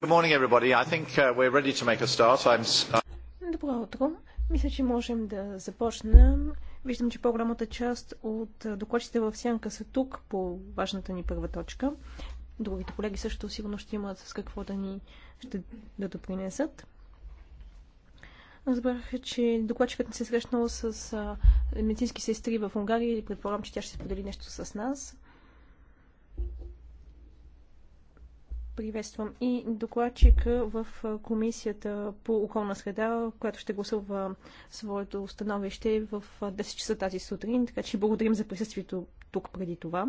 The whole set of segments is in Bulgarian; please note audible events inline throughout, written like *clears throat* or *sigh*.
Добро утро. Мисля, че можем да започнем. Виждам, че по-голямата част от докладчите в сянка са тук по важната ни първа точка. Другите колеги също сигурно ще имат с какво да ни ще да допринесат. Разбрах, че докладчикът не се е срещнал с медицински сестри в Унгария и предполагам, че тя ще сподели нещо с нас. Приветствам и докладчика в комисията по околна среда, която ще гласува своето установище в 10 часа тази сутрин, така че благодарим за присъствието тук преди това.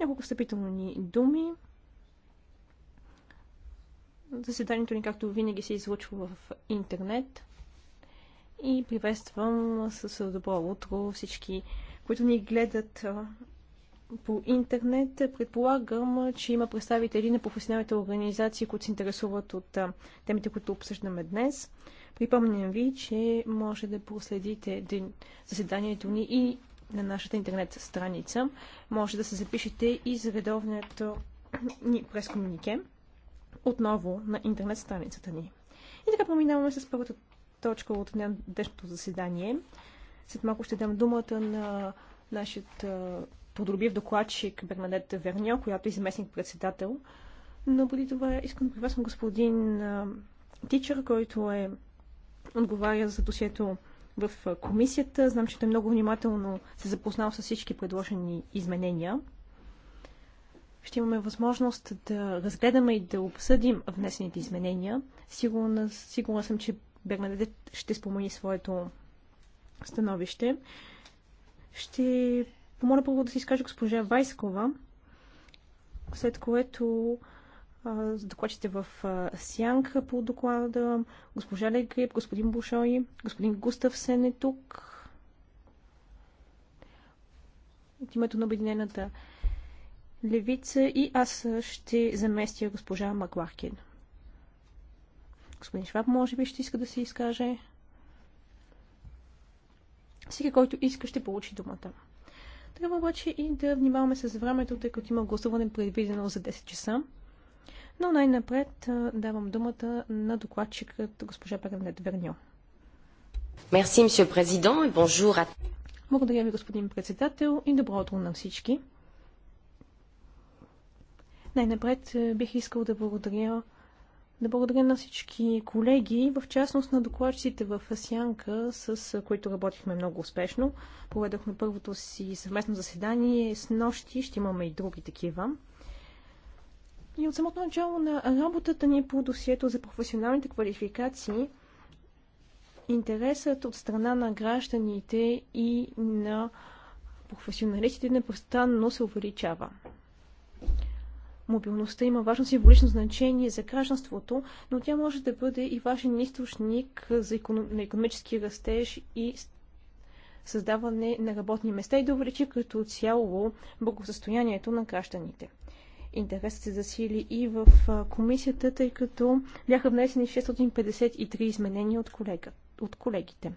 Няколко встъпителни думи. Заседанието ни, както винаги, се излучва в интернет. И приветствам с добро утро всички, които ни гледат по интернет. Предполагам, че има представители на професионалните организации, които се интересуват от темите, които обсъждаме днес. Припомням ви, че може да проследите заседанието ни и на нашата интернет страница. Може да се запишете и за редовното ни през комунике отново на интернет страницата ни. И така преминаваме с първата точка от днешното заседание. След малко ще дам думата на нашият подробив докладчик Бернадет Верньо, която е заместник председател. Но преди това искам да приветствам господин Тичър, който е отговаря за досието в комисията. Знам, че той много внимателно се запознал с всички предложени изменения. Ще имаме възможност да разгледаме и да обсъдим внесените изменения. Сигурна, сигурна съм, че Бернадет ще спомени своето становище. Ще помоля първо да си изкаже госпожа Вайскова, след което докладчите в Сянка по доклада, госпожа Легрип, господин Бушой, господин Сен е тук. От името на Обединената левица и аз ще заместя госпожа Макларкин. Господин Шваб, може би ще иска да се изкаже. Всеки, който иска, ще получи думата. Трябва обаче и да внимаваме с времето, тъй като има гласуване предвидено за 10 часа. Но най-напред давам думата на докладчикът госпожа Пернет Верньо. Мерси, мсье президент, и бонжур. Благодаря ви, господин председател, и добро утро на всички. Най-напред бих искал да благодаря да благодаря на всички колеги, в частност на докладчиците в Асянка, с които работихме много успешно. поведохме първото си съвместно заседание с нощи, ще имаме и други такива. И от самото начало на работата ни по досието за професионалните квалификации, интересът от страна на гражданите и на професионалистите непрестанно се увеличава. Мобилността има важно символично значение за гражданството, но тя може да бъде и важен източник за економ... на економически растеж и създаване на работни места и да увеличи като цяло благосъстоянието на гражданите. Интересът се засили и в комисията, тъй като бяха внесени 653 изменения от, колега, от колегите.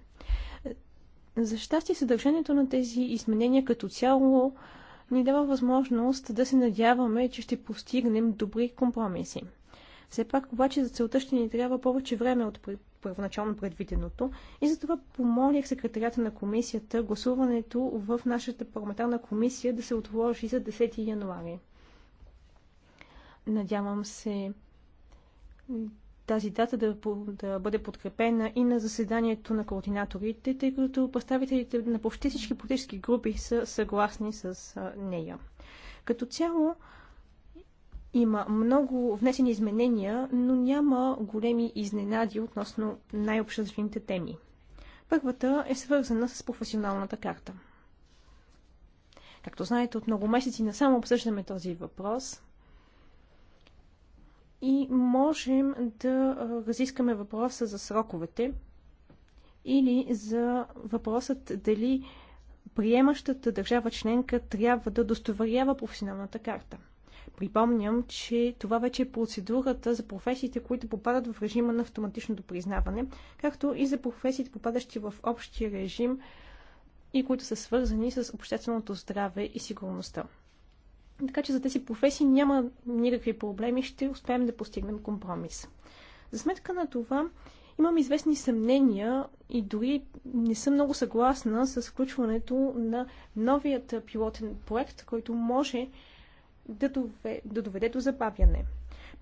За щастие, съдържанието на тези изменения като цяло ни дава възможност да се надяваме, че ще постигнем добри компромиси. Все пак обаче за целта ще ни трябва повече време от първоначално предвиденото и затова помолих секретарята на комисията гласуването в нашата парламентарна комисия да се отложи за 10 януари. Надявам се тази дата да, да бъде подкрепена и на заседанието на координаторите, тъй като представителите на почти всички политически групи са съгласни с нея. Като цяло има много внесени изменения, но няма големи изненади относно най-обществените теми. Първата е свързана с професионалната карта. Както знаете, от много месеци насам обсъждаме този въпрос – и можем да разискаме въпроса за сроковете или за въпросът дали приемащата държава членка трябва да достоверява професионалната карта. Припомням, че това вече е процедурата за професиите, които попадат в режима на автоматичното признаване, както и за професиите, попадащи в общия режим и които са свързани с общественото здраве и сигурността. Така че за тези професии няма никакви проблеми, ще успеем да постигнем компромис. За сметка на това, имам известни съмнения и дори не съм много съгласна с включването на новият пилотен проект, който може да доведе, да доведе до забавяне.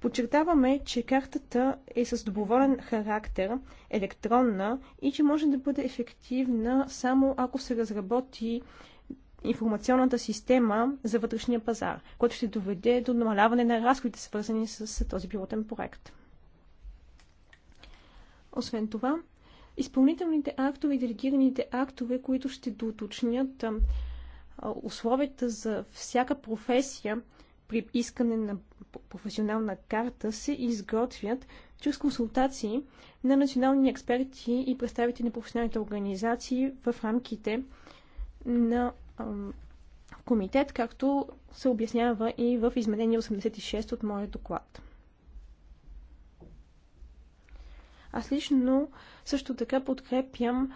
Подчертаваме, че картата е с доброволен характер, електронна и че може да бъде ефективна само ако се разработи информационната система за вътрешния пазар, което ще доведе до намаляване на разходите, свързани с този пилотен проект. Освен това, изпълнителните актове и делегираните актове, които ще доуточнят условията за всяка професия при искане на професионална карта, се изготвят чрез консултации на национални експерти и представители на професионалните организации в рамките на комитет, както се обяснява и в изменение 86 от моят доклад. Аз лично също така подкрепям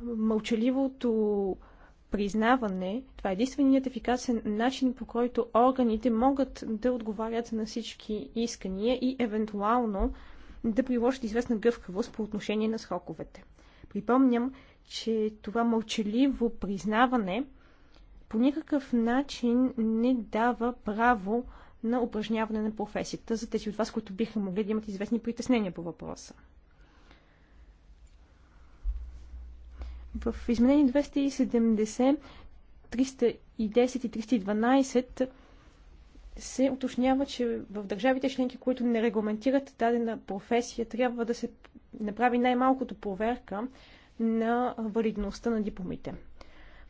мълчаливото признаване. Това е единственият ефикасен начин, по който органите могат да отговарят на всички искания и евентуално да приложат известна гъвкавост по отношение на сроковете. Припомням, че това мълчаливо признаване – по никакъв начин не дава право на упражняване на професията за тези от вас, които биха могли да имат известни притеснения по въпроса. В изменение 270, 310 и 312 се уточнява, че в държавите членки, които не регламентират дадена професия, трябва да се направи най-малкото проверка на валидността на дипломите.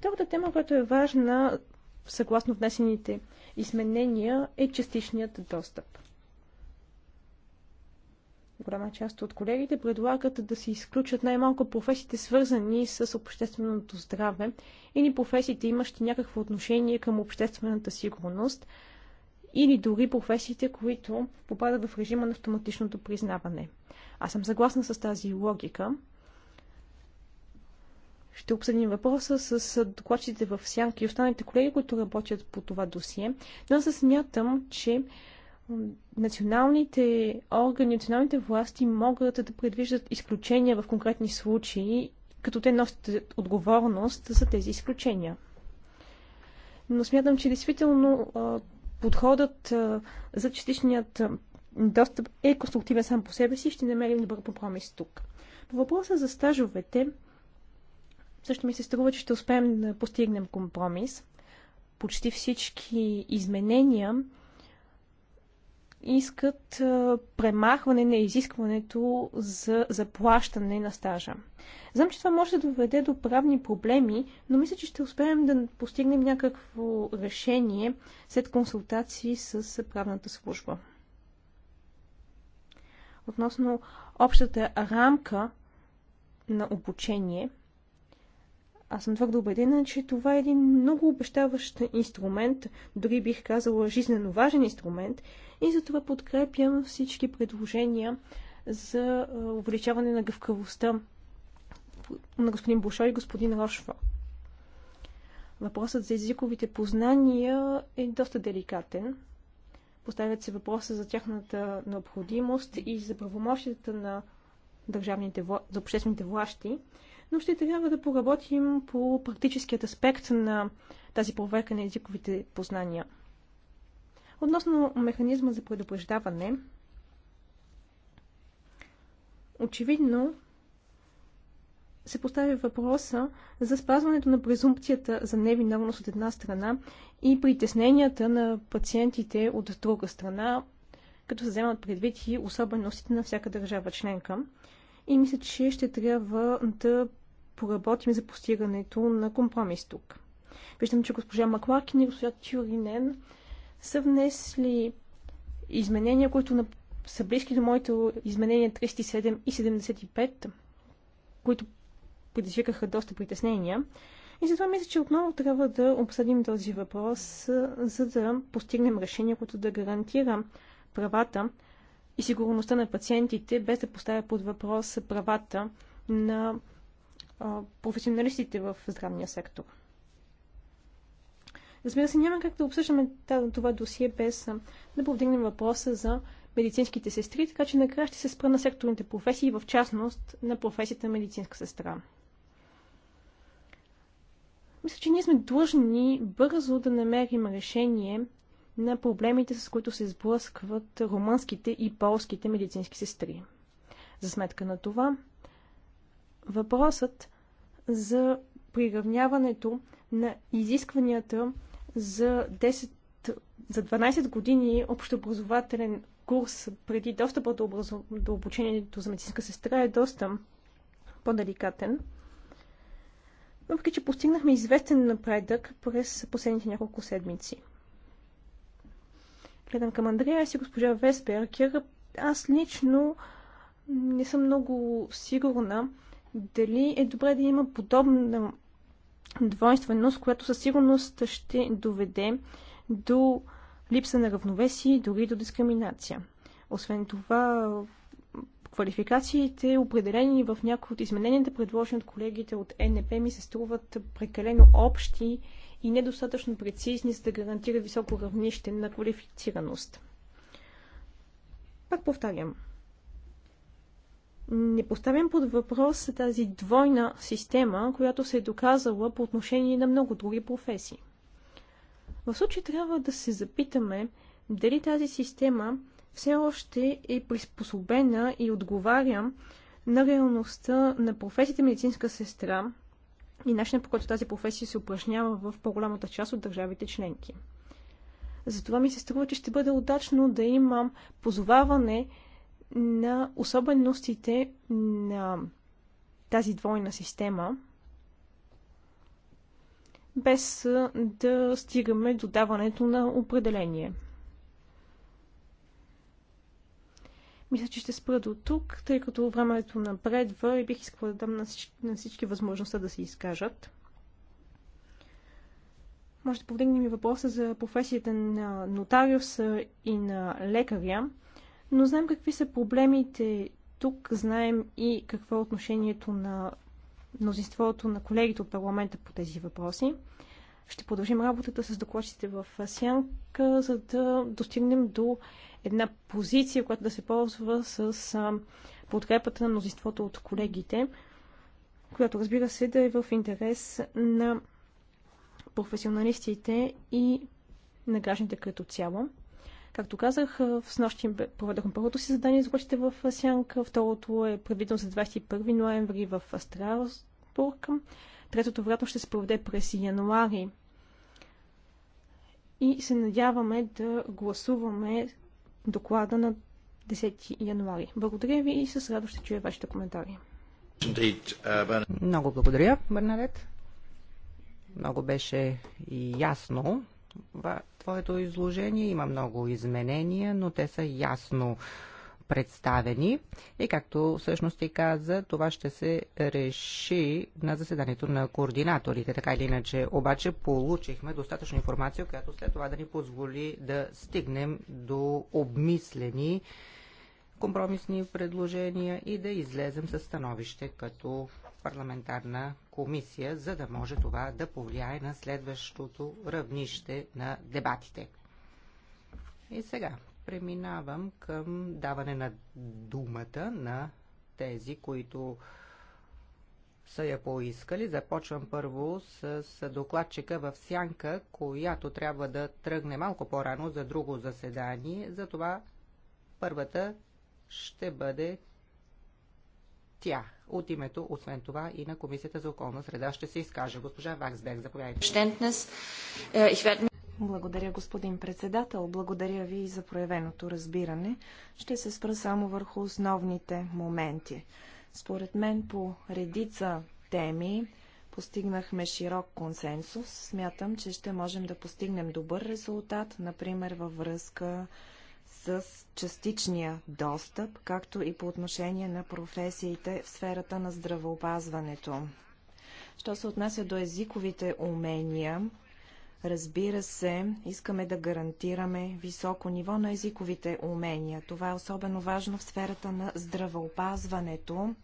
Втората тема, която е важна, съгласно внесените изменения, е частичният достъп. Голяма част от колегите предлагат да се изключат най-малко професиите, свързани с общественото здраве или професиите, имащи някакво отношение към обществената сигурност, или дори професиите, които попадат в режима на автоматичното признаване. Аз съм съгласна с тази логика, ще обсъдим въпроса с докладчите в сянка и останалите колеги, които работят по това досие. Но аз смятам, че националните органи, националните власти могат да предвиждат изключения в конкретни случаи, като те носят отговорност за тези изключения. Но смятам, че действително подходът за частичният достъп е конструктивен сам по себе си и ще намерим добър компромис тук. По въпроса за стажовете, също ми се струва, че ще успеем да постигнем компромис. Почти всички изменения искат премахване на изискването за заплащане на стажа. Знам, че това може да доведе до правни проблеми, но мисля, че ще успеем да постигнем някакво решение след консултации с правната служба. Относно общата рамка на обучение – аз съм твърдо убедена, че това е един много обещаващ инструмент, дори бих казала жизненно важен инструмент и затова подкрепям всички предложения за увеличаване на гъвкавостта на господин Бушо и господин Рошва. Въпросът за езиковите познания е доста деликатен. Поставят се въпроса за тяхната необходимост и за правомощията на държавните за обществените власти но ще трябва да поработим по практическият аспект на тази проверка на езиковите познания. Относно механизма за предупреждаване, очевидно се поставя въпроса за спазването на презумпцията за невиновност от една страна и притесненията на пациентите от друга страна, като се вземат предвид и особеностите на всяка държава членка. И мисля, че ще трябва да поработим за постигането на компромис тук. Виждам, че госпожа Макларкин и госпожа Тюринен са внесли изменения, които на... са близки до моите изменения 37 и 75, които предизвикаха доста притеснения. И затова мисля, че отново трябва да обсъдим този въпрос, за да постигнем решение, което да гарантира правата и сигурността на пациентите, без да поставя под въпрос правата на професионалистите в здравния сектор. Разбира се, няма как да обсъждаме това досие без да повдигнем въпроса за медицинските сестри, така че накрая ще се спра на секторните професии, в частност на професията медицинска сестра. Мисля, че ние сме длъжни бързо да намерим решение на проблемите, с които се сблъскват румънските и полските медицински сестри. За сметка на това, въпросът за приравняването на изискванията за 10 за 12 години общообразователен курс преди достъпа до, образу... до обучението за медицинска сестра е доста по-деликатен. Въпреки, че постигнахме известен напредък през последните няколко седмици. Гледам към Андрея си госпожа Весберкер. Аз лично не съм много сигурна дали е добре да има подобна двойственост, която със сигурност ще доведе до липса на равновесие и дори до дискриминация. Освен това, квалификациите, определени в някои от измененията, предложени от колегите от НП, ми се струват прекалено общи и недостатъчно прецизни, за да гарантира високо равнище на квалифицираност. Пак повтарям, не поставям под въпрос тази двойна система, която се е доказала по отношение на много други професии. В случай трябва да се запитаме дали тази система все още е приспособена и отговаря на реалността на професията медицинска сестра и начина по който тази професия се упражнява в по-голямата част от държавите членки. Затова ми се струва, че ще бъде удачно да имам позоваване на особеностите на тази двойна система, без да стигаме до даването на определение. Мисля, че ще спра до тук, тъй като времето напредва и бих искала да дам на всички, възможността да се изкажат. Може да повдигнем и въпроса за професията на нотариуса и на лекаря но знаем какви са проблемите тук, знаем и какво е отношението на мнозинството на колегите от парламента по тези въпроси. Ще продължим работата с докладчите в Сянка, за да достигнем до една позиция, която да се ползва с подкрепата на мнозинството от колегите, която разбира се да е в интерес на професионалистите и на гражданите като цяло. Както казах, в снощи проведохме първото си задание за гостите в Сянка, второто е предвидено за 21 ноември в Страсбург, третото вероятно ще се проведе през януари. И се надяваме да гласуваме доклада на 10 януари. Благодаря ви и с радост ще чуя вашите коментари. Много благодаря, Бернадет. Много беше ясно това, твоето изложение. Има много изменения, но те са ясно представени. И както всъщност ти каза, това ще се реши на заседанието на координаторите. Така или иначе, обаче получихме достатъчно информация, която след това да ни позволи да стигнем до обмислени компромисни предложения и да излезем със становище като парламентарна комисия, за да може това да повлияе на следващото равнище на дебатите. И сега преминавам към даване на думата на тези, които са я поискали. Започвам първо с докладчика в Сянка, която трябва да тръгне малко по-рано за друго заседание. Затова първата ще бъде тя. От името, освен това, и на Комисията за околна среда ще се изкаже. Госпожа Ваксбек, заповядайте. Е, Благодаря, господин председател. Благодаря ви за проявеното разбиране. Ще се спра само върху основните моменти. Според мен по редица теми постигнахме широк консенсус. Смятам, че ще можем да постигнем добър резултат, например във връзка с с частичния достъп, както и по отношение на професиите в сферата на здравеопазването. Що се отнася до езиковите умения, разбира се, искаме да гарантираме високо ниво на езиковите умения. Това е особено важно в сферата на здравеопазването,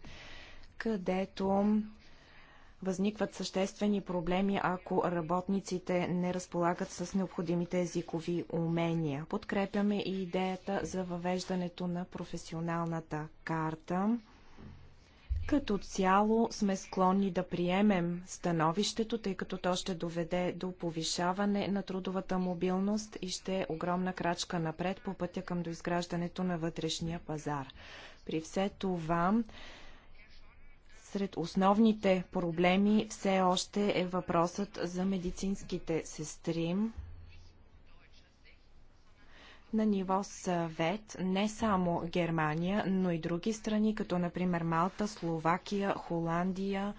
където възникват съществени проблеми, ако работниците не разполагат с необходимите езикови умения. Подкрепяме и идеята за въвеждането на професионалната карта. Като цяло сме склонни да приемем становището, тъй като то ще доведе до повишаване на трудовата мобилност и ще е огромна крачка напред по пътя към доизграждането на вътрешния пазар. При все това сред основните проблеми все още е въпросът за медицинските сестри. На ниво съвет не само Германия, но и други страни, като например Малта, Словакия, Холандия,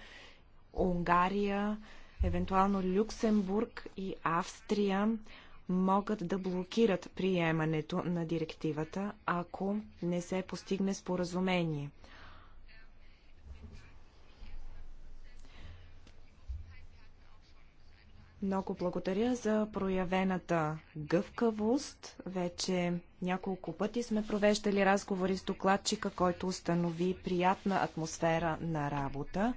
Унгария, евентуално Люксембург и Австрия могат да блокират приемането на директивата, ако не се постигне споразумение. Много благодаря за проявената гъвкавост. Вече няколко пъти сме провеждали разговори с докладчика, който установи приятна атмосфера на работа.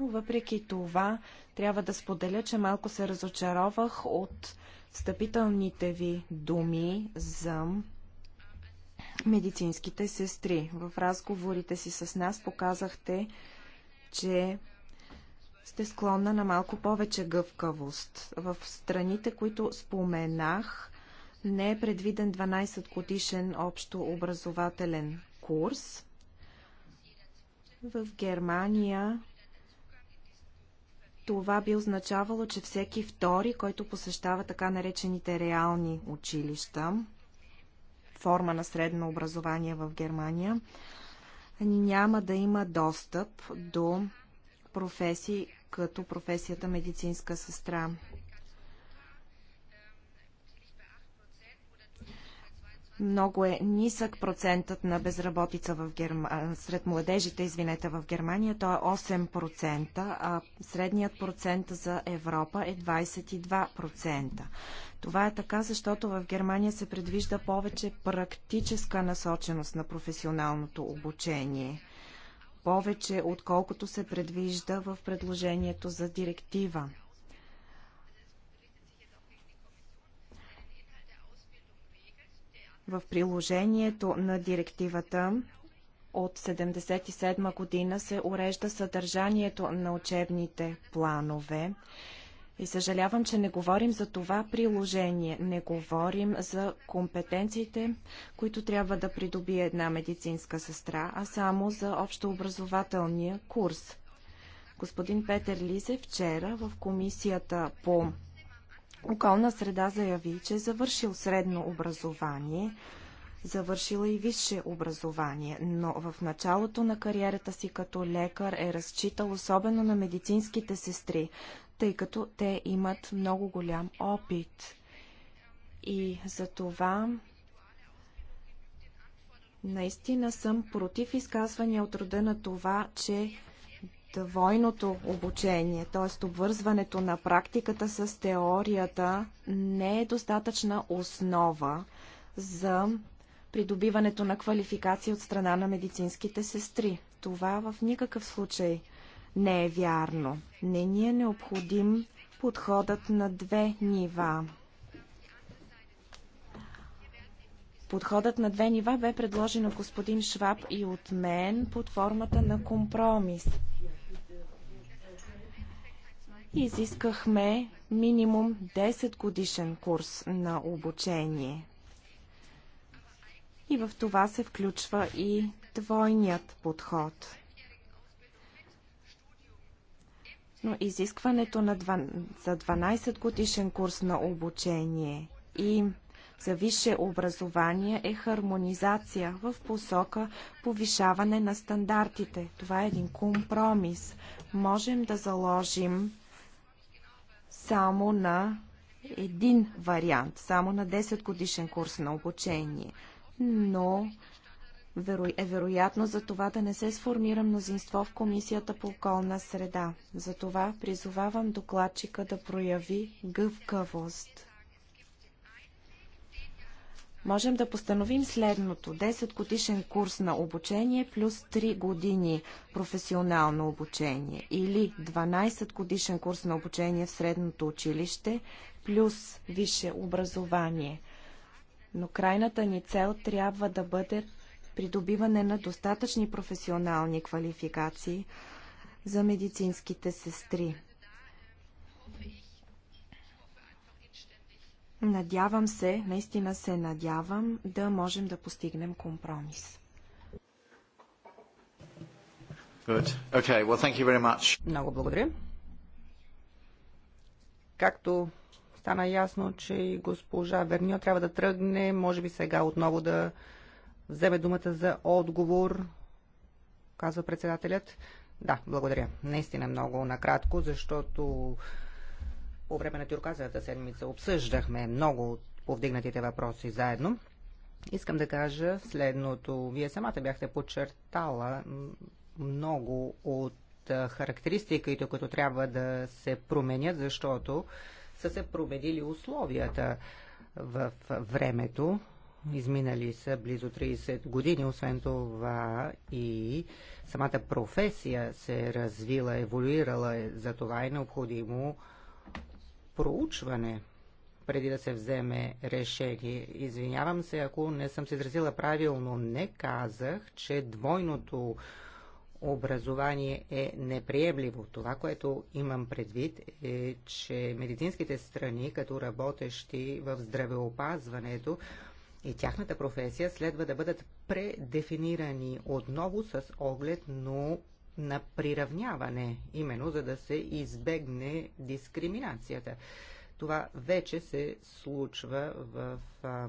Но въпреки това, трябва да споделя, че малко се разочаровах от встъпителните ви думи за медицинските сестри. В разговорите си с нас показахте, че сте склонна на малко повече гъвкавост. В страните, които споменах, не е предвиден 12 годишен общо образователен курс. В Германия това би означавало, че всеки втори, който посещава така наречените реални училища, форма на средно образование в Германия, няма да има достъп до професии, като професията медицинска сестра. Много е нисък процентът на безработица в Герма... сред младежите, извинете, в Германия. Той е 8%, а средният процент за Европа е 22%. Това е така, защото в Германия се предвижда повече практическа насоченост на професионалното обучение – повече, отколкото се предвижда в предложението за директива. В приложението на директивата от 1977 година се урежда съдържанието на учебните планове. И съжалявам, че не говорим за това приложение, не говорим за компетенциите, които трябва да придобие една медицинска сестра, а само за общообразователния курс. Господин Петър Лизе вчера в комисията по околна среда заяви, че е завършил средно образование, завършила и висше образование, но в началото на кариерата си като лекар е разчитал особено на медицинските сестри тъй като те имат много голям опит. И за това наистина съм против изказвания от рода на това, че двойното обучение, т.е. обвързването на практиката с теорията, не е достатъчна основа за придобиването на квалификация от страна на медицинските сестри. Това в никакъв случай не е вярно. Не ни е необходим подходът на две нива. Подходът на две нива бе предложен от господин Шваб и от мен под формата на компромис. Изискахме минимум 10 годишен курс на обучение. И в това се включва и двойният подход. Относно изискването на за 12 годишен курс на обучение и за висше образование е хармонизация в посока повишаване на стандартите. Това е един компромис. Можем да заложим само на един вариант, само на 10 годишен курс на обучение. Но е вероятно за това да не се сформира мнозинство в Комисията по околна среда. Затова призовавам докладчика да прояви гъвкавост. Можем да постановим следното. 10 годишен курс на обучение плюс 3 години професионално обучение или 12 годишен курс на обучение в средното училище плюс висше образование. Но крайната ни цел трябва да бъде придобиване на достатъчни професионални квалификации за медицинските сестри. Надявам се, наистина се надявам да можем да постигнем компромис. Okay. Well, Много благодаря. Както стана ясно, че и госпожа Верньо трябва да тръгне, може би сега отново да вземе думата за отговор, казва председателят. Да, благодаря. Наистина много накратко, защото по време на тюрказата седмица обсъждахме много от повдигнатите въпроси заедно. Искам да кажа следното. Вие самата бяхте подчертала много от характеристиките, които трябва да се променят, защото са се променили условията в времето, Изминали са близо 30 години, освен това и самата професия се е развила, еволюирала е. За това е необходимо проучване преди да се вземе решение. Извинявам се, ако не съм се изразила правилно. Не казах, че двойното образование е неприемливо. Това, което имам предвид е, че медицинските страни, като работещи в здравеопазването, и тяхната професия следва да бъдат предефинирани отново с оглед но на приравняване, именно за да се избегне дискриминацията. Това вече се случва в а,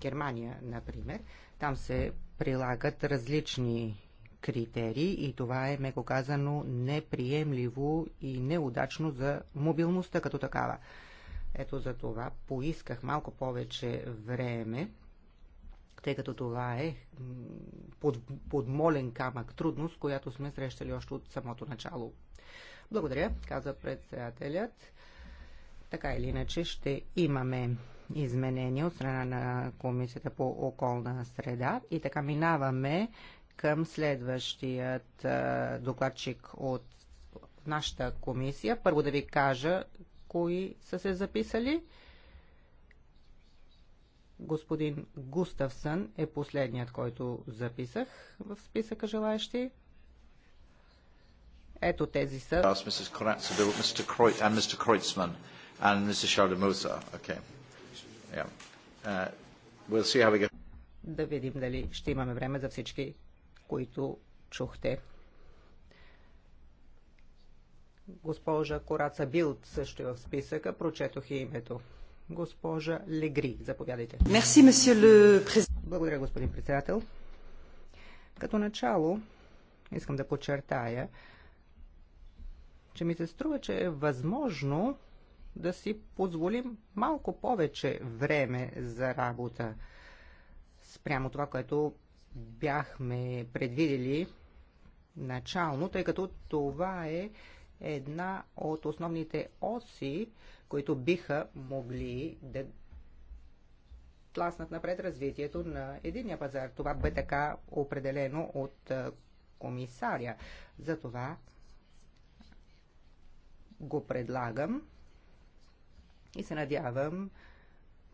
Германия, например. Там се прилагат различни критерии и това е, меко казано, неприемливо и неудачно за мобилността като такава. Ето за това поисках малко повече време, тъй като това е под, подмолен камък трудност, която сме срещали още от самото начало. Благодаря, каза председателят. Така или иначе ще имаме изменения от страна на Комисията по околна среда и така минаваме към следващият докладчик от нашата комисия. Първо да ви кажа, кои са се записали. Господин Густавсън е последният, който записах в списъка желаящи. Ето тези са. Да видим дали ще имаме време за всички, които чухте. Госпожа Кораца Билт също е в списъка. Прочетох и името. Госпожа Легри, заповядайте. Merci, le Благодаря, господин председател. Като начало, искам да подчертая, че ми се струва, че е възможно да си позволим малко повече време за работа спрямо това, което бяхме предвидели начално, тъй като това е една от основните оси, които биха могли да тласнат напред развитието на единния пазар. Това бе така определено от комисаря. Затова го предлагам и се надявам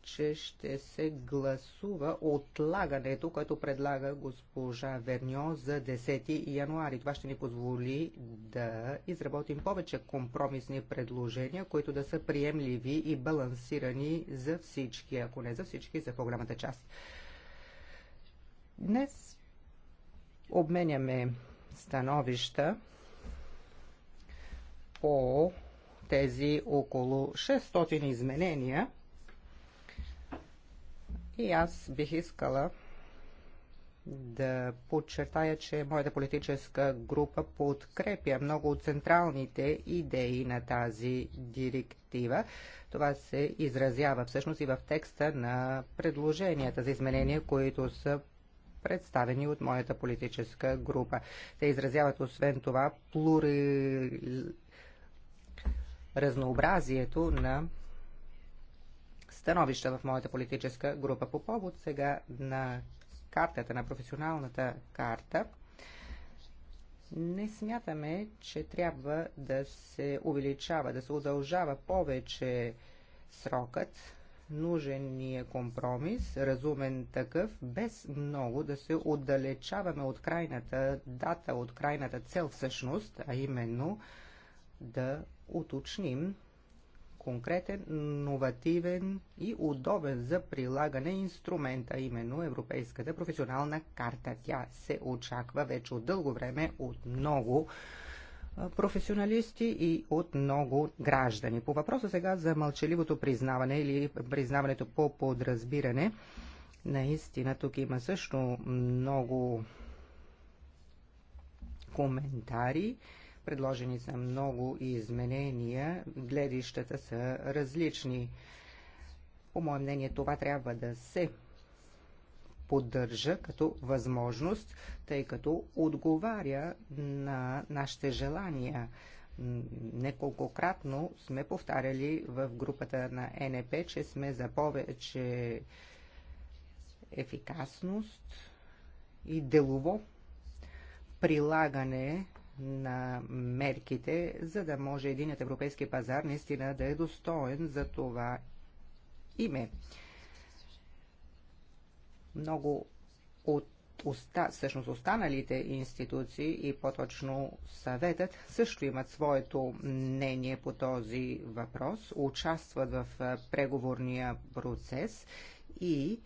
че ще се гласува отлагането, което предлага госпожа Верньо за 10 януари. Това ще ни позволи да изработим повече компромисни предложения, които да са приемливи и балансирани за всички, ако не за всички, за по-голямата част. Днес обменяме становища по тези около 600 изменения – и аз бих искала да подчертая, че моята политическа група подкрепя много от централните идеи на тази директива. Това се изразява всъщност и в текста на предложенията за изменения, които са представени от моята политическа група. Те изразяват освен това плури... разнообразието на становища в моята политическа група. По повод сега на картата, на професионалната карта, не смятаме, че трябва да се увеличава, да се удължава повече срокът. Нужен е компромис, разумен такъв, без много да се отдалечаваме от крайната дата, от крайната цел всъщност, а именно да уточним конкретен, новативен и удобен за прилагане инструмента, именно Европейската професионална карта. Тя се очаква вече от дълго време от много професионалисти и от много граждани. По въпроса сега за мълчаливото признаване или признаването по подразбиране, наистина тук има също много коментари. Предложени са много изменения, гледищата са различни. По мое мнение това трябва да се поддържа като възможност, тъй като отговаря на нашите желания. Неколкократно сме повтаряли в групата на НП, че сме за повече ефикасност и делово прилагане на мерките, за да може единят европейски пазар наистина да е достоен за това име. Много от уста, всъщност останалите институции и по-точно съветът също имат своето мнение по този въпрос, участват в преговорния процес и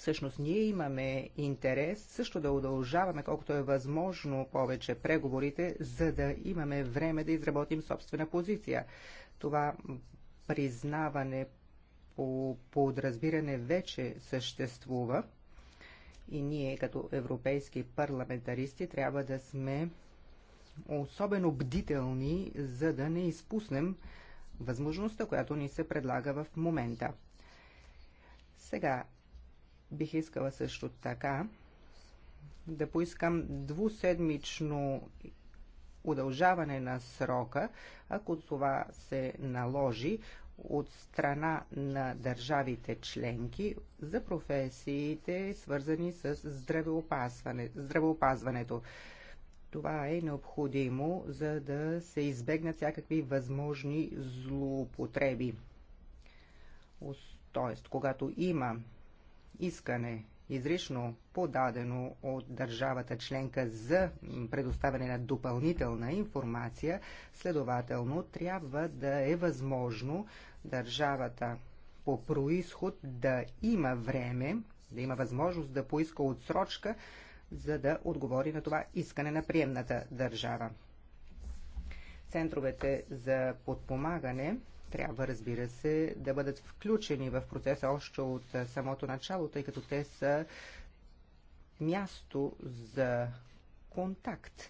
Всъщност ние имаме интерес също да удължаваме колкото е възможно повече преговорите, за да имаме време да изработим собствена позиция. Това признаване по подразбиране вече съществува и ние като европейски парламентаристи трябва да сме особено бдителни, за да не изпуснем възможността, която ни се предлага в момента. Сега, Бих искала също така да поискам двуседмично удължаване на срока, ако това се наложи от страна на държавите членки за професиите, свързани с здравеопазване, здравеопазването. Това е необходимо, за да се избегнат всякакви възможни злоупотреби. Тоест, когато има искане, изрично подадено от държавата членка за предоставяне на допълнителна информация, следователно трябва да е възможно държавата по происход да има време, да има възможност да поиска отсрочка, за да отговори на това искане на приемната държава. Центровете за подпомагане трябва, разбира се, да бъдат включени в процеса още от самото начало, тъй като те са място за контакт.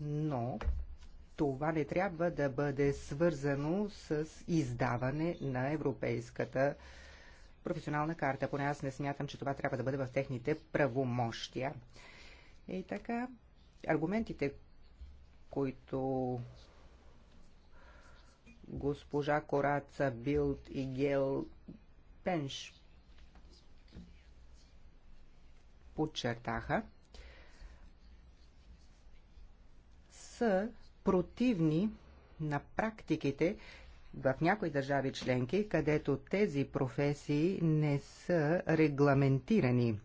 Но това не трябва да бъде свързано с издаване на европейската професионална карта. Поне аз не смятам, че това трябва да бъде в техните правомощия. И така, аргументите, които госпожа Кораца Билд и Гел Пенш подчертаха, са противни на практиките в някои държави членки, където тези професии не са регламентирани.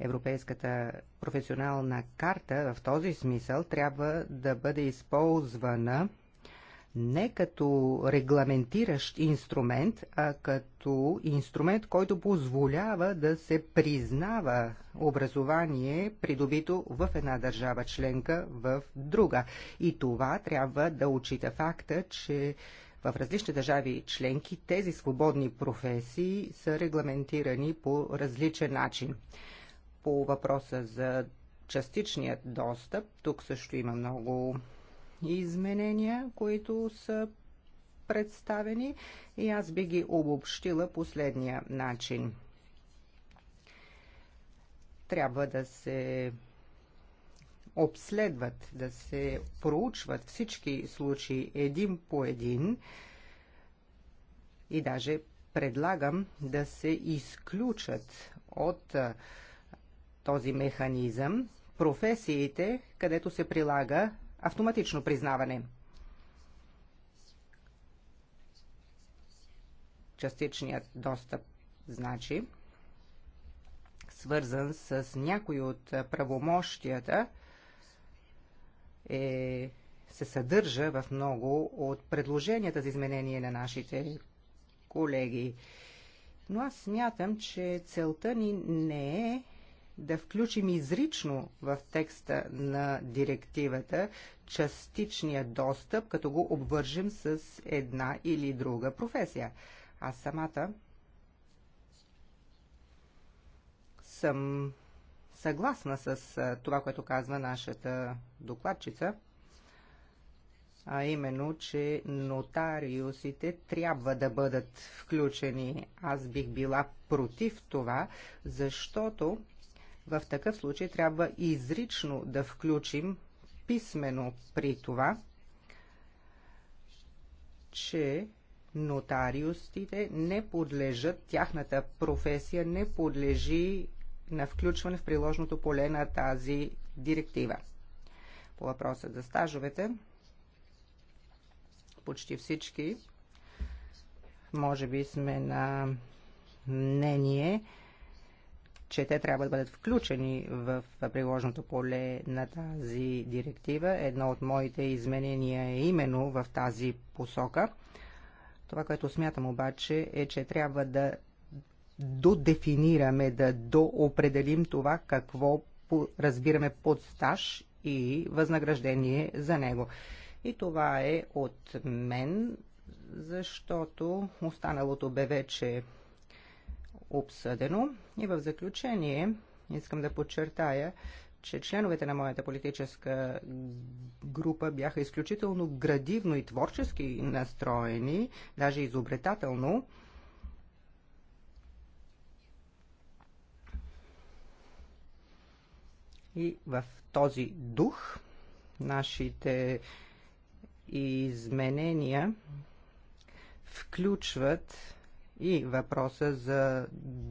Европейската професионална карта в този смисъл трябва да бъде използвана не като регламентиращ инструмент, а като инструмент, който позволява да се признава образование, придобито в една държава членка в друга. И това трябва да учита факта, че в различни държави членки тези свободни професии са регламентирани по различен начин. По въпроса за частичният достъп, тук също има много изменения, които са представени и аз би ги обобщила последния начин. Трябва да се обследват, да се проучват всички случаи един по един и даже предлагам да се изключат от този механизъм професиите, където се прилага автоматично признаване. Частичният достъп, значи, свързан с някои от правомощията, е, се съдържа в много от предложенията за изменение на нашите колеги. Но аз смятам, че целта ни не е да включим изрично в текста на директивата частичния достъп, като го обвържим с една или друга професия. Аз самата съм съгласна с това, което казва нашата докладчица, а именно, че нотариусите трябва да бъдат включени. Аз бих била против това, защото в такъв случай трябва изрично да включим писмено при това, че нотариусите не подлежат, тяхната професия не подлежи на включване в приложното поле на тази директива. По въпроса за стажовете, почти всички, може би сме на мнение, че те трябва да бъдат включени в приложното поле на тази директива. Едно от моите изменения е именно в тази посока. Това, което смятам обаче е, че трябва да додефинираме, да доопределим това какво разбираме под стаж и възнаграждение за него. И това е от мен, защото останалото бе вече обсъдено. И в заключение искам да подчертая, че членовете на моята политическа група бяха изключително градивно и творчески настроени, даже изобретателно. И в този дух нашите изменения включват и въпроса за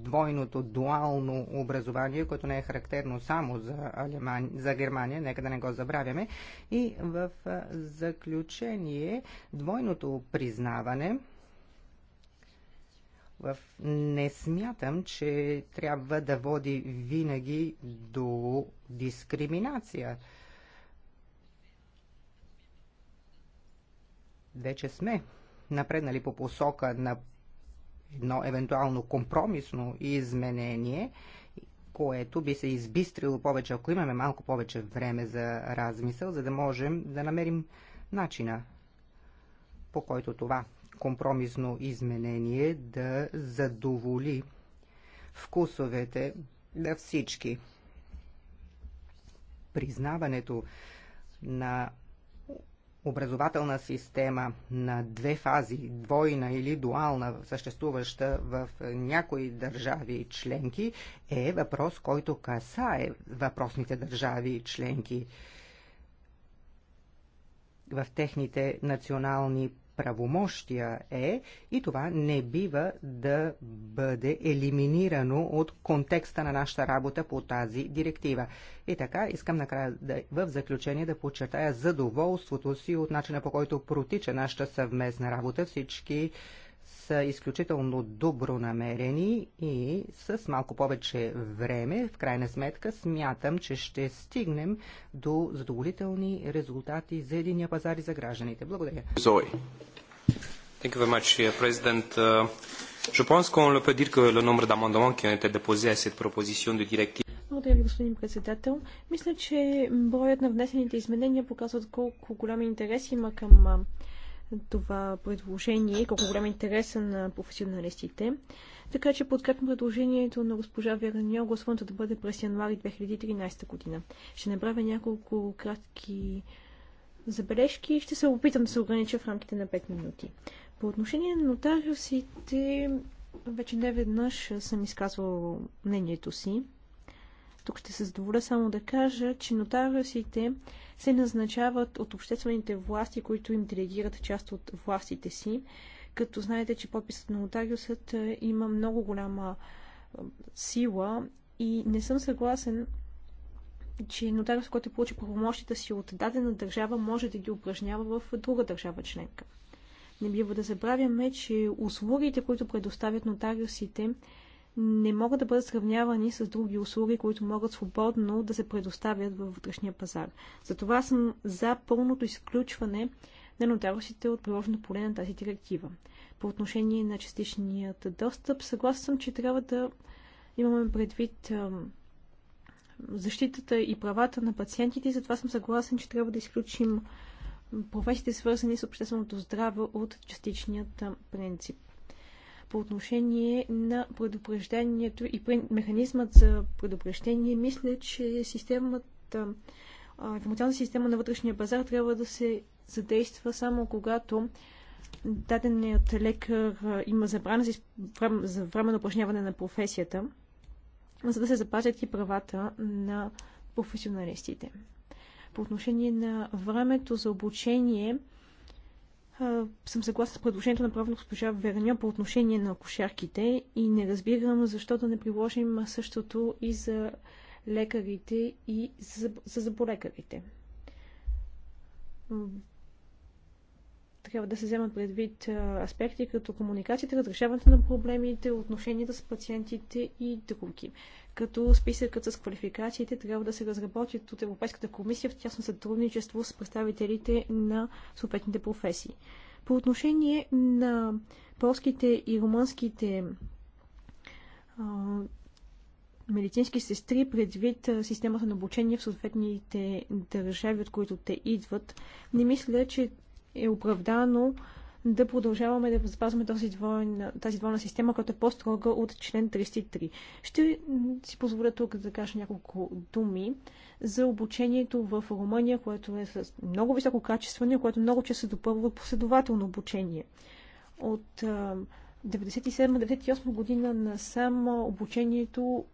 двойното дуално образование, което не е характерно само за, Алеман... за Германия, нека да не го забравяме. И в заключение двойното признаване в... не смятам, че трябва да води винаги до дискриминация. Вече сме напреднали по посока на едно евентуално компромисно изменение, което би се избистрило повече, ако имаме малко повече време за размисъл, за да можем да намерим начина по който това компромисно изменение да задоволи вкусовете на всички. Признаването на образователна система на две фази, двойна или дуална, съществуваща в някои държави членки, е въпрос, който касае въпросните държави членки в техните национални правомощия е и това не бива да бъде елиминирано от контекста на нашата работа по тази директива. И така, искам накрая да, в заключение да подчертая задоволството си от начина по който протича нашата съвместна работа. Всички са изключително добронамерени и с малко повече време, в крайна сметка, смятам, че ще стигнем до задоволителни резултати за единия пазар и за гражданите. Благодаря. Зои. Thank you very much, President. Uh, je pense qu'on peut dire que le nombre d'amendements qui ont été déposés à cette proposition de directive благодаря ви, господин председател. Мисля, че броят на внесените изменения показват колко голям интерес има към това предложение, колко голям е интереса на професионалистите. Така че подкрепям предложението на госпожа Вераньо, гласуването да бъде през януари 2013 година. Ще направя няколко кратки забележки и ще се опитам да се огранича в рамките на 5 минути. По отношение на нотариусите, вече не веднъж съм изказвал мнението си. Тук ще се задоволя само да кажа, че нотариусите се назначават от обществените власти, които им делегират част от властите си. Като знаете, че подписът на нотариусът е, има много голяма е, сила и не съм съгласен, че нотариус, който получи правомощите си от дадена държава, може да ги упражнява в друга държава членка. Не бива да забравяме, че услугите, които предоставят нотариусите, не могат да бъдат сравнявани с други услуги, които могат свободно да се предоставят във вътрешния пазар. Затова съм за пълното изключване на нотариусите от приложено поле на тази директива. По отношение на частичният достъп, съгласен съм, че трябва да имаме предвид защитата и правата на пациентите и затова съм съгласен, че трябва да изключим професиите, свързани с общественото здраве от частичният принцип по отношение на предупреждението и механизмът за предупреждение, мисля, че системата, информационната система на вътрешния базар трябва да се задейства само когато даденият лекар има забрана за време на упражняване на професията, за да се запазят и правата на професионалистите. По отношение на времето за обучение, съм съгласна с предложението направено госпожа Верня по отношение на кошерките и не разбирам защо да не приложим същото и за лекарите и за, за заболекарите. Трябва да се вземат предвид аспекти като комуникацията, разрешаването на проблемите, отношенията с пациентите и други като списъкът с квалификациите трябва да се разработят от Европейската комисия в тясно сътрудничество с представителите на съответните професии. По отношение на полските и румънските а, медицински сестри, предвид системата на обучение в съответните държави, от които те идват, не мисля, че е оправдано да продължаваме да запазваме този двойн, тази двойна система, която е по-строга от член 33. Ще си позволя тук да кажа няколко думи за обучението в Румъния, което е с много високо качество, което много често допълва последователно обучение. От 97-98 година на само обучението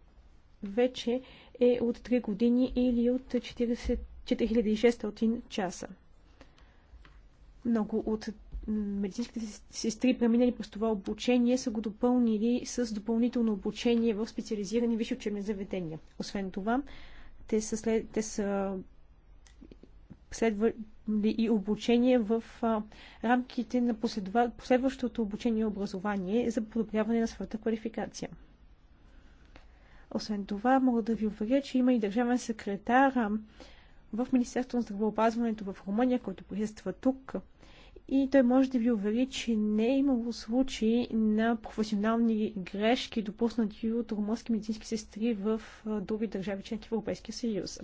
вече е от 3 години или от 40, 4600 часа. Много от медицинските сестри, преминали през това обучение, са го допълнили с допълнително обучение в специализирани висши учебни заведения. Освен това, те са, след, те са следвали и обучение в а, рамките на последва, последващото обучение и образование за подобряване на своята квалификация. Освен това, мога да ви уверя, че има и държавен секретар в Министерството на здравеопазването в Румъния, който присъства тук и той може да ви увери, че не е имало случаи на професионални грешки, допуснати от румънски медицински сестри в други държави, членки в Европейския съюз.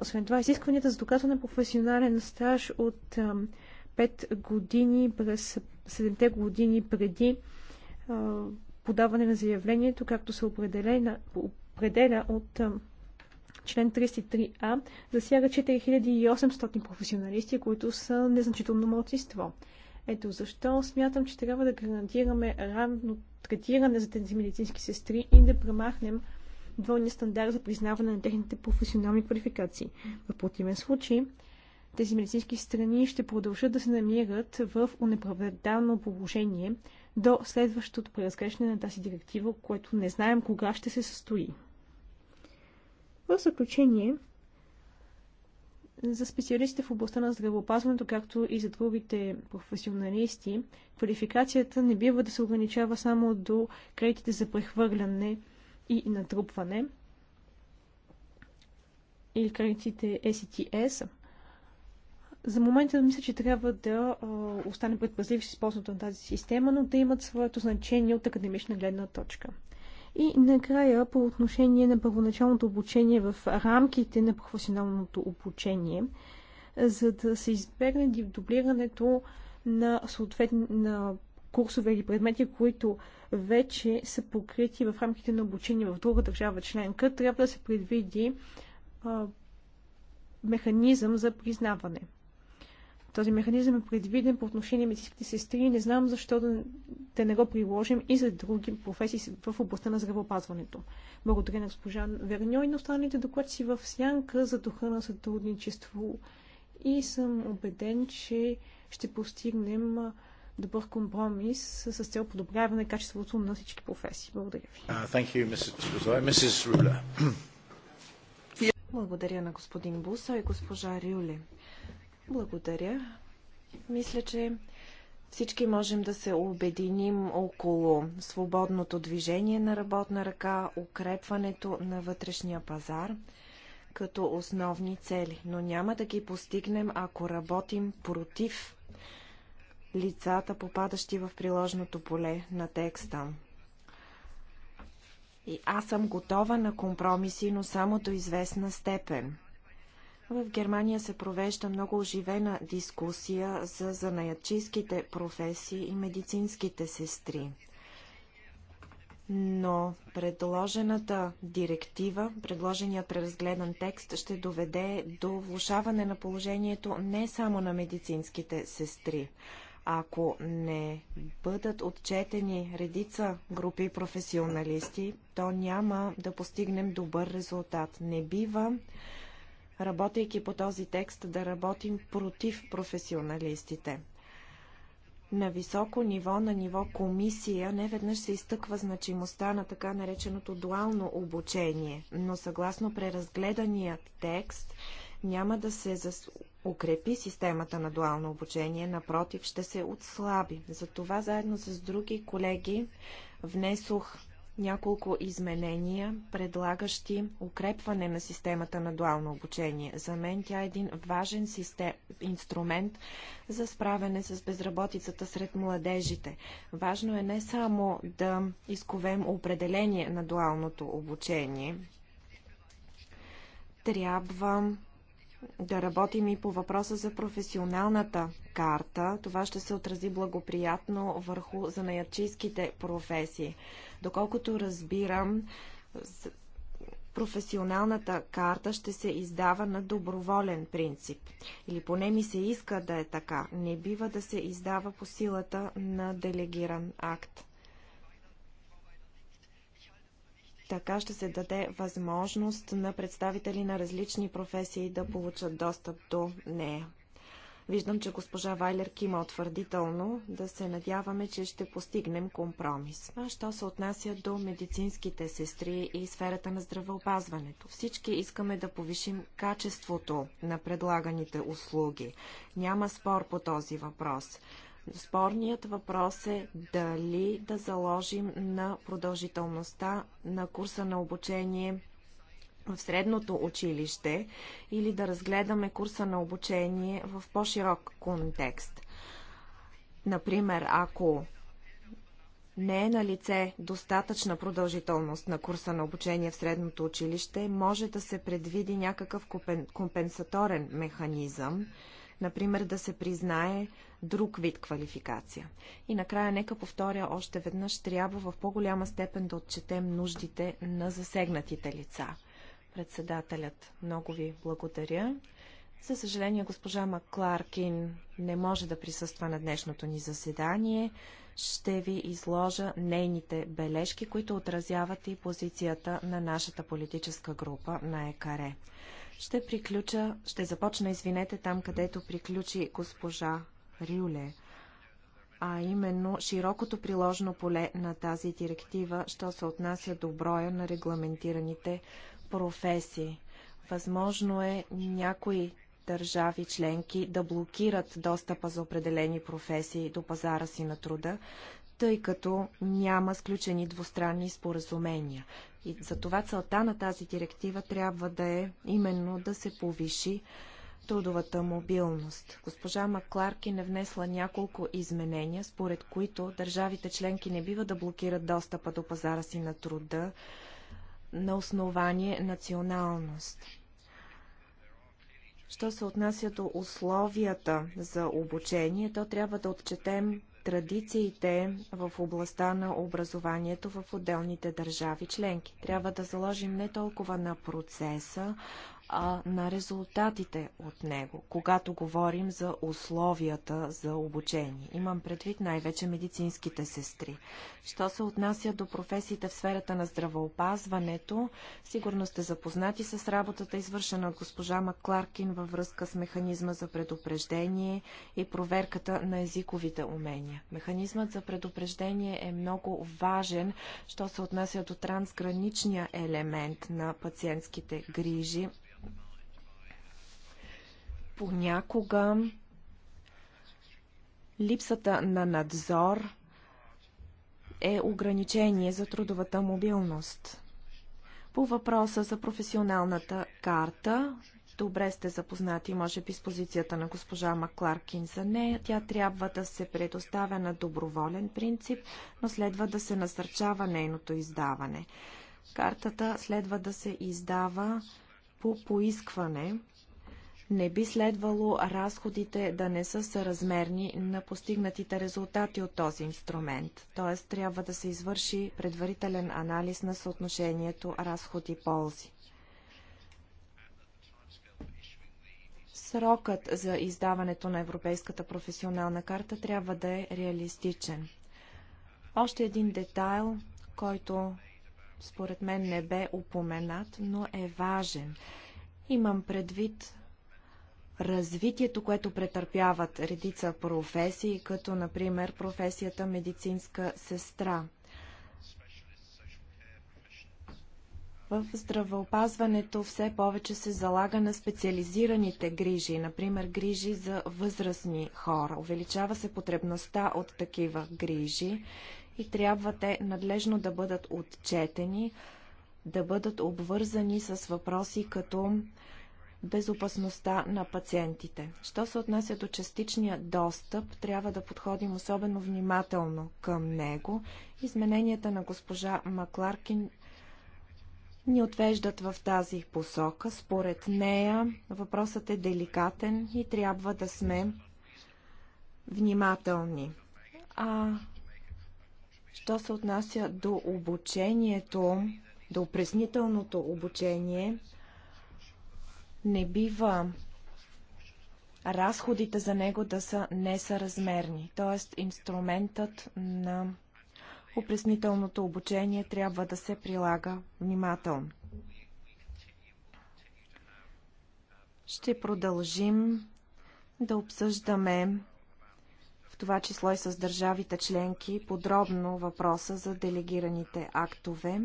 Освен това, изискванията за доказване на професионален стаж от 5 години през 7 години преди подаване на заявлението, както се определя, определя от Член 33А засяга 4800 професионалисти, които са незначително младсинство. Ето защо смятам, че трябва да гарантираме равно третиране за тези медицински сестри и да премахнем двойния стандарт за признаване на техните професионални квалификации. В противен случай, тези медицински страни ще продължат да се намират в унеправдано положение до следващото преразглеждане на тази директива, което не знаем кога ще се състои. В заключение, за специалистите в областта на здравеопазването, както и за другите професионалисти, квалификацията не бива да се ограничава само до кредитите за прехвърляне и натрупване или кредитите SETS. За момента мисля, че трябва да остане предпазлив с използването на тази система, но да имат своето значение от академична гледна точка. И накрая, по отношение на първоначалното обучение в рамките на професионалното обучение, за да се избегне дублирането на, съответни, на курсове или предмети, които вече са покрити в рамките на обучение в друга държава членка, трябва да се предвиди а, механизъм за признаване. Този механизъм е предвиден по отношение на медицинските сестри и не знам защо да, да не го приложим и за други професии в областта на здравеопазването. Благодаря на госпожа Верньо и на останалите докладчици в сянка за духа на сътрудничество и съм убеден, че ще постигнем добър компромис с цел подобряване на качеството на всички професии. Благодаря ви. Благодаря на господин Буса и госпожа Рюле. Благодаря. Мисля, че всички можем да се обединим около свободното движение на работна ръка, укрепването на вътрешния пазар като основни цели, но няма да ги постигнем, ако работим против лицата, попадащи в приложното поле на текста. И аз съм готова на компромиси, но само до известна степен. В Германия се провежда много оживена дискусия за занаятчийските професии и медицинските сестри. Но предложената директива, предложеният преразгледан текст ще доведе до влушаване на положението не само на медицинските сестри. Ако не бъдат отчетени редица групи професионалисти, то няма да постигнем добър резултат. Не бива работейки по този текст, да работим против професионалистите. На високо ниво, на ниво комисия, не веднъж се изтъква значимостта на така нареченото дуално обучение, но съгласно преразгледаният текст няма да се зас... укрепи системата на дуално обучение, напротив, ще се отслаби. Затова заедно с други колеги внесох няколко изменения, предлагащи укрепване на системата на дуално обучение. За мен тя е един важен систем, инструмент за справяне с безработицата сред младежите. Важно е не само да изковем определение на дуалното обучение, трябва да работим и по въпроса за професионалната карта. Това ще се отрази благоприятно върху занаятчийските професии. Доколкото разбирам, професионалната карта ще се издава на доброволен принцип. Или поне ми се иска да е така. Не бива да се издава по силата на делегиран акт. Така ще се даде възможност на представители на различни професии да получат достъп до нея. Виждам, че госпожа Вайлер кима утвърдително. Да се надяваме, че ще постигнем компромис. А що се отнася до медицинските сестри и сферата на здравеопазването? Всички искаме да повишим качеството на предлаганите услуги. Няма спор по този въпрос. Спорният въпрос е дали да заложим на продължителността на курса на обучение в средното училище или да разгледаме курса на обучение в по-широк контекст. Например, ако не е на лице достатъчна продължителност на курса на обучение в средното училище, може да се предвиди някакъв компенсаторен механизъм, например да се признае друг вид квалификация. И накрая нека повторя още веднъж, трябва в по-голяма степен да отчетем нуждите на засегнатите лица. Председателят, много ви благодаря. За съжаление, госпожа Макларкин не може да присъства на днешното ни заседание. Ще ви изложа нейните бележки, които отразяват и позицията на нашата политическа група на ЕКАРЕ. Ще приключа, ще започна, извинете, там където приключи госпожа Рюле, а именно широкото приложно поле на тази директива, що се отнася до броя на регламентираните професии. Възможно е някои държави членки да блокират достъпа за определени професии до пазара си на труда, тъй като няма сключени двустранни споразумения. И за това целта на тази директива трябва да е именно да се повиши трудовата мобилност. Госпожа Макларкин е внесла няколко изменения, според които държавите членки не бива да блокират достъпа до пазара си на труда на основание националност. Що се отнася до условията за обучение, то трябва да отчетем традициите в областта на образованието в отделните държави членки. Трябва да заложим не толкова на процеса, а на резултатите от него, когато говорим за условията за обучение. Имам предвид най-вече медицинските сестри. Що се отнася до професиите в сферата на здравоопазването, сигурно сте запознати с работата, извършена от госпожа Макларкин във връзка с механизма за предупреждение и проверката на езиковите умения. Механизмът за предупреждение е много важен, що се отнася до трансграничния елемент на пациентските грижи Понякога липсата на надзор е ограничение за трудовата мобилност. По въпроса за професионалната карта, добре сте запознати, може би, с позицията на госпожа Макларкин за нея. Тя трябва да се предоставя на доброволен принцип, но следва да се насърчава нейното издаване. Картата следва да се издава по поискване не би следвало разходите да не са съразмерни на постигнатите резултати от този инструмент. Т.е. трябва да се извърши предварителен анализ на съотношението разходи-ползи. Срокът за издаването на Европейската професионална карта трябва да е реалистичен. Още един детайл, който според мен не бе упоменат, но е важен. Имам предвид развитието, което претърпяват редица професии, като например професията медицинска сестра. В здравеопазването все повече се залага на специализираните грижи, например грижи за възрастни хора. Увеличава се потребността от такива грижи и трябва те надлежно да бъдат отчетени, да бъдат обвързани с въпроси като безопасността на пациентите. Що се отнася до частичния достъп, трябва да подходим особено внимателно към него. Измененията на госпожа Макларкин ни отвеждат в тази посока. Според нея въпросът е деликатен и трябва да сме внимателни. А що се отнася до обучението, до опреснителното обучение, не бива разходите за него да са несъразмерни, Тоест, инструментът на опреснителното обучение трябва да се прилага внимателно. Ще продължим да обсъждаме в това число и с държавите членки подробно въпроса за делегираните актове.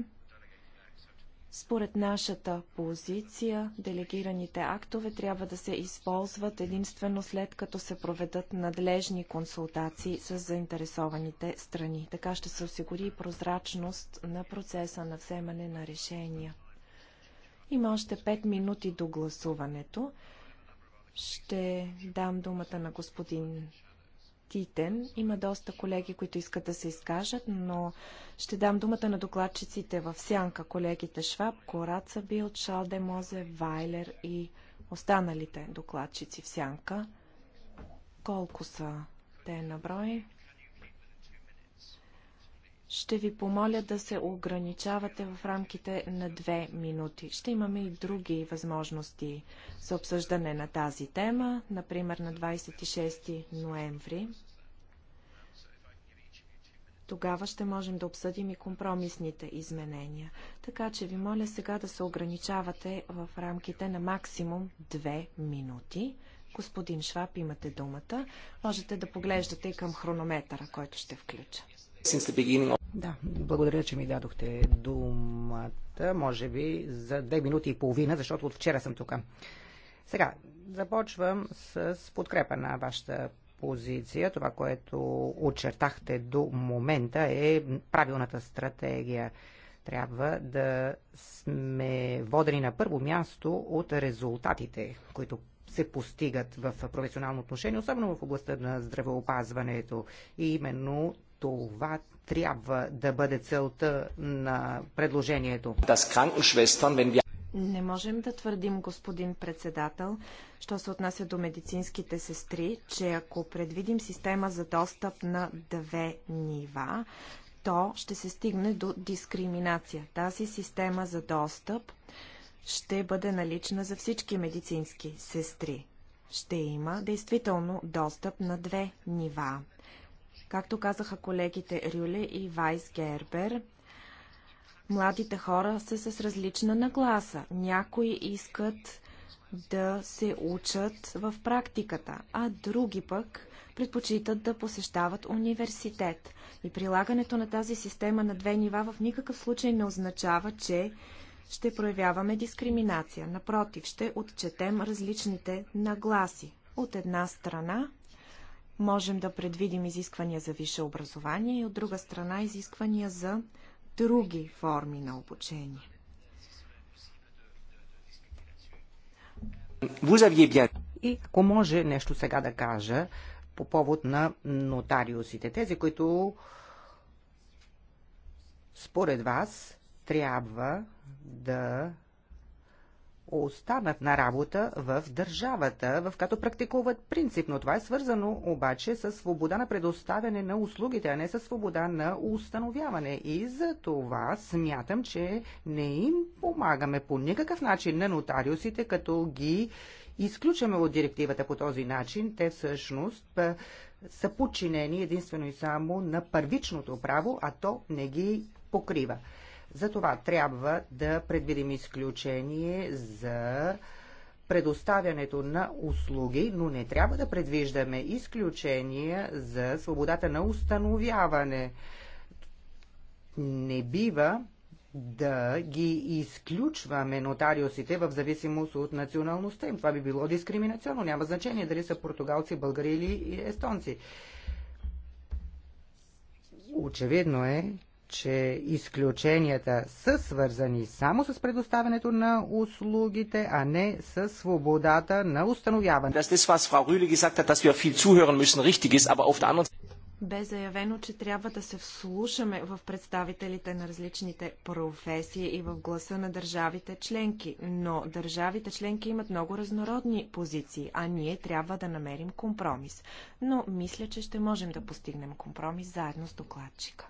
Според нашата позиция, делегираните актове трябва да се използват единствено след като се проведат надлежни консултации с заинтересованите страни. Така ще се осигури прозрачност на процеса на вземане на решения. Има още 5 минути до гласуването. Ще дам думата на господин щетите. Има доста колеги, които искат да се изкажат, но ще дам думата на докладчиците в сянка, колегите Шваб, Кораца Бил, Шалде Мозе, Вайлер и останалите докладчици в сянка. Колко са те на брой? ще ви помоля да се ограничавате в рамките на две минути. Ще имаме и други възможности за обсъждане на тази тема, например на 26 ноември. Тогава ще можем да обсъдим и компромисните изменения. Така че ви моля сега да се ограничавате в рамките на максимум две минути. Господин Шваб, имате думата. Можете да поглеждате и към хронометъра, който ще включа. Да, благодаря, че ми дадохте думата, може би за две минути и половина, защото от вчера съм тук. Сега, започвам с подкрепа на вашата позиция. Това, което очертахте до момента е правилната стратегия. Трябва да сме водени на първо място от резултатите, които се постигат в професионално отношение, особено в областта на здравеопазването. И именно това трябва да бъде целта на предложението. Не можем да твърдим, господин председател, що се отнася до медицинските сестри, че ако предвидим система за достъп на две нива, то ще се стигне до дискриминация. Тази система за достъп ще бъде налична за всички медицински сестри. Ще има действително достъп на две нива. Както казаха колегите Рюле и Вайс Гербер, младите хора са с различна нагласа. Някои искат да се учат в практиката, а други пък предпочитат да посещават университет. И прилагането на тази система на две нива в никакъв случай не означава, че ще проявяваме дискриминация. Напротив, ще отчетем различните нагласи. От една страна можем да предвидим изисквания за висше образование и от друга страна изисквания за други форми на обучение. И ако може нещо сега да кажа по повод на нотариусите, тези, които според вас трябва да останат на работа в държавата, в като практикуват принципно. Това е свързано обаче с свобода на предоставяне на услугите, а не с свобода на установяване. И за това смятам, че не им помагаме по никакъв начин на нотариусите, като ги изключваме от директивата по този начин. Те всъщност са подчинени единствено и само на първичното право, а то не ги покрива. Затова трябва да предвидим изключение за предоставянето на услуги, но не трябва да предвиждаме изключения за свободата на установяване. Не бива да ги изключваме нотариусите в зависимост от националността им. Това би било дискриминационно. Няма значение дали са португалци, българи или естонци. Очевидно е, че изключенията са свързани само с предоставянето на услугите, а не с свободата на установяване. Бе заявено, че трябва да се вслушаме в представителите на различните професии и в гласа на държавите членки, но държавите членки имат много разнородни позиции, а ние трябва да намерим компромис. Но мисля, че ще можем да постигнем компромис заедно с докладчика.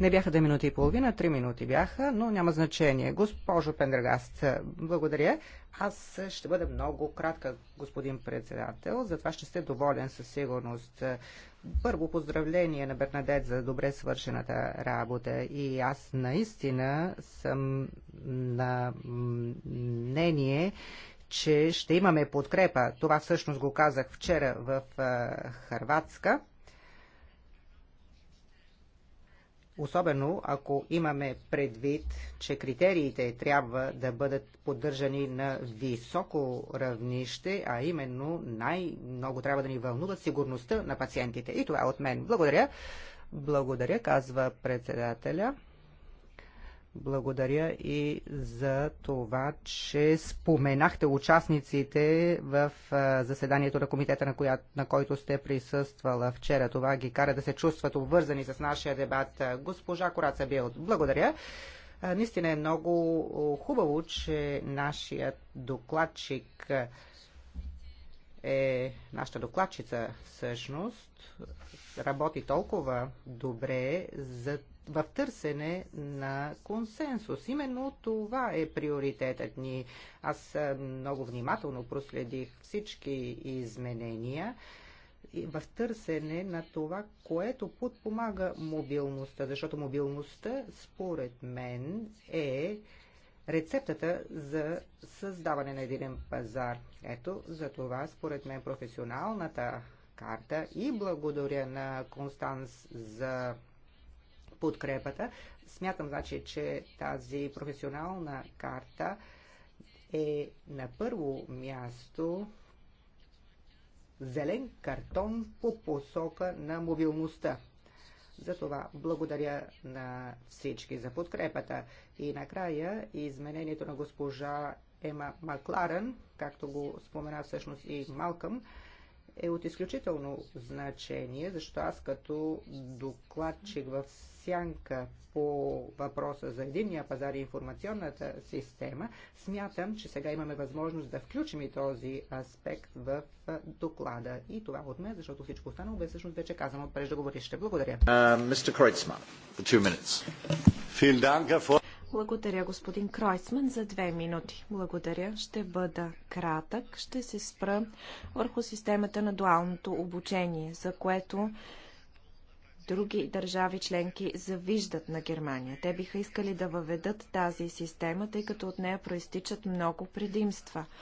Не бяха две минути и половина, три минути бяха, но няма значение. Госпожо Пендергаст, благодаря. Аз ще бъда много кратка, господин председател, затова ще сте доволен със сигурност. Първо поздравление на Бернадет за добре свършената работа и аз наистина съм на мнение, че ще имаме подкрепа. Това всъщност го казах вчера в Харватска Особено ако имаме предвид, че критериите трябва да бъдат поддържани на високо равнище, а именно най-много трябва да ни вълнува сигурността на пациентите. И това е от мен. Благодаря. Благодаря, казва председателя. Благодаря и за това, че споменахте участниците в заседанието на комитета, на, коя, на който сте присъствала вчера. Това ги кара да се чувстват обвързани с нашия дебат. Госпожа Кораца Билд, благодаря. Наистина е много хубаво, че нашият докладчик е нашата докладчица всъщност работи толкова добре за в търсене на консенсус. Именно това е приоритетът ни. Аз много внимателно проследих всички изменения в търсене на това, което подпомага мобилността, защото мобилността, според мен, е рецептата за създаване на един пазар. Ето, за това, според мен, професионалната карта и благодаря на Констанс за подкрепата. Смятам, значи, че тази професионална карта е на първо място зелен картон по посока на мобилността. Затова благодаря на всички за подкрепата. И накрая изменението на госпожа Ема Макларен, както го спомена всъщност и Малкъм, е от изключително значение, защото аз като докладчик в сянка по въпроса за единния пазар и информационната система, смятам, че сега имаме възможност да включим и този аспект в доклада. И това от мен, защото всичко останало бе всъщност вече казано от преждоговорище. Благодаря. Uh, благодаря, господин Кройсман, за две минути. Благодаря. Ще бъда кратък. Ще се спра върху системата на дуалното обучение, за което други държави членки завиждат на Германия. Те биха искали да въведат тази система, тъй като от нея проистичат много предимства –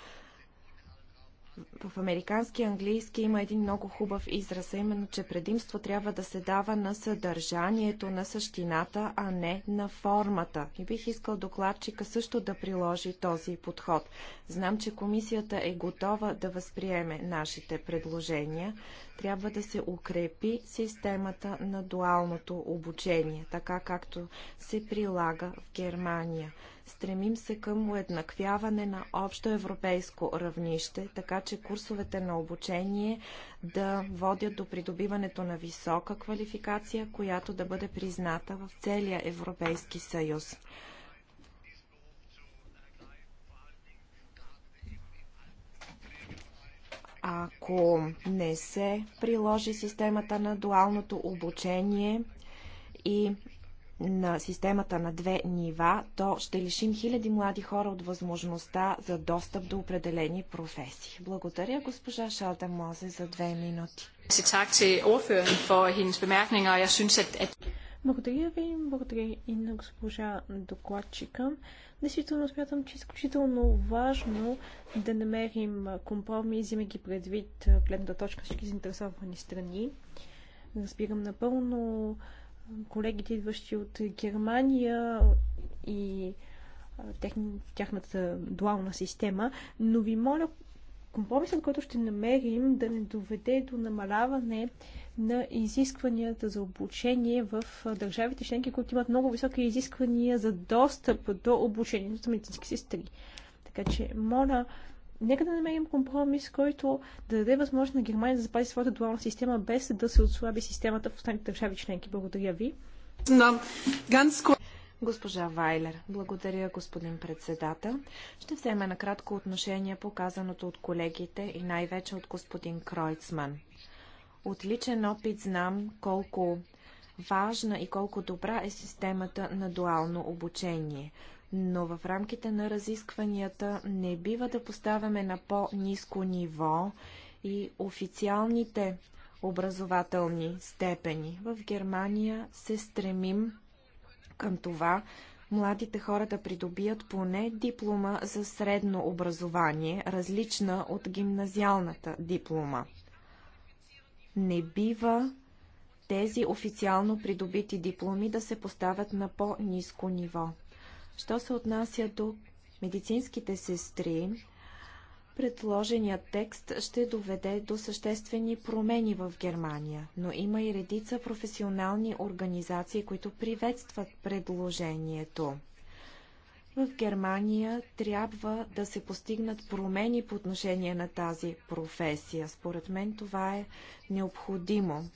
в американски английски има един много хубав израз, а именно, че предимство трябва да се дава на съдържанието, на същината, а не на формата. И бих искал докладчика също да приложи този подход. Знам, че комисията е готова да възприеме нашите предложения, трябва да се укрепи системата на дуалното обучение, така както се прилага в Германия. Стремим се към уеднаквяване на общо европейско равнище, така че курсовете на обучение да водят до придобиването на висока квалификация, която да бъде призната в целия Европейски съюз. Ако не се приложи системата на дуалното обучение и на системата на две нива, то ще лишим хиляди млади хора от възможността за достъп до определени професии. Благодаря госпожа Шалта Мозе за две минути. Благодаря ви, благодаря и на госпожа докладчика. Действително смятам, че е изключително важно да намерим компромис, вземайки предвид гледната точка всички заинтересовани страни. Разбирам напълно колегите, идващи от Германия и тяхната дуална система, но ви моля компромисът, който ще намерим, да не доведе до намаляване на изискванията за обучение в държавите членки, които имат много високи изисквания за достъп до обучението за медицински сестри. Така че, моля, нека да намерим компромис, който да даде възможност на Германия да запази своята дуална система, без да се отслаби системата в останалите държави членки. Благодаря ви. Госпожа Вайлер, благодаря господин председател. Ще вземе кратко отношение по казаното от колегите и най-вече от господин Кройцман. От личен опит знам колко важна и колко добра е системата на дуално обучение. Но в рамките на разискванията не бива да поставяме на по-низко ниво и официалните образователни степени. В Германия се стремим към това младите хора да придобият поне диплома за средно образование, различна от гимназиалната диплома. Не бива тези официално придобити дипломи да се поставят на по-низко ниво. Що се отнася до медицинските сестри, Предложеният текст ще доведе до съществени промени в Германия, но има и редица професионални организации, които приветстват предложението. В Германия трябва да се постигнат промени по отношение на тази професия. Според мен това е необходимо.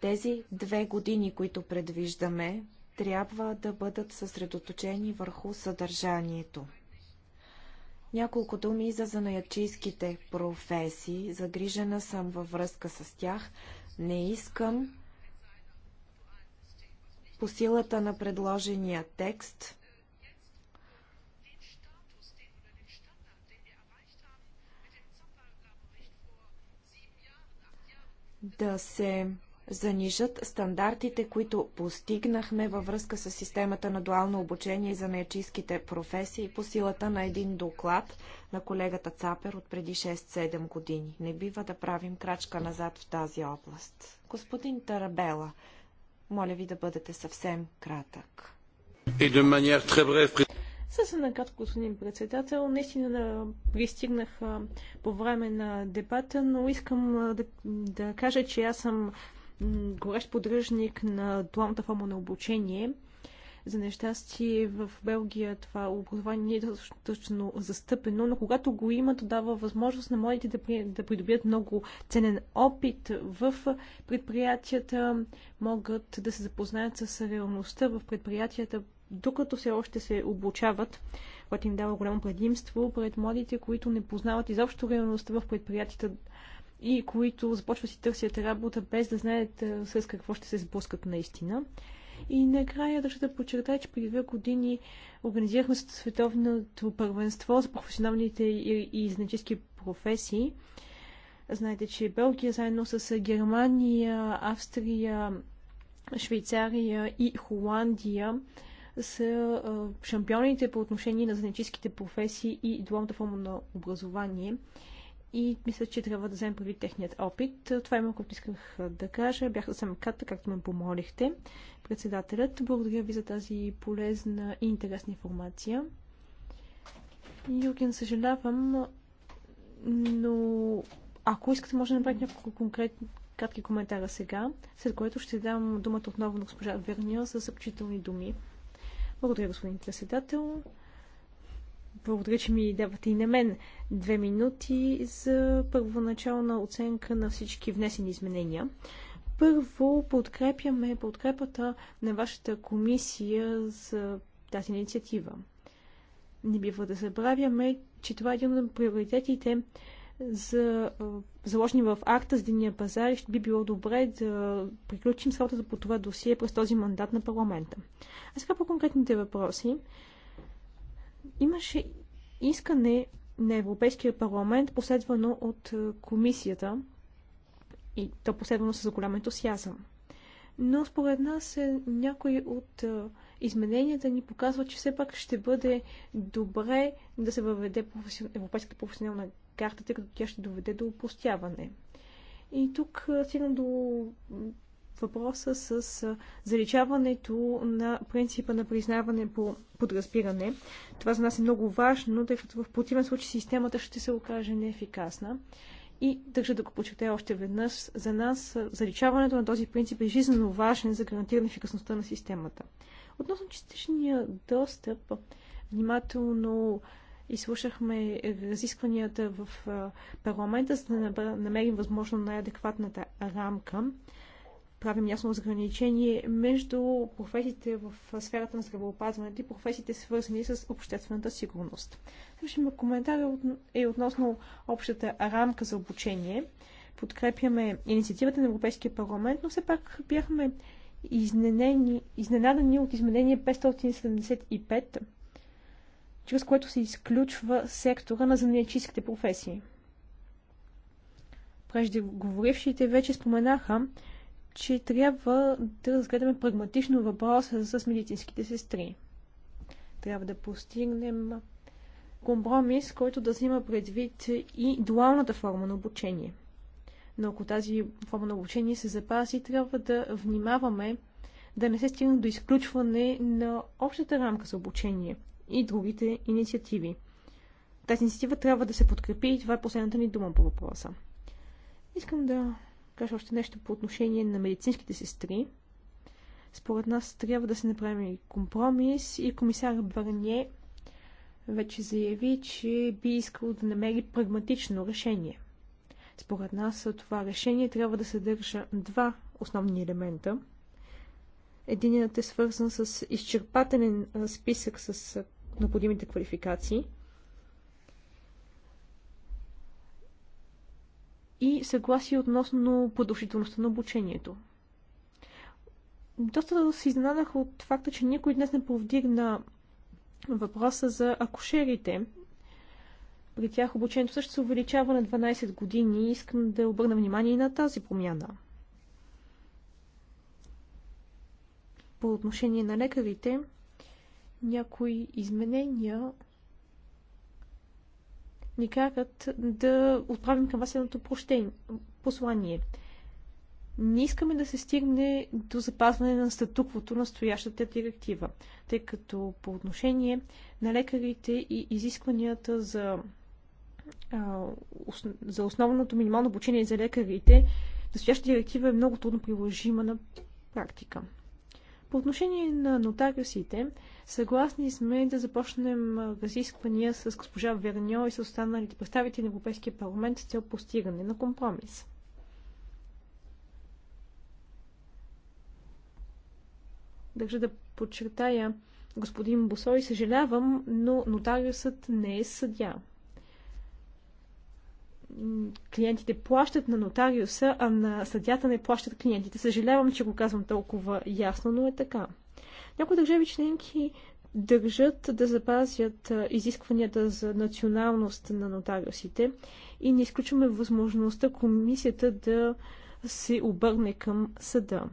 Тези две години, които предвиждаме, трябва да бъдат съсредоточени върху съдържанието. Няколко думи за занаятчийските професии. Загрижена съм във връзка с тях. Не искам по силата на предложения текст да се занижат стандартите, които постигнахме във връзка с системата на дуално обучение за неечистките професии по силата на един доклад на колегата Цапер от преди 6-7 години. Не бива да правим крачка назад в тази област. Господин Тарабела, моля ви да бъдете съвсем кратък. И de manière très brève, господин председател. Наистина пристигнах по време на дебата, но искам да, да кажа, че аз съм горещ поддръжник на дуалната форма на обучение. За нещастие в Белгия това образование не е достатъчно застъпено, но когато го има, то дава възможност на младите да, при... да придобият много ценен опит в предприятията, могат да се запознаят с реалността в предприятията, докато все още се обучават, което им дава голямо предимство пред младите, които не познават изобщо реалността в предприятията, и които започват си търсят работа без да знаят с какво ще се сблъскат наистина. И накрая държа да подчертая, че преди две години организирахме световното първенство за професионалните и, и изнически професии. Знаете, че Белгия заедно с Германия, Австрия, Швейцария и Холандия са шампионите по отношение на занеческите професии и дуалната форма на образование и мисля, че трябва да вземем прави техният опит. Това е малко, исках да кажа. Бях да съм ката, както ме помолихте. Председателят, благодаря ви за тази полезна и интересна информация. Юрген, съжалявам, но ако искате, може да направите няколко конкретни кратки коментара сега, след което ще дам думата отново на госпожа Верния за съобщителни думи. Благодаря, господин председател. Благодаря, че ми давате и на мен две минути за първоначална оценка на всички внесени изменения. Първо подкрепяме подкрепата на вашата комисия за тази инициатива. Не бива да забравяме, че това е един от приоритетите за заложени в акта с Диния пазар ще би било добре да приключим с работата по това досие през този мандат на парламента. А сега по конкретните въпроси. Имаше искане на Европейския парламент, последвано от е, комисията и то последвано с голям ентусиазъм. Но според нас е, някои от е, измененията ни показват, че все пак ще бъде добре да се въведе Европейската професионална карта, тъй като тя ще доведе до опустяване. И тук стигна до въпроса с заличаването на принципа на признаване по подразбиране. Това за нас е много важно, тъй като в противен случай системата ще се окаже неефикасна. И държа да го почетя още веднъж. За нас заличаването на този принцип е жизненно важен за гарантиране ефикасността на системата. Относно частичния достъп, внимателно изслушахме разискванията в парламента, за да намерим възможно най-адекватната рамка правим ясно разграничение между професиите в сферата на здравеопазването и професиите свързани с обществената сигурност. Следващия коментар е, е относно общата рамка за обучение. Подкрепяме инициативата на Европейския парламент, но все пак бяхме изненени, изненадани от изменение 575, чрез което се изключва сектора на занятийските професии. Преждеговорившите вече споменаха, че трябва да разгледаме прагматично въпроса с медицинските сестри. Трябва да постигнем компромис, който да взима предвид и дуалната форма на обучение. Но ако тази форма на обучение се запази, трябва да внимаваме да не се стигне до изключване на общата рамка за обучение и другите инициативи. Тази инициатива трябва да се подкрепи и това е последната ни дума по въпроса. Искам да кажа още нещо по отношение на медицинските сестри. Според нас трябва да се направи компромис и комисар Бърние вече заяви, че би искал да намери прагматично решение. Според нас това решение трябва да съдържа два основни елемента. Единият е свързан с изчерпателен списък с необходимите квалификации – и съгласие относно продължителността на обучението. Доста се изненадах от факта, че никой днес не повдигна въпроса за акушерите. При тях обучението също се увеличава на 12 години и искам да обърна внимание и на тази промяна. По отношение на лекарите, някои изменения ни карат да отправим към вас едното прощение, послание. Не искаме да се стигне до запазване на статуквото на стоящата директива, тъй като по отношение на лекарите и изискванията за, за основното минимално обучение за лекарите, настоящата директива е много трудно приложима на практика. По отношение на нотариусите, Съгласни сме да започнем разисквания с госпожа Верньо и с останалите представители на Европейския парламент с цел постигане на компромис. Държа да подчертая, господин Босой, съжалявам, но нотариусът не е съдя. Клиентите плащат на нотариуса, а на съдята не плащат клиентите. Съжалявам, че го казвам толкова ясно, но е така. Някои държави членки държат да запазят изискванията за националност на нотариусите и не изключваме възможността комисията да се обърне към съда.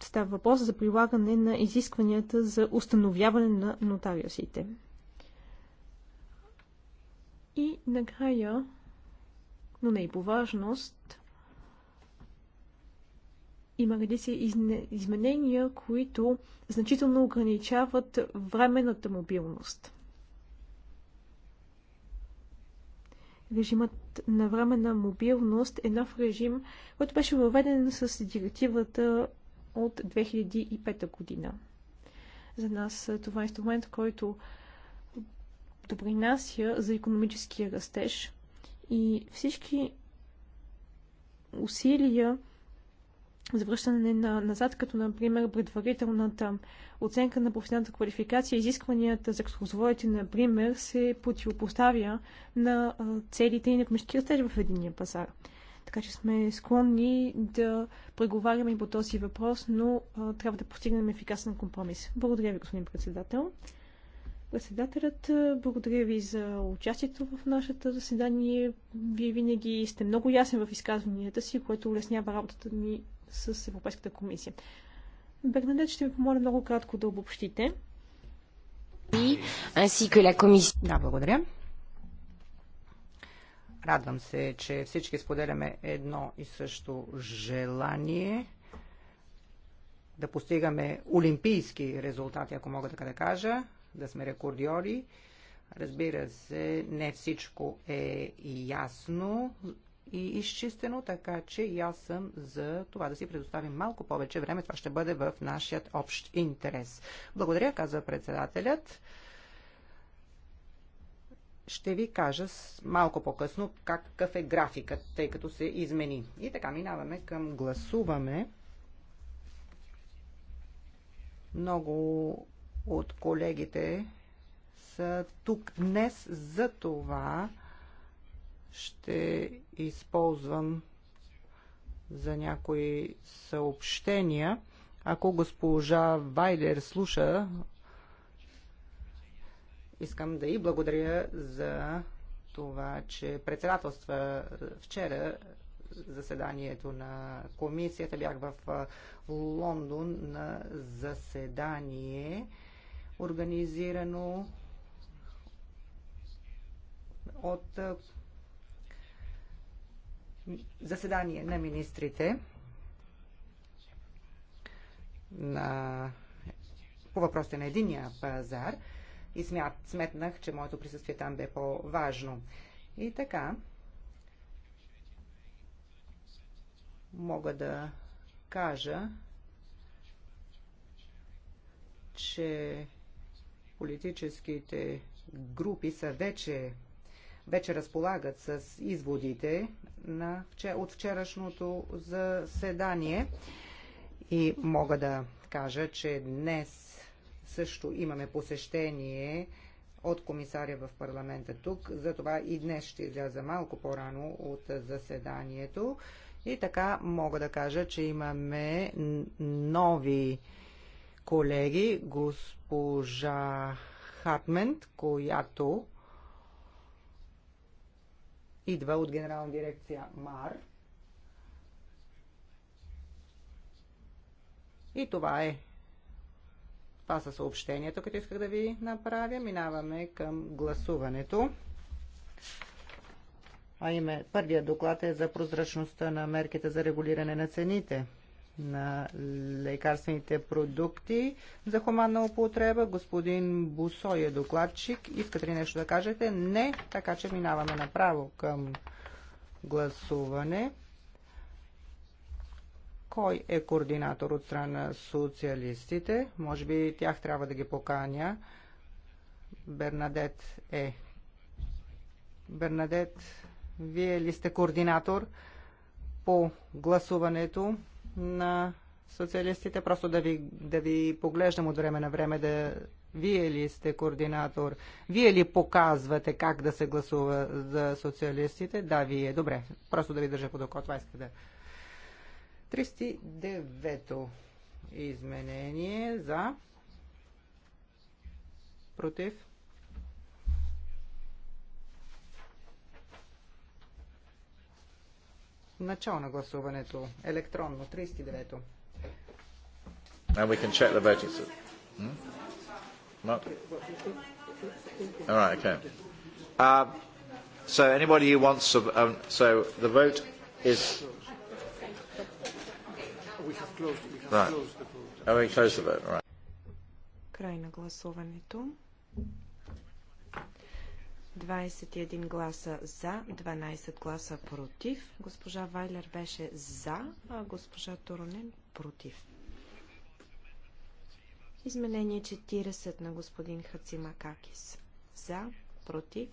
Става въпрос за прилагане на изискванията за установяване на нотариусите. И накрая, но не и по важност, има редица изменения, които значително ограничават временната мобилност. Режимът на времена мобилност е нов режим, който беше въведен с директивата от 2005 година. За нас това е инструмент, който допринася за економическия растеж и всички усилия, завръщане на, назад, като например предварителната оценка на професионалната квалификация, изискванията за екскурзоводите, например, се противопоставя на целите и на економически стеж в единия пазар. Така че сме склонни да преговаряме и по този въпрос, но а, трябва да постигнем ефикасен компромис. Благодаря ви, господин председател. Председателят, благодаря ви за участието в нашето заседание. Вие винаги сте много ясен в изказванията си, което улеснява работата ни с Европейската комисия. Бернадет, ще ви помоля много кратко да обобщите. Да, благодаря. Радвам се, че всички споделяме едно и също желание да постигаме олимпийски резултати, ако мога така да кажа, да сме рекордиори. Разбира се, не всичко е ясно и изчистено, така че и аз съм за това да си предоставим малко повече време. Това ще бъде в нашият общ интерес. Благодаря, казва председателят. Ще ви кажа малко по-късно какъв е графикът, тъй като се измени. И така минаваме към гласуваме. Много от колегите са тук днес, за това ще използван за някои съобщения. Ако госпожа Вайлер слуша, искам да и благодаря за това, че председателства вчера заседанието на комисията. Бях в Лондон на заседание, организирано от заседание на министрите на, по въпросите на единия пазар и смят, сметнах, че моето присъствие там бе по-важно. И така, мога да кажа, че политическите групи са вече вече разполагат с изводите на, от вчерашното заседание и мога да кажа, че днес също имаме посещение от комисаря в парламента тук, затова и днес ще изляза малко по-рано от заседанието. И така мога да кажа, че имаме нови колеги, госпожа Хартмент, която идва от генерална дирекция МАР. И това е. Това са съобщенията, които исках да ви направя. Минаваме към гласуването. А име, първият доклад е за прозрачността на мерките за регулиране на цените на лекарствените продукти за хуманна употреба. Господин Бусой е докладчик. Искате ли нещо да кажете? Не, така че минаваме направо към гласуване. Кой е координатор от страна на социалистите? Може би тях трябва да ги поканя. Бернадет е. Бернадет, вие ли сте координатор по гласуването? на социалистите, просто да ви, да ви поглеждам от време на време, да вие ли сте координатор? Вие ли показвате как да се гласува за социалистите? Да, вие. Добре, просто да ви държа под око. Това иска да... 309-то изменение за... Против? Начало на гласуването. Електронно. 39-то. And we can check the voting. system. Hmm? Not? All right, okay. Uh, so anybody who wants to... Um, so the vote is... We have closed, we have right. closed the vote. Oh, we closed the vote, all right. Край на гласуването. 21 гласа за, 12 гласа против. Госпожа Вайлер беше за, а госпожа Торонен против. Изменение 40 на господин Хацимакакис. За, против.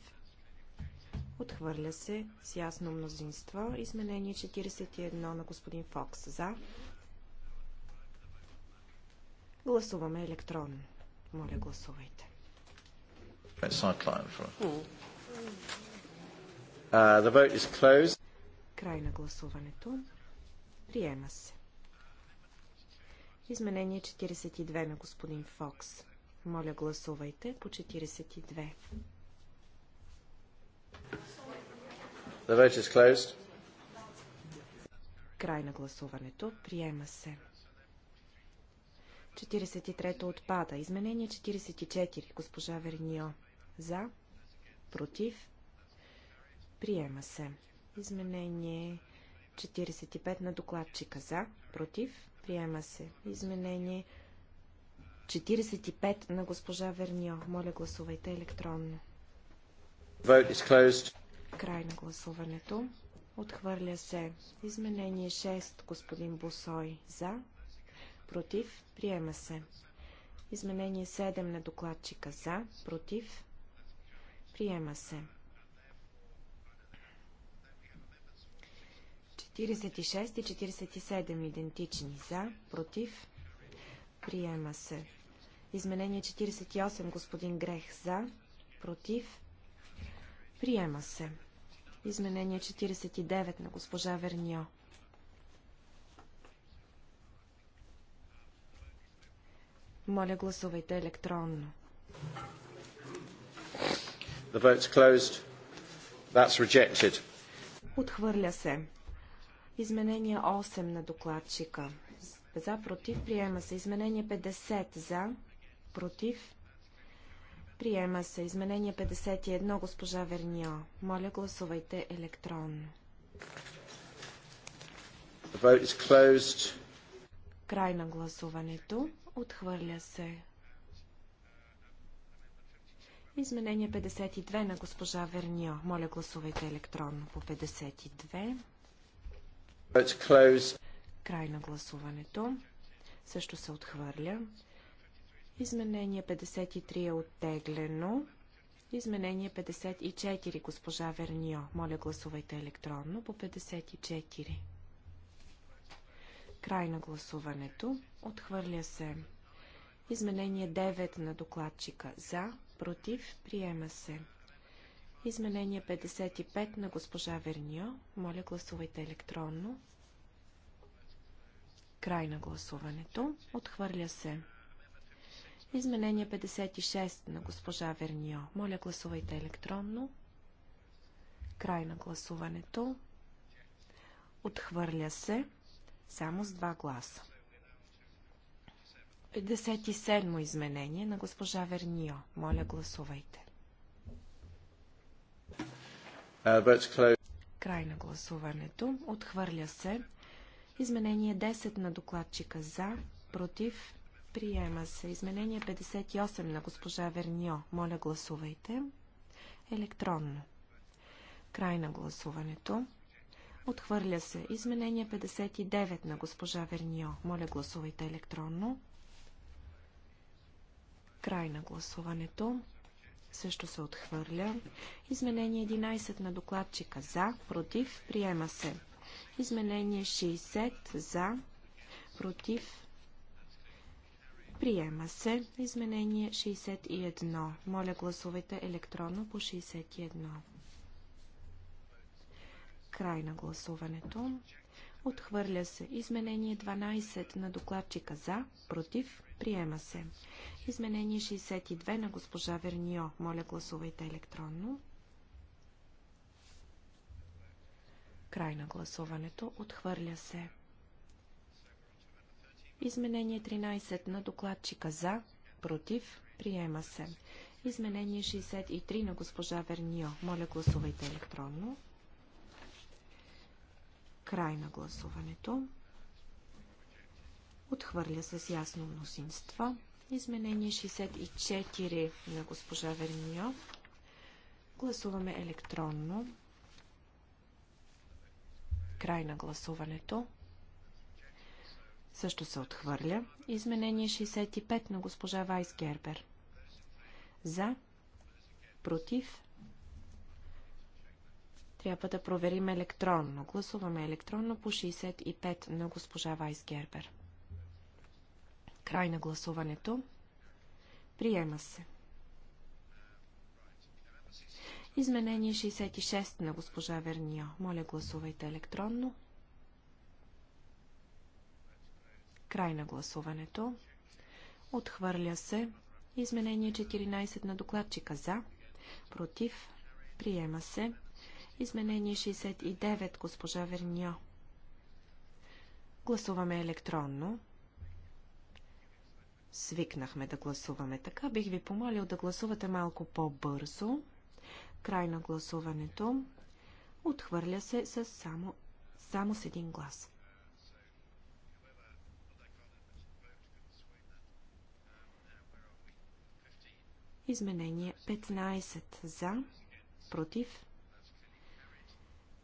Отхвърля се с ясно мнозинство. Изменение 41 на господин Фокс. За. Гласуваме електронно. Моля, гласувайте. Uh, the vote is closed. Край на гласуването. Приема се. Изменение 42 на господин Фокс. Моля, гласувайте по 42. The vote is closed. Край на гласуването. Приема се. 43-то отпада. Изменение 44. Госпожа Вернио. За. Против. Приема се. Изменение 45 на докладчика. За. Против. Приема се. Изменение 45 на госпожа Верньо. Моля, гласувайте електронно. Край на гласуването. Отхвърля се. Изменение 6. Господин Босой. За. Против. Приема се. Изменение 7 на докладчика. За. Против. Приема се. 46 и 47 идентични за, против. Приема се. Изменение 48, господин Грех за, против. Приема се. Изменение 49 на госпожа Верньо. Моля, гласувайте електронно. The vote's closed. That's rejected. Отхвърля се. Изменение 8 на докладчика. За, против, приема се. Изменение 50 за, против, приема се. Изменение 51, госпожа Верния. Моля, гласувайте електронно. Край на гласуването. Отхвърля се. Изменение 52 на госпожа Верньо. Моля гласувайте електронно по 52. Край на гласуването. Също се отхвърля. Изменение 53 е оттеглено. Изменение 54, госпожа Верньо. Моля гласувайте електронно по 54. Край на гласуването. Отхвърля се. Изменение 9 на докладчика за против, приема се. Изменение 55 на госпожа Верньо. Моля, гласувайте електронно. Край на гласуването. Отхвърля се. Изменение 56 на госпожа Верньо. Моля, гласувайте електронно. Край на гласуването. Отхвърля се само с два гласа. 57 изменение на госпожа Вернио. Моля, гласувайте. Uh, Край на гласуването. Отхвърля се. Изменение 10 на докладчика за, против, приема се. Изменение 58 на госпожа Вернио. Моля, гласувайте. Електронно. Край на гласуването. Отхвърля се. Изменение 59 на госпожа Вернио. Моля, гласувайте електронно. Край на гласуването. Също се отхвърля. Изменение 11 на докладчика за, против, приема се. Изменение 60 за, против, приема се. Изменение 61. Моля гласувайте електронно по 61. Край на гласуването. Отхвърля се. Изменение 12 на докладчика за, против, приема се. Изменение 62 на госпожа Вернио. Моля, гласувайте електронно. Край на гласуването. Отхвърля се. Изменение 13 на докладчика за, против, приема се. Изменение 63 на госпожа Вернио. Моля, гласувайте електронно. Край на гласуването. Отхвърля с ясно мнозинство. Изменение 64 на госпожа Верньо. Гласуваме електронно. Край на гласуването. Също се отхвърля. Изменение 65 на госпожа Вайс Гербер. За. Против. Трябва да проверим електронно. Гласуваме електронно по 65 на госпожа Вайс Гербер. Край на гласуването. Приема се. Изменение 66 на госпожа Вернио. Моля, гласувайте електронно. Край на гласуването. Отхвърля се. Изменение 14 на докладчика за. Против. Приема се. Изменение 69, госпожа Верньо. Гласуваме електронно. Свикнахме да гласуваме така. Бих ви помолил да гласувате малко по-бързо. Край на гласуването. Отхвърля се с само, само с един глас. Изменение 15 за, против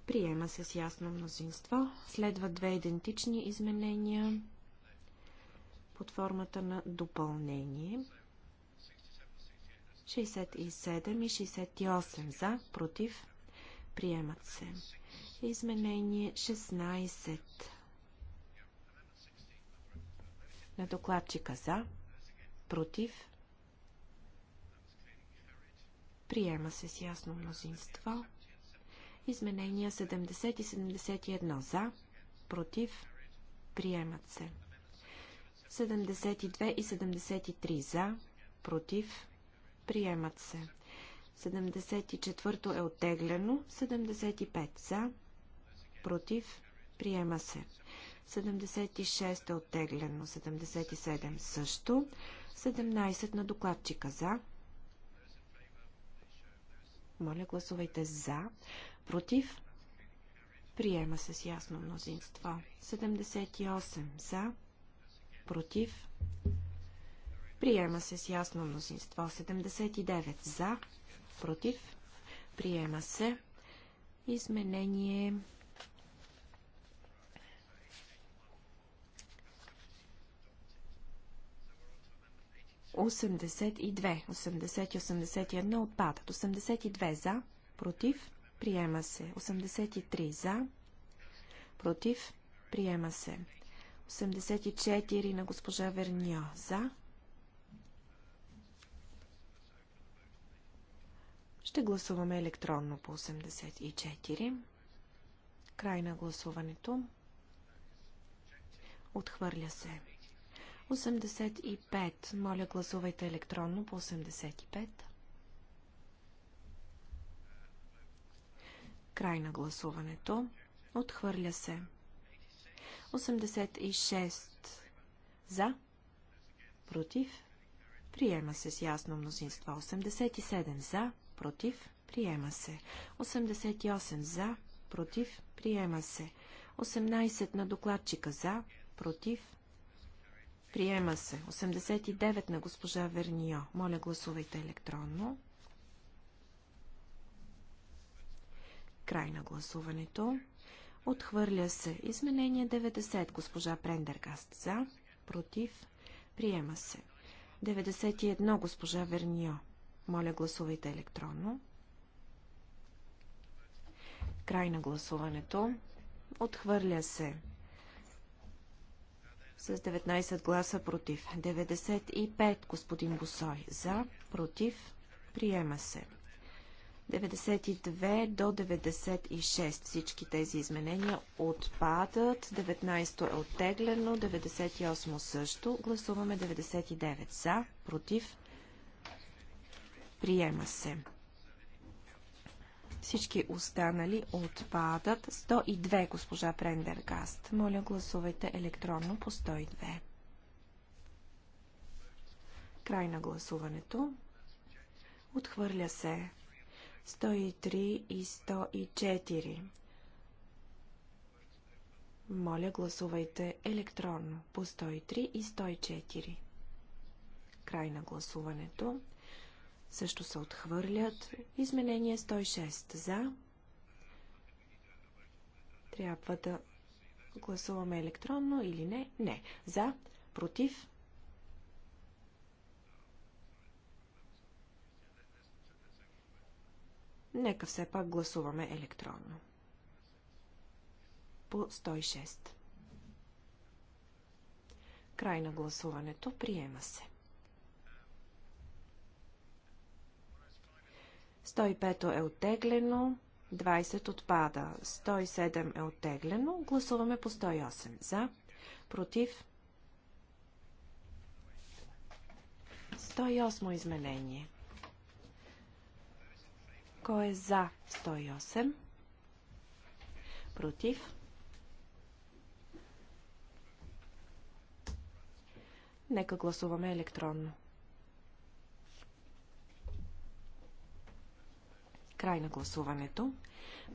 Приема се с ясно мнозинство. Следват две идентични изменения под формата на допълнение. 67 и 68 за, против, приемат се. Изменение 16 на докладчика за, против, приема се с ясно мнозинство. Изменения 70 и 71 за, против, приемат се. 72 и 73 за, против, приемат се. 74 е оттеглено, 75 за, против, приема се. 76 е оттеглено, 77 също, 17 на докладчика за, моля, гласувайте за. Против? Приема се с ясно мнозинство. 78 за. Против? Приема се с ясно мнозинство. 79 за. Против? Приема се. Изменение 82. 80 и 81 отпадат. 82 за, против, приема се. 83 за, против, приема се. 84 на госпожа Верньо за. Ще гласуваме електронно по 84. Край на гласуването. Отхвърля се. 85. Моля, гласувайте електронно по 85. Край на гласуването. Отхвърля се. 86. За. Против. Приема се с ясно мнозинство. 87. За. Против. Приема се. 88. За. Против. Приема се. 18 на докладчика. За. Против. Приема се. 89 на госпожа Вернио. Моля, гласувайте електронно. Край на гласуването. Отхвърля се. Изменение 90. Госпожа Прендергаст за. Против. Приема се. 91. Госпожа Вернио. Моля, гласувайте електронно. Край на гласуването. Отхвърля се с 19 гласа против. 95 господин Босой за, против, приема се. 92 до 96 всички тези изменения отпадат. 19 е оттеглено, 98 също. Гласуваме 99 за, против, приема се. Всички останали отпадат. 102, госпожа Прендергаст. Моля, гласувайте електронно по 102. Край на гласуването. Отхвърля се. 103 и 104. Моля, гласувайте електронно по 103 и 104. Край на гласуването също се отхвърлят. Изменение 106 за. Трябва да гласуваме електронно или не? Не. За, против. Нека все пак гласуваме електронно. По 106. Край на гласуването приема се. 105 е оттеглено. 20 отпада. 107 е оттеглено. Гласуваме по 108. За. Против. 108 изменение. Кой е за 108? Против. Нека гласуваме електронно. 108. Край на гласуването.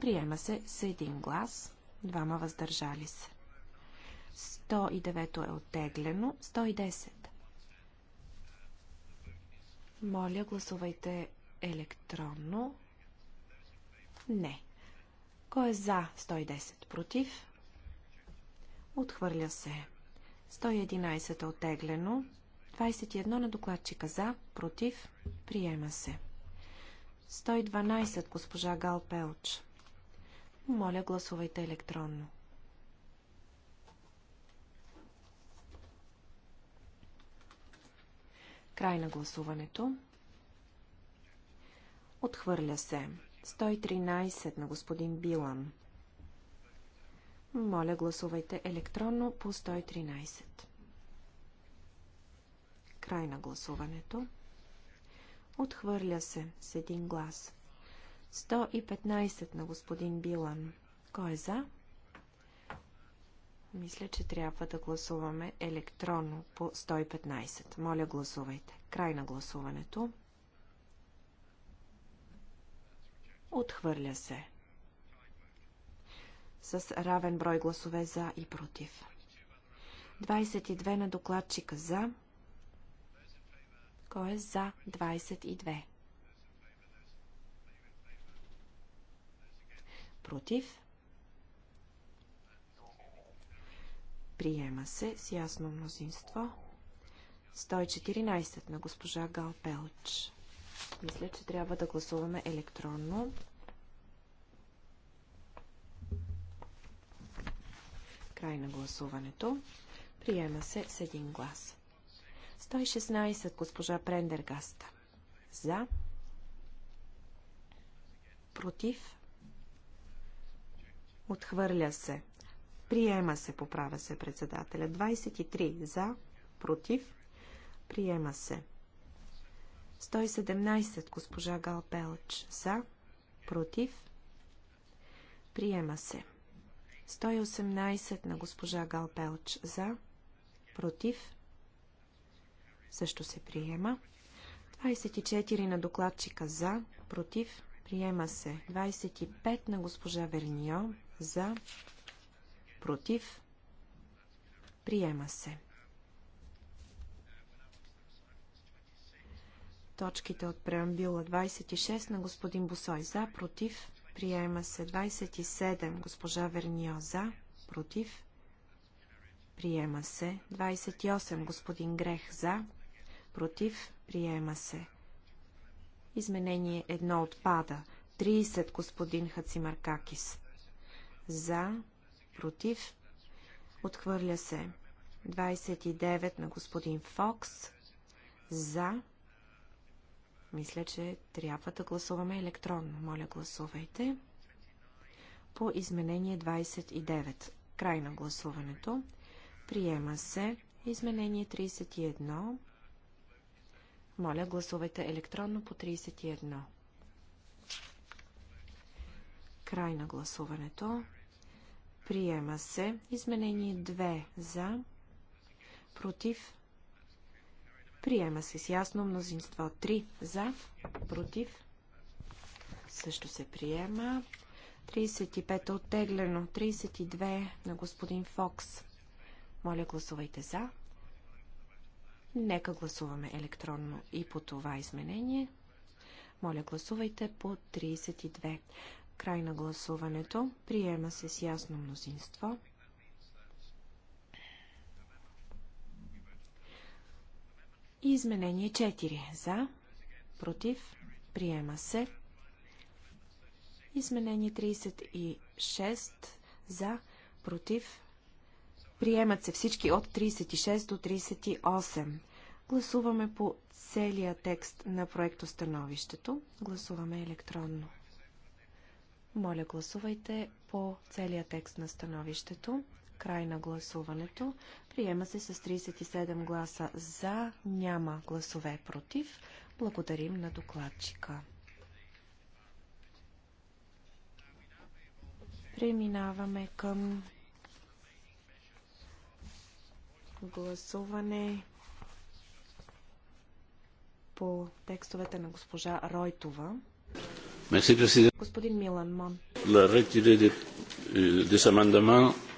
Приема се с един глас, двама въздържали се. 109 е оттеглено, 110. Моля, гласувайте електронно. Не. Кой е за 110? Против? Отхвърля се. 111 е оттеглено. 21 на докладчика за, против, приема се. 112, госпожа Гал Пелч. Моля, гласувайте електронно. Край на гласуването. Отхвърля се. 113 на господин Билан. Моля, гласувайте електронно по 113. Край на гласуването. Отхвърля се с един глас. 115 на господин Билан. Кой е за? Мисля, че трябва да гласуваме електронно по 115. Моля, гласувайте. Край на гласуването. Отхвърля се. С равен брой гласове за и против. 22 на докладчика за, кой е за 22? Против? Приема се с ясно мнозинство. 114 на госпожа Гал Пелч. Мисля, че трябва да гласуваме електронно. Край на гласуването. Приема се с един глас. 116. Госпожа Прендергаста. За. Против. Отхвърля се. Приема се, поправя се председателя. 23. За. Против. Приема се. 117. Госпожа Галпелч За. Против. Приема се. 118 на госпожа Галпелч за, против, също се приема. 24 на докладчика за, против, приема се. 25 на госпожа Вернио за, против, приема се. Точките от преамбюла 26 на господин Босой за, против, приема се. 27 госпожа Вернио за, против, приема се. 28 господин Грех за, против, приема се. Изменение 1 отпада. 30 господин Хацимаркакис. За, против, отхвърля се. 29 на господин Фокс. За. Мисля, че трябва да гласуваме електронно. Моля, гласувайте. По изменение 29. Край на гласуването. Приема се изменение 31 моля, гласувайте електронно по 31. Край на гласуването. Приема се. Изменение 2 за. Против. Приема се с ясно мнозинство 3 за. Против. Също се приема. 35 е оттеглено. 32 на господин Фокс. Моля, гласувайте за. Нека гласуваме електронно и по това изменение. Моля, гласувайте по 32. Край на гласуването. Приема се с ясно мнозинство. изменение 4. За. Против. Приема се. Изменение 36. За. Против. Приемат се всички от 36 до 38. Гласуваме по целия текст на становището. Гласуваме електронно. Моля, гласувайте по целия текст на становището. Край на гласуването. Приема се с 37 гласа за, няма гласове против. Благодарим на докладчика. Преминаваме към Гласуване по текстовете на госпожа Ройтова. Господин Милан Мон.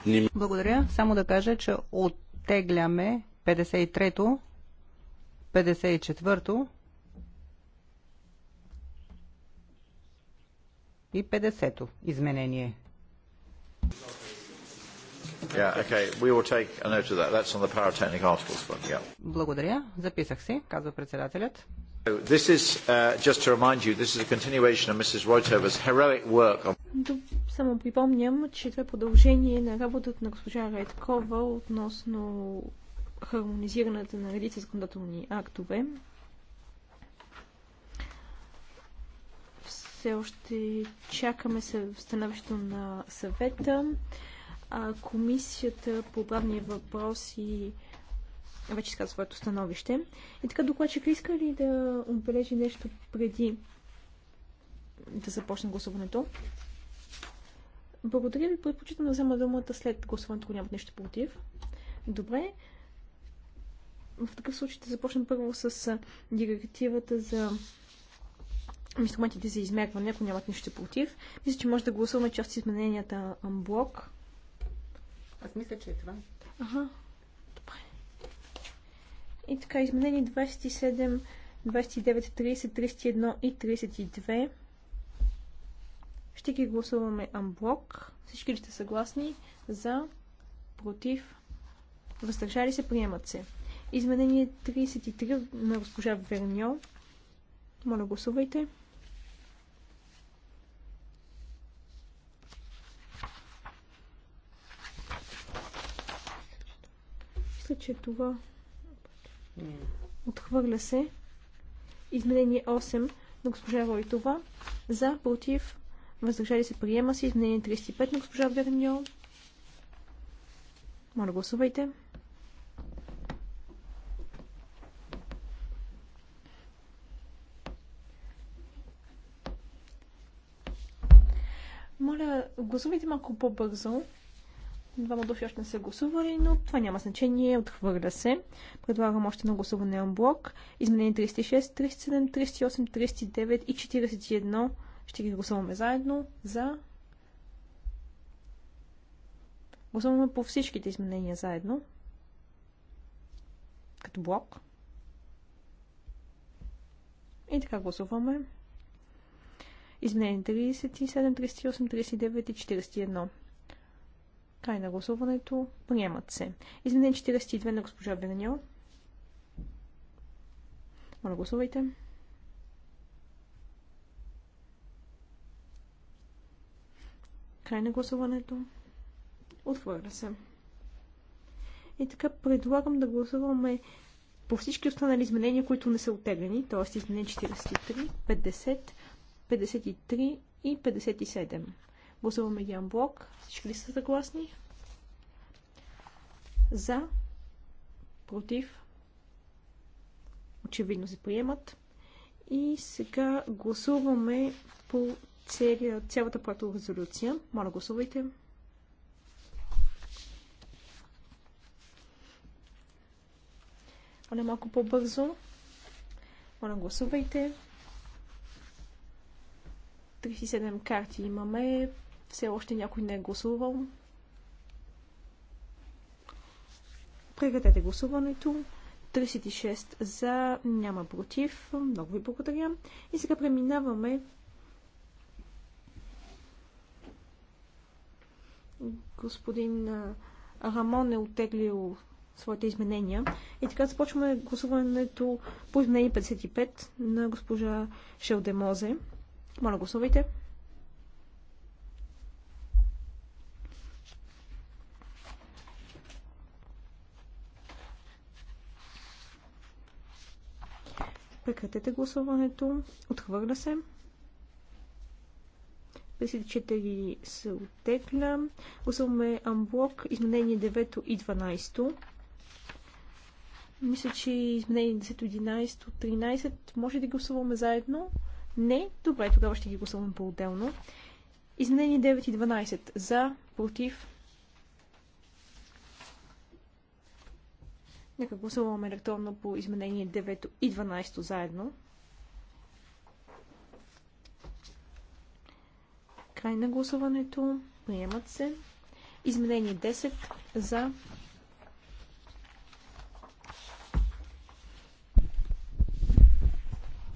Е, Благодаря. Само да кажа, че оттегляме 53-то, 54-то и 50-то изменение. Yeah, okay. We will take a note of that. That's on the pyrotechnic articles fund, yeah. Благодаря. Записах си, казва председателят. This is, uh, just to remind you, this is a continuation of Mrs. Reutover's heroic work on... Само припомням, че това е продължение на работата на госпожа Райткова относно хармонизирането на редица законодателни актове. Все още чакаме се в становището на съвета а, комисията по правни въпроси вече изказа своето становище. И така, докладчик, иска ли да отбележи нещо преди да започне гласуването? Благодаря ви, предпочитам да взема думата след гласуването, ако нямат нещо против. Добре. В такъв случай ще да започнем първо с директивата за инструментите за измерване, ако нямат нищо против. Мисля, че може да гласуваме част измененията блок. Аз мисля, че е това. Ага. Добре. И така, изменени 27, 29, 30, 31 и 32. Ще ги гласуваме амблок. Всички ли сте съгласни? За, против, въздържали се, приемат се. Изменение 33 на госпожа Верньо. Моля, гласувайте. Мисля, че това отхвърля се. Изменение 8 на госпожа Ройтова. За, против, въздържали се, приема се. Изменение 35 на госпожа Верньо. Моля, гласувайте. Моля, гласувайте малко по-бързо. Двама души още не са гласували, но това няма значение. Отхвърля се. Предлагам още на гласуване блок. Изменение 36, 37, 38, 39 и 41. Ще ги гласуваме заедно. За. Гласуваме по всичките изменения заедно. Като блок. И така гласуваме. Изменение 37, 38, 39 и 41. Край на гласуването. Приемат се. Изменен 42 на госпожа Берньо. Моля, гласувайте. Край на гласуването. Отвърля се. И така предлагам да гласуваме по всички останали изменения, които не са отеглени, т.е. изменение 43, 50, 53 и 57. Гласуваме един блок. Всички ли са съгласни? За. Против. Очевидно се приемат. И сега гласуваме по целия, цялата проекта резолюция. Моля, гласувайте. Моля малко по-бързо. Моля, гласувайте. 37 карти имаме. Все още някой не е гласувал. Прекратете гласуването. 36 за, няма против. Много ви благодаря. И сега преминаваме господин Рамон е отеглил своите изменения. И така започваме гласуването по изменение 55 на госпожа Шелдемозе. Моля, гласувайте. Прекратете гласуването. Отхвърля се. 54 се оттегля. Гласуваме амблок. Изменение 9 и 12. Мисля, че изменение 10, 11, 13. Може да гласуваме заедно? Не. Добре, тогава ще ги гласуваме по-отделно. Изменение 9 и 12. За, против, Нека гласуваме електронно по изменение 9 и 12 заедно. Край на гласуването. Приемат се. Изменение 10 за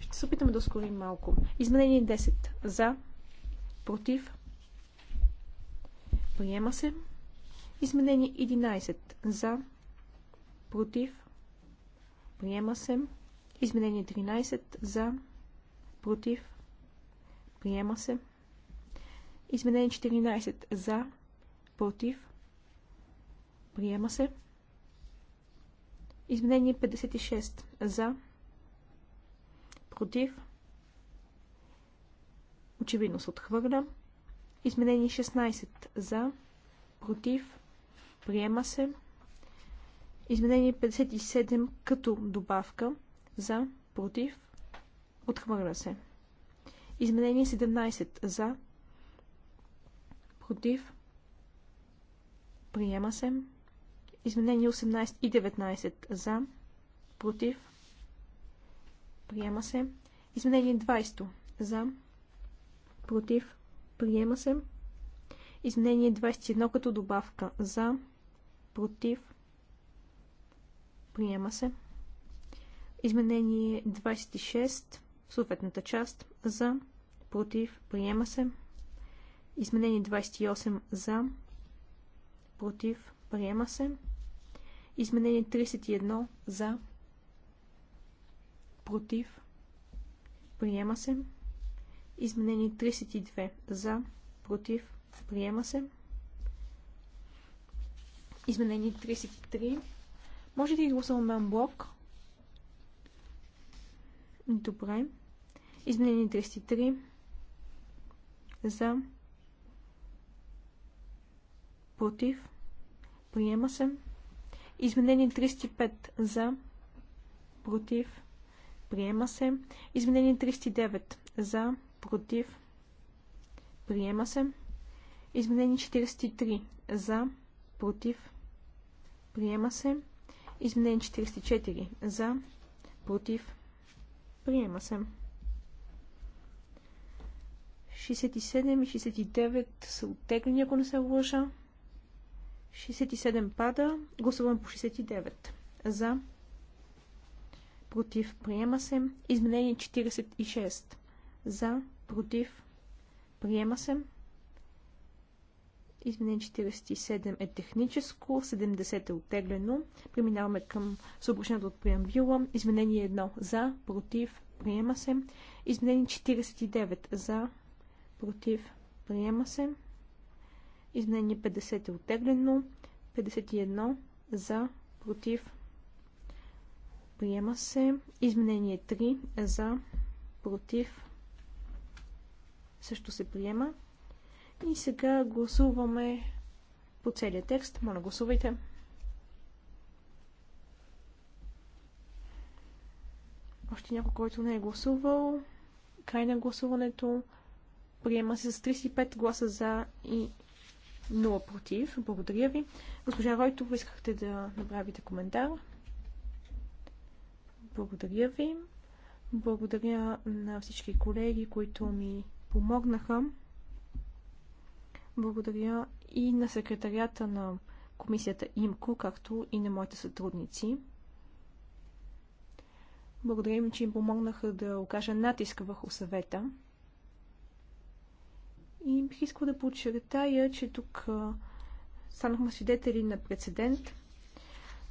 Ще се опитаме да ускорим малко. Изменение 10. За. Против. Приема се. Изменение 11. За против, приема се. Изменение 13 за, против, приема се. Изменение 14 за, против, приема се. Изменение 56 за, против, очевидно се отхвърля. Изменение 16 за, против, приема се. Изменение 57 като добавка за, против, отхвърля се. Изменение 17 за, против, приема се. Изменение 18 и 19 за, против, приема се. Изменение 20 за, против, приема се. Изменение 21 като добавка за, против, Приема се. Изменение 26 в съответната част за, против, приема се. Изменение 28 за, против, приема се. Изменение 31 за, против, приема се. Изменение 32 за, против, приема се. Изменение 33 може да изгласуваме блок. Добре. Изменени 33 за против приема се. Изменени 35 за против приема се. изменени 39 за против приема се. Изменени 43 за против приема се. Изменение 44. За. Против. Приема се. 67 и 69 са оттеглени, ако не се лъжа. 67 пада. Гласувам по 69. За. Против. Приема се. Изменение 46. За. Против. Приема се. Изменение 47 е техническо, 70 е оттеглено. Преминаваме към съобщението от преамбюла. Изменение 1 за, против, приема се. Изменение 49 за, против, приема се. Изменение 50 е оттеглено. 51 за, против, приема се. Изменение 3 за, против, също се приема. И сега гласуваме по целия текст. Моля, гласувайте. Още някой, който не е гласувал. Край на гласуването. Приема се с 35 гласа за и 0 против. Благодаря ви. Госпожа Ройтова, искахте да направите коментар. Благодаря ви. Благодаря на всички колеги, които ми помогнаха. Благодаря и на секретарията на комисията ИМКО, както и на моите сътрудници. Благодаря им, че им помогнаха да окажа натиск върху съвета. И бих искала да подчертая, че тук станахме свидетели на прецедент.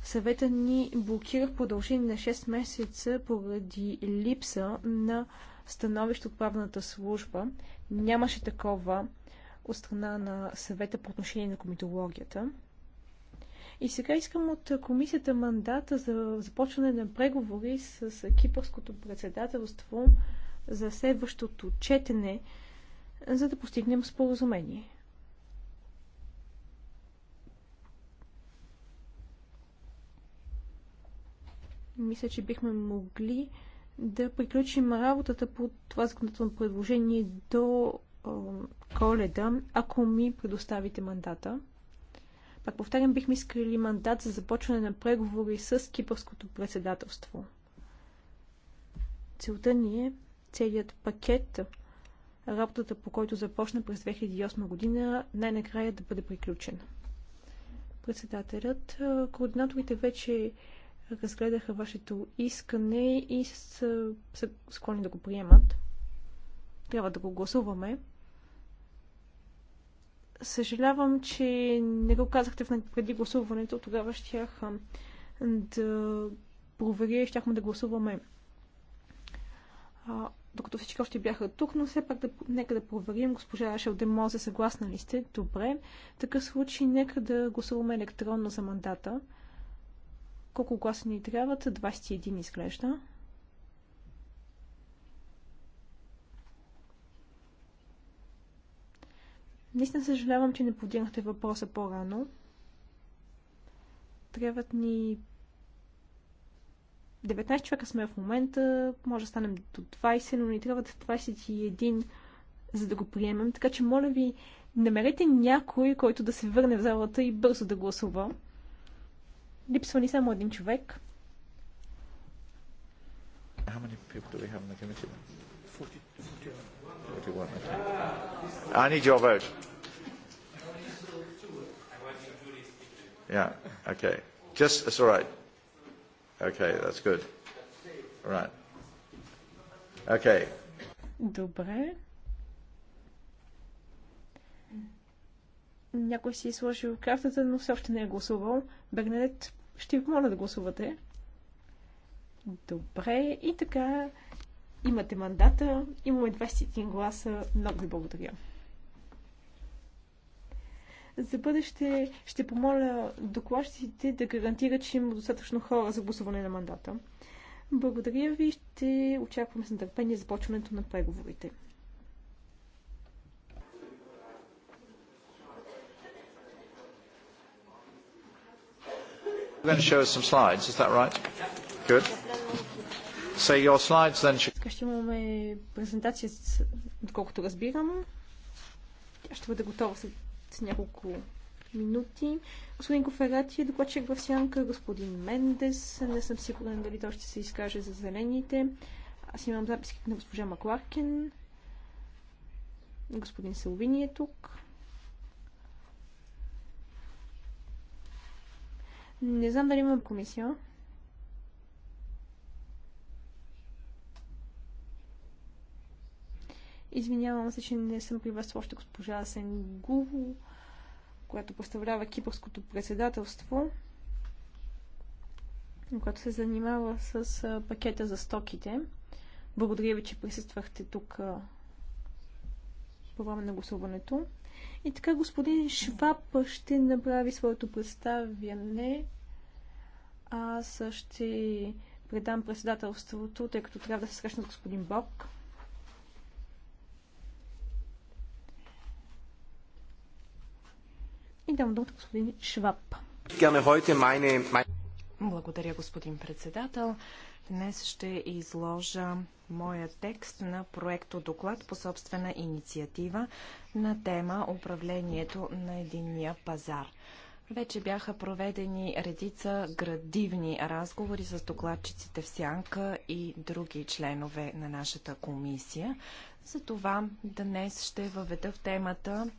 Съвета ни блокира в продължение на 6 месеца поради липса на становище от правната служба. Нямаше такова от страна на съвета по отношение на комитологията. И сега искам от комисията мандата за започване на преговори с кипърското председателство за следващото четене, за да постигнем споразумение. Мисля, че бихме могли да приключим работата по това законодателно предложение до коледа, ако ми предоставите мандата. Пак повтарям, бихме искали мандат за започване на преговори с кипърското председателство. Целта ни е целият пакет, работата по който започна през 2008 година, най-накрая да бъде приключен. Председателят, координаторите вече разгледаха вашето искане и са, склонни да го приемат. Трябва да го гласуваме. Съжалявам, че не го казахте преди гласуването, тогава щях да проверя и щяхме да гласуваме. А, докато всички още бяха тук, но все пак да, нека да проверим. Госпожа Рашел Демозе, съгласна ли сте? Добре. В такъв случай нека да гласуваме електронно за мандата. Колко гласа ни трябват? 21 изглежда. Наистина съжалявам, че не подигнахте въпроса по-рано. Трябват ни 19 човека сме в момента, може да станем до 20, но ни трябват 21, за да го приемем. Така че, моля ви, намерете някой, който да се върне в залата и бързо да гласува. Липсва ни само един човек. How many people do we have in the committee? 40, 41 if you want. Okay. I need your vote. Yeah, okay. Just, it's all right. Okay, that's good. All right. Okay. Добре. Някой си е сложил картата, но все още не е гласувал. Бегнадет, ще ви помоля да гласувате. Добре, и така Имате мандата, имаме 21 гласа. Много ви благодаря. За бъдеще ще помоля докладчиците да гарантират, че има достатъчно хора за гласуване на мандата. Благодаря ви, ще очакваме с нетърпение започването на преговорите. We're going to show us some slides, is that right? Good your slides then ще имаме презентация, отколкото разбирам. Тя ще бъде готова след няколко минути. Господин Коферати е докладчик в сянка, господин Мендес. Не съм сигурен дали той ще се изкаже за зелените. Аз имам записки на госпожа Макларкен. Господин Селвини е тук. Не знам дали имам комисия. Извинявам се, че не съм приветствал още госпожа Сенгулу, която представлява кипърското председателство, която се занимава с пакета за стоките. Благодаря ви, че присъствахте тук по време на гласуването. И така господин Шваб ще направи своето представяне. Аз ще предам председателството, тъй като трябва да се срещна с господин Бог. Давам господин Шваб. Благодаря, господин председател. Днес ще изложа моя текст на проекто доклад по собствена инициатива на тема Управлението на единния пазар. Вече бяха проведени редица градивни разговори с докладчиците в Сянка и други членове на нашата комисия. Затова днес ще въведа в темата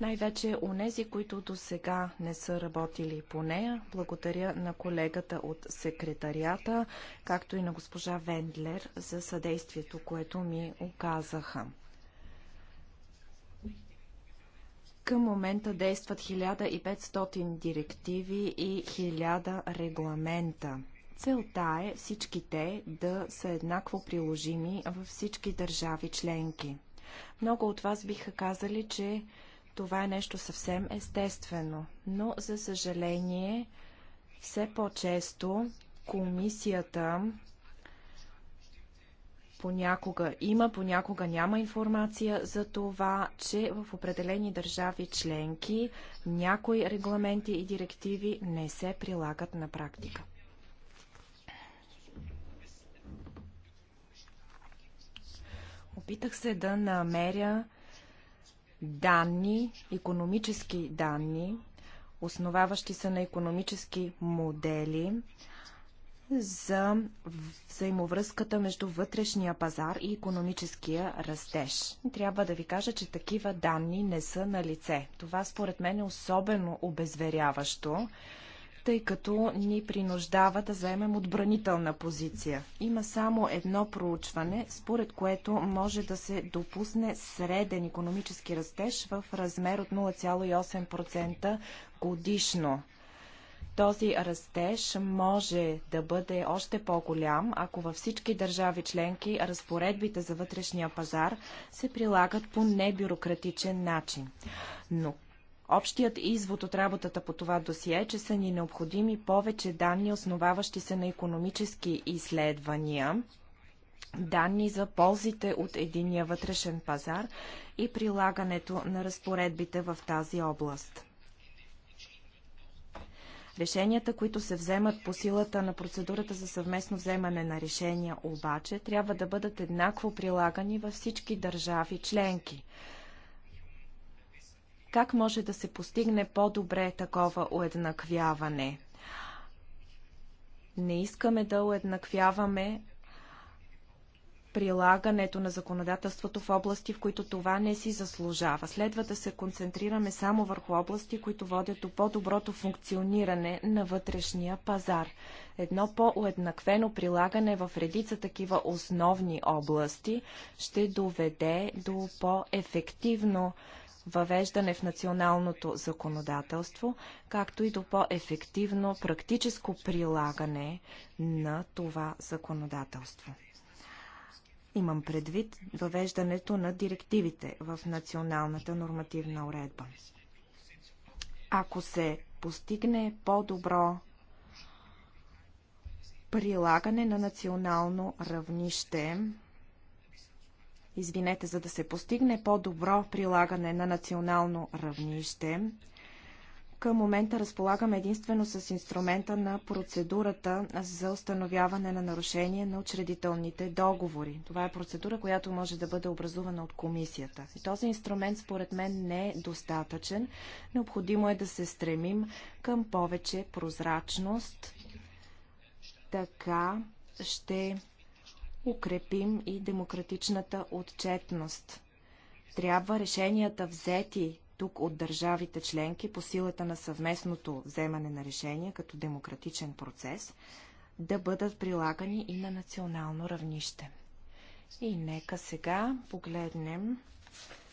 най-вече онези, които до сега не са работили по нея. Благодаря на колегата от секретарията, както и на госпожа Вендлер за съдействието, което ми оказаха. Към момента действат 1500 директиви и 1000 регламента. Целта е всички те да са еднакво приложими във всички държави членки. Много от вас биха казали, че това е нещо съвсем естествено, но за съжаление все по-често комисията понякога има, понякога няма информация за това, че в определени държави членки някои регламенти и директиви не се прилагат на практика. Опитах се да намеря данни, економически данни, основаващи се на економически модели за взаимовръзката между вътрешния пазар и економическия растеж. Трябва да ви кажа, че такива данни не са на лице. Това според мен е особено обезверяващо тъй като ни принуждава да заемем отбранителна позиция. Има само едно проучване, според което може да се допусне среден економически растеж в размер от 0,8% годишно. Този растеж може да бъде още по-голям, ако във всички държави членки разпоредбите за вътрешния пазар се прилагат по небюрократичен начин. Но Общият извод от работата по това досие е, че са ни необходими повече данни, основаващи се на економически изследвания, данни за ползите от единия вътрешен пазар и прилагането на разпоредбите в тази област. Решенията, които се вземат по силата на процедурата за съвместно вземане на решения, обаче трябва да бъдат еднакво прилагани във всички държави членки. Как може да се постигне по-добре такова уеднаквяване? Не искаме да уеднаквяваме прилагането на законодателството в области, в които това не си заслужава. Следва да се концентрираме само върху области, които водят до по-доброто функциониране на вътрешния пазар. Едно по-уеднаквено прилагане в редица такива основни области ще доведе до по-ефективно въвеждане в националното законодателство, както и до по-ефективно практическо прилагане на това законодателство. Имам предвид въвеждането на директивите в националната нормативна уредба. Ако се постигне по-добро прилагане на национално равнище извинете, за да се постигне по-добро прилагане на национално равнище, към момента разполагаме единствено с инструмента на процедурата за установяване на нарушение на учредителните договори. Това е процедура, която може да бъде образувана от комисията. И този инструмент според мен не е достатъчен. Необходимо е да се стремим към повече прозрачност. Така ще укрепим и демократичната отчетност. Трябва решенията взети тук от държавите членки по силата на съвместното вземане на решения като демократичен процес да бъдат прилагани и на национално равнище. И нека сега погледнем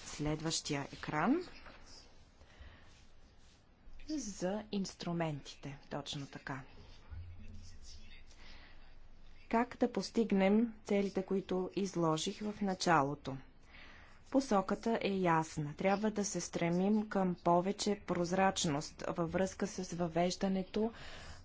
следващия екран за инструментите. Точно така как да постигнем целите, които изложих в началото. Посоката е ясна. Трябва да се стремим към повече прозрачност във връзка с въвеждането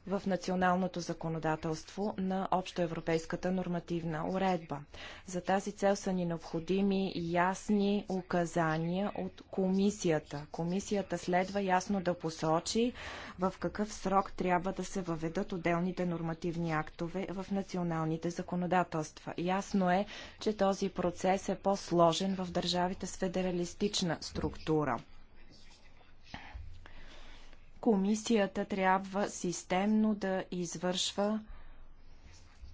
в националното законодателство на общоевропейската нормативна уредба. За тази цел са ни необходими ясни указания от комисията. Комисията следва ясно да посочи в какъв срок трябва да се въведат отделните нормативни актове в националните законодателства. Ясно е, че този процес е по-сложен в държавите с федералистична структура. Комисията трябва системно да извършва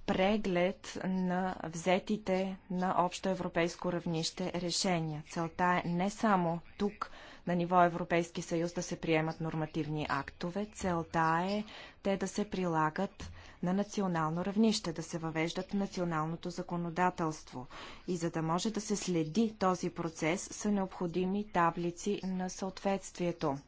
преглед на взетите на общо европейско равнище решения. Целта е не само тук на ниво Европейски съюз да се приемат нормативни актове, целта е те да се прилагат на национално равнище, да се въвеждат в националното законодателство. И за да може да се следи този процес, са необходими таблици на съответствието.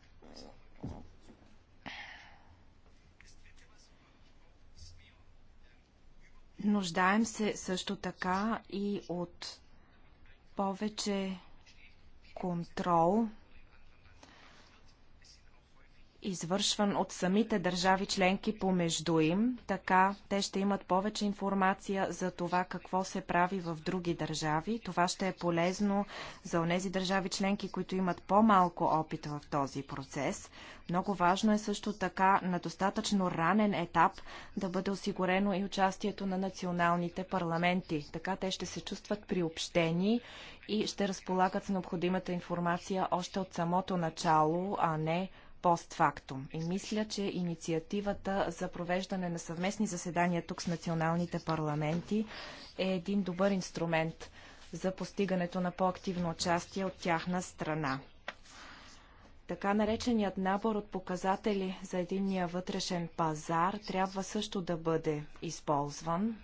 Нуждаем се също така и от повече контрол извършван от самите държави членки помежду им, така те ще имат повече информация за това какво се прави в други държави. Това ще е полезно за онези държави членки, които имат по-малко опит в този процес. Много важно е също така на достатъчно ранен етап да бъде осигурено и участието на националните парламенти. Така те ще се чувстват приобщени и ще разполагат с необходимата информация още от самото начало, а не постфактум. И мисля, че инициативата за провеждане на съвместни заседания тук с националните парламенти е един добър инструмент за постигането на по-активно участие от тяхна страна. Така нареченият набор от показатели за единния вътрешен пазар трябва също да бъде използван.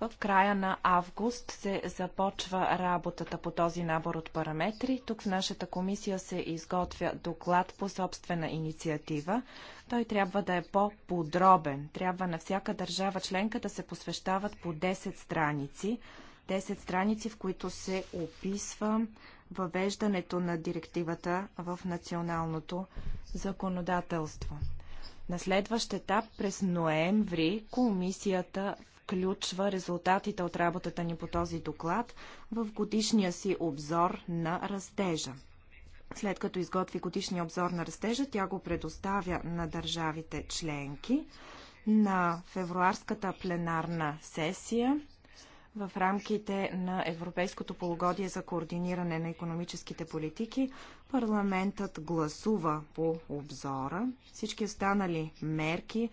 В края на август се започва работата по този набор от параметри. Тук в нашата комисия се изготвя доклад по собствена инициатива. Той трябва да е по-подробен. Трябва на всяка държава членка да се посвещават по 10 страници. 10 страници, в които се описва въвеждането на директивата в националното законодателство. На следващ етап през ноември комисията включва резултатите от работата ни по този доклад в годишния си обзор на растежа. След като изготви годишния обзор на растежа, тя го предоставя на държавите членки на февруарската пленарна сесия в рамките на Европейското полугодие за координиране на економическите политики, парламентът гласува по обзора. Всички останали мерки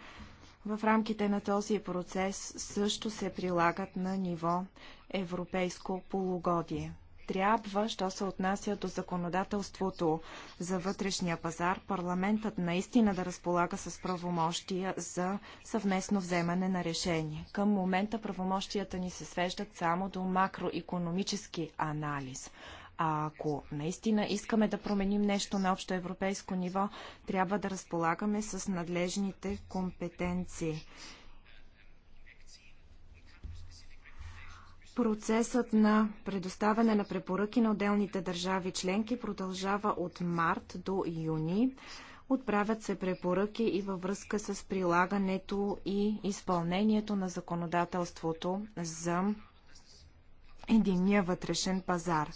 в рамките на този процес също се прилагат на ниво европейско полугодие. Трябва, що се отнася до законодателството за вътрешния пазар, парламентът наистина да разполага с правомощия за съвместно вземане на решение. Към момента правомощията ни се свеждат само до макроекономически анализ. А ако наистина искаме да променим нещо на общо европейско ниво, трябва да разполагаме с надлежните компетенции. Процесът на предоставяне на препоръки на отделните държави членки продължава от март до юни. Отправят се препоръки и във връзка с прилагането и изпълнението на законодателството за единния вътрешен пазар.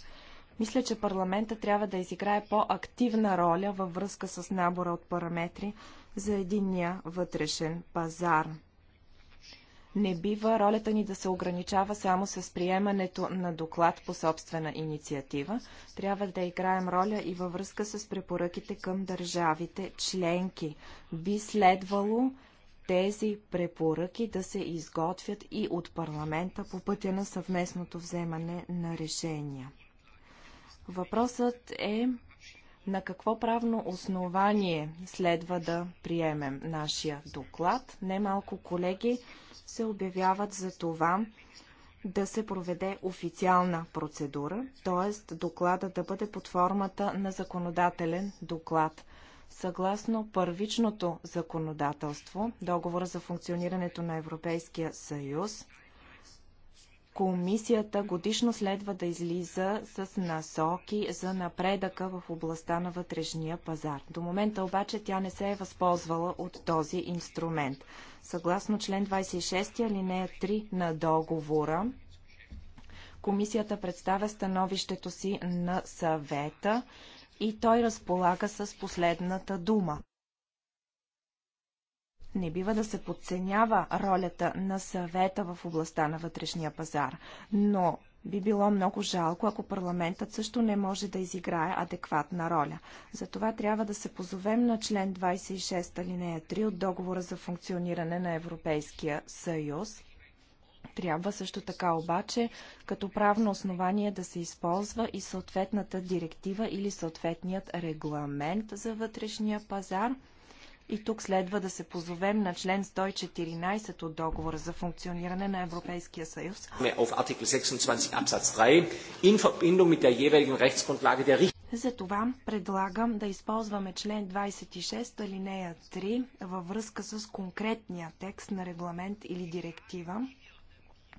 Мисля, че парламента трябва да изиграе по-активна роля във връзка с набора от параметри за единния вътрешен пазар. Не бива ролята ни да се ограничава само с приемането на доклад по собствена инициатива. Трябва да играем роля и във връзка с препоръките към държавите членки. Би следвало тези препоръки да се изготвят и от парламента по пътя на съвместното вземане на решения. Въпросът е на какво правно основание следва да приемем нашия доклад. Немалко колеги се обявяват за това да се проведе официална процедура, т.е. доклада да бъде под формата на законодателен доклад. Съгласно първичното законодателство, договора за функционирането на Европейския съюз, Комисията годишно следва да излиза с насоки за напредъка в областта на вътрешния пазар. До момента обаче тя не се е възползвала от този инструмент. Съгласно член 26 алинея 3 на договора, Комисията представя становището си на съвета и той разполага с последната дума. Не бива да се подценява ролята на съвета в областта на вътрешния пазар, но би било много жалко, ако парламентът също не може да изиграе адекватна роля. Затова трябва да се позовем на член 26 алинея 3 от договора за функциониране на Европейския съюз. Трябва също така обаче като правно основание да се използва и съответната директива или съответният регламент за вътрешния пазар – и тук следва да се позовем на член 114 от договора за функциониране на Европейския съюз. Затова предлагам да използваме член 26 алинея 3 във връзка с конкретния текст на регламент или директива.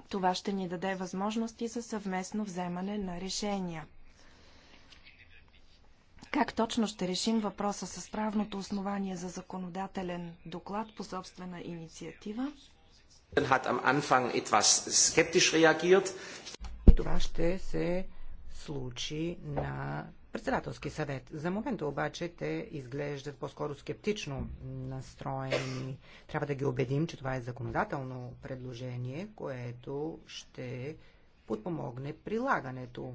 Това ще ни даде възможности за съвместно вземане на решения. Как точно ще решим въпроса с правното основание за законодателен доклад по собствена инициатива? И Това ще се случи на председателски съвет. За момента обаче те изглеждат по-скоро скептично настроени. Трябва да ги убедим, че това е законодателно предложение, което ще подпомогне прилагането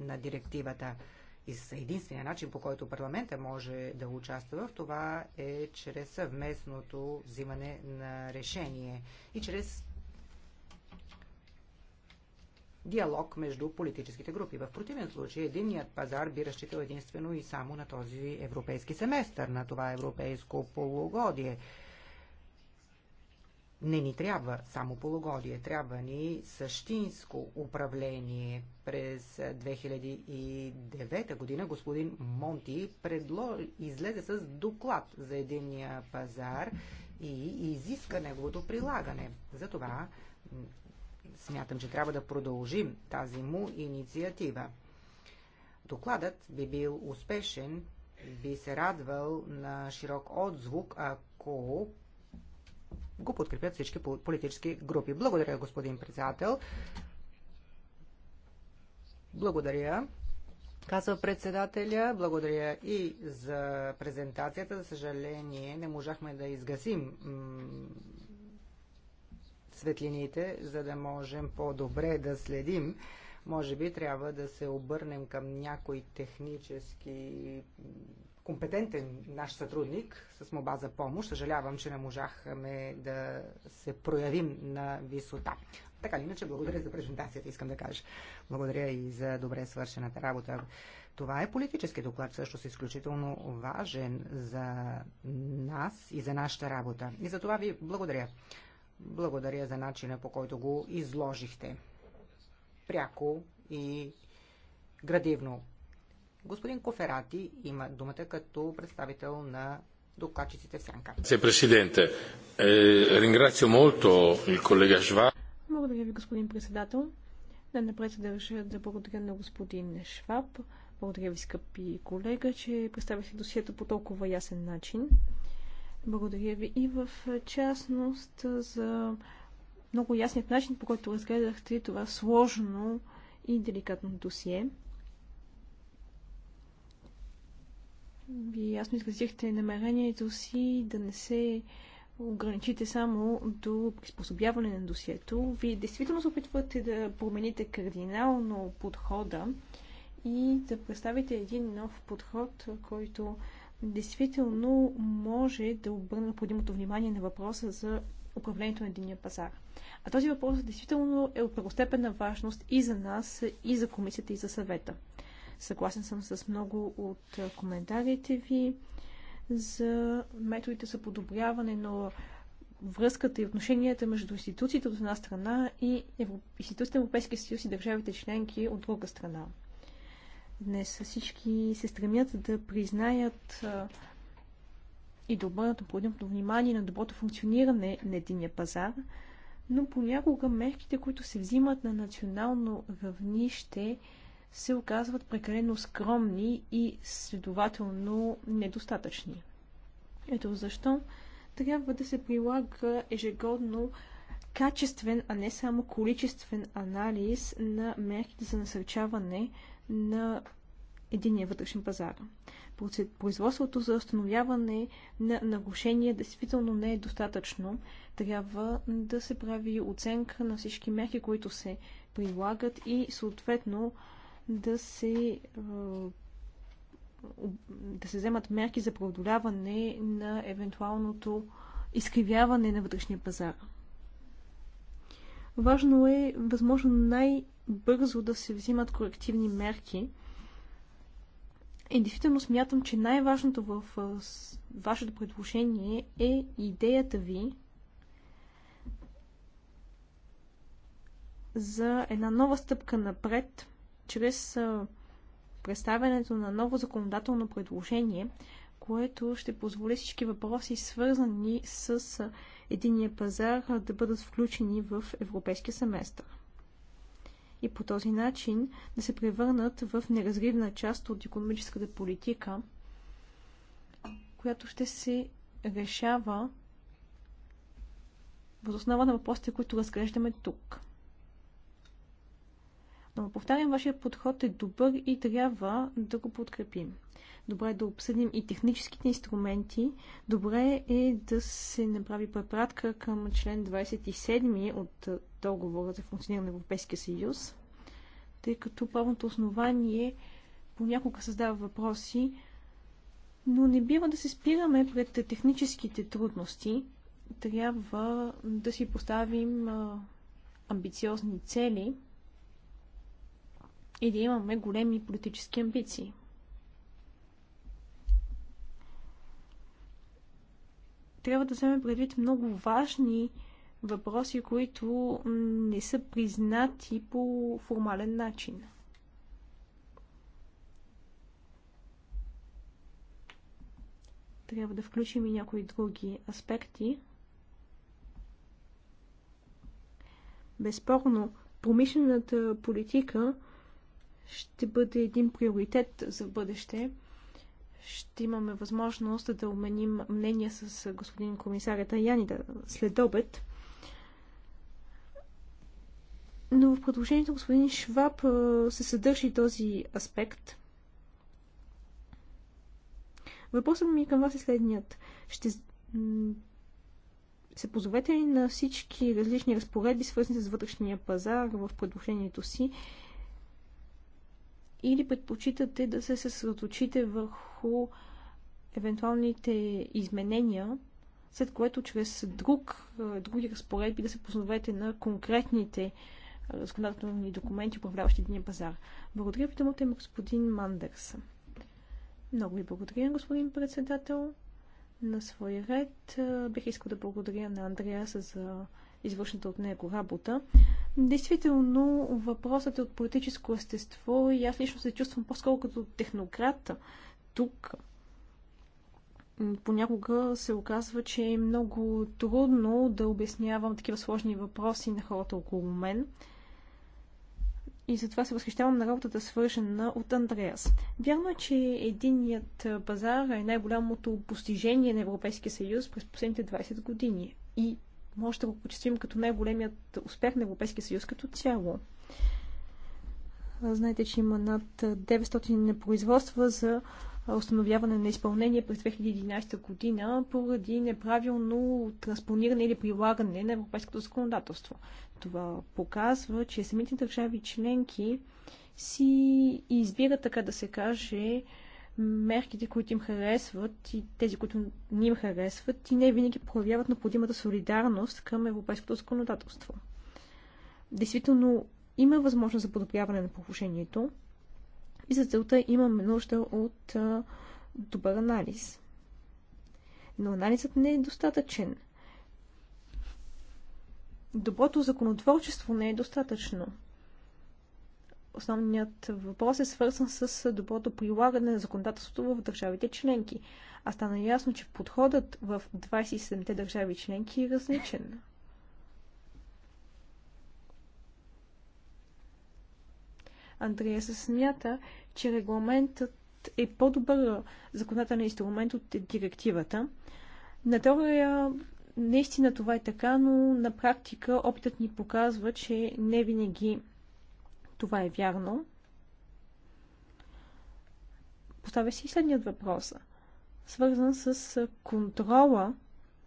на директивата. И единствения начин, по който парламента може да участва в това е чрез съвместното взимане на решение и чрез диалог между политическите групи. В противен случай единният пазар би разчитал единствено и само на този европейски семестър, на това европейско полугодие. Не ни трябва само полугодие, трябва ни същинско управление. През 2009 година господин Монти предло... излезе с доклад за единния пазар и изиска неговото прилагане. Затова смятам, че трябва да продължим тази му инициатива. Докладът би бил успешен, би се радвал на широк отзвук, ако го подкрепят всички политически групи. Благодаря, господин председател. Благодаря. Казва председателя, благодаря и за презентацията. За съжаление, не можахме да изгасим светлините, за да можем по-добре да следим. Може би трябва да се обърнем към някои технически компетентен наш сътрудник с моба за помощ. Съжалявам, че не можахме да се проявим на висота. Така ли иначе, благодаря за презентацията, искам да кажа. Благодаря и за добре свършената работа. Това е политически доклад, също с изключително важен за нас и за нашата работа. И за това ви благодаря. Благодаря за начина по който го изложихте. Пряко и градивно. Господин Коферати има думата като представител на докладчиците в Сянка. Е, благодаря ви, господин председател. да напред държа да благодаря на господин Шваб. Благодаря ви, скъпи колега, че представихте досието по толкова ясен начин. Благодаря ви и в частност за много ясният начин, по който разгледахте това сложно и деликатно досие. Вие ясно изказихте намерението си да не се ограничите само до приспособяване на досието. Вие действително се опитвате да промените кардинално подхода и да представите един нов подход, който действително може да обърне необходимото внимание на въпроса за управлението на единния пазар. А този въпрос действително е от първостепенна важност и за нас, и за комисията, и за съвета. Съгласен съм с много от коментарите ви за методите за подобряване на връзката и отношенията между институциите от една страна и институциите на Европейския съюз и държавите членки от друга страна. Днес всички се стремят да признаят и да обърнат необходимото внимание на доброто функциониране на единия пазар, но понякога мерките, които се взимат на национално равнище, се оказват прекалено скромни и следователно недостатъчни. Ето защо трябва да се прилага ежегодно качествен, а не само количествен анализ на мерките за насърчаване на единия вътрешен пазар. Производството за установяване на нарушения действително не е достатъчно. Трябва да се прави оценка на всички мерки, които се прилагат и съответно да се да се вземат мерки за преодоляване на евентуалното изкривяване на вътрешния пазар. Важно е, възможно най-бързо да се взимат корективни мерки. И действително смятам, че най-важното в вашето предложение е идеята ви за една нова стъпка напред – чрез представянето на ново законодателно предложение, което ще позволи всички въпроси, свързани с единия пазар, да бъдат включени в европейския семестър. И по този начин да се превърнат в неразривна част от економическата политика, която ще се решава възоснова основа на въпросите, които разглеждаме тук. Но повтарям, вашия подход е добър и трябва да го подкрепим. Добре е да обсъдим и техническите инструменти. Добре е да се направи препратка към член 27 от договора за функциониране на Европейския съюз, тъй като правното основание понякога създава въпроси, но не бива да се спираме пред техническите трудности. Трябва да си поставим амбициозни цели – и да имаме големи политически амбиции. Трябва да вземем предвид много важни въпроси, които не са признати по формален начин. Трябва да включим и някои други аспекти. Безспорно, промишлената политика ще бъде един приоритет за бъдеще. Ще имаме възможност да уменим мнение с господин комисарята Янида след обед. Но в предложението господин Шваб се съдържи този аспект. Въпросът ми към вас е следният. Ще се позовете ли на всички различни разпоредби, свързани с вътрешния пазар в предложението си или предпочитате да се съсредоточите върху евентуалните изменения, след което чрез друг, е, други разпоредби да се позовете на конкретните е, законодателни документи, управляващи дния пазар. Благодаря ви, думата господин Мандерс. Много ви благодаря, господин председател. На свой ред е, бих искал да благодаря на Андреаса за извършната от него работа. Действително, въпросът е от политическо естество и аз лично се чувствам по-скоро като технократ тук. Понякога се оказва, че е много трудно да обяснявам такива сложни въпроси на хората около мен. И затова се възхищавам на работата, свършена от Андреас. Вярно е, че единният пазар е най-голямото постижение на Европейския съюз през последните 20 години. И може да го почувствим като най-големият успех на Европейския съюз като цяло. Знаете, че има над 900 производства за установяване на изпълнение през 2011 година поради неправилно транспониране или прилагане на европейското законодателство. Това показва, че самите държави членки си избират, така да се каже, мерките, които им харесват и тези, които не им харесват и не винаги проявяват необходимата солидарност към европейското законодателство. Действително има възможност за подобряване на положението и за целта имаме нужда от а, добър анализ. Но анализът не е достатъчен. Доброто законотворчество не е достатъчно. Основният въпрос е свързан с доброто прилагане на законодателството в държавите членки. А стана ясно, че подходът в 27-те държави членки е различен. Андрея се смята, че регламентът е по-добър законодателен инструмент от директивата. На теория наистина това е така, но на практика опитът ни показва, че не винаги това е вярно. Поставя си следният въпрос, свързан с контрола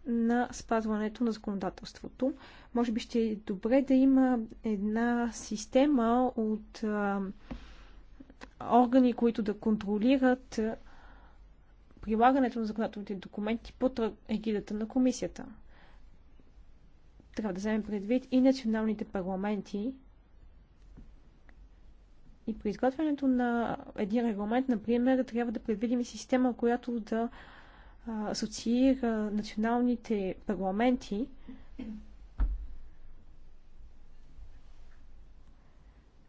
на спазването на законодателството. Може би ще е добре да има една система от а, органи, които да контролират прилагането на законодателните документи под егидата на комисията. Трябва да вземем предвид и националните парламенти, и при изготвянето на един регламент, например, трябва да предвидим система, която да асоциира националните парламенти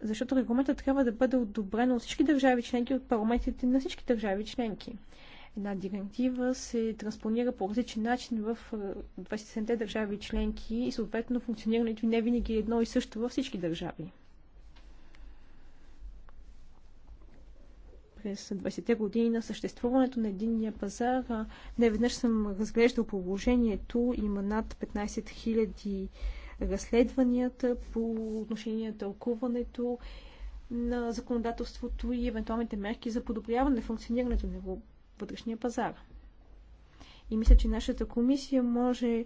защото регламентът трябва да бъде одобрен от всички държави членки, от парламентите на всички държави членки. Една директива се транспонира по различен начин в 27-те държави членки и съответно функционирането не винаги е едно и също във всички държави. през 20-те години на съществуването на единния пазар. Не веднъж съм разглеждал положението. Има над 15 000 разследванията по отношение на тълкуването на законодателството и евентуалните мерки за подобряване на функционирането на вътрешния пазар. И мисля, че нашата комисия може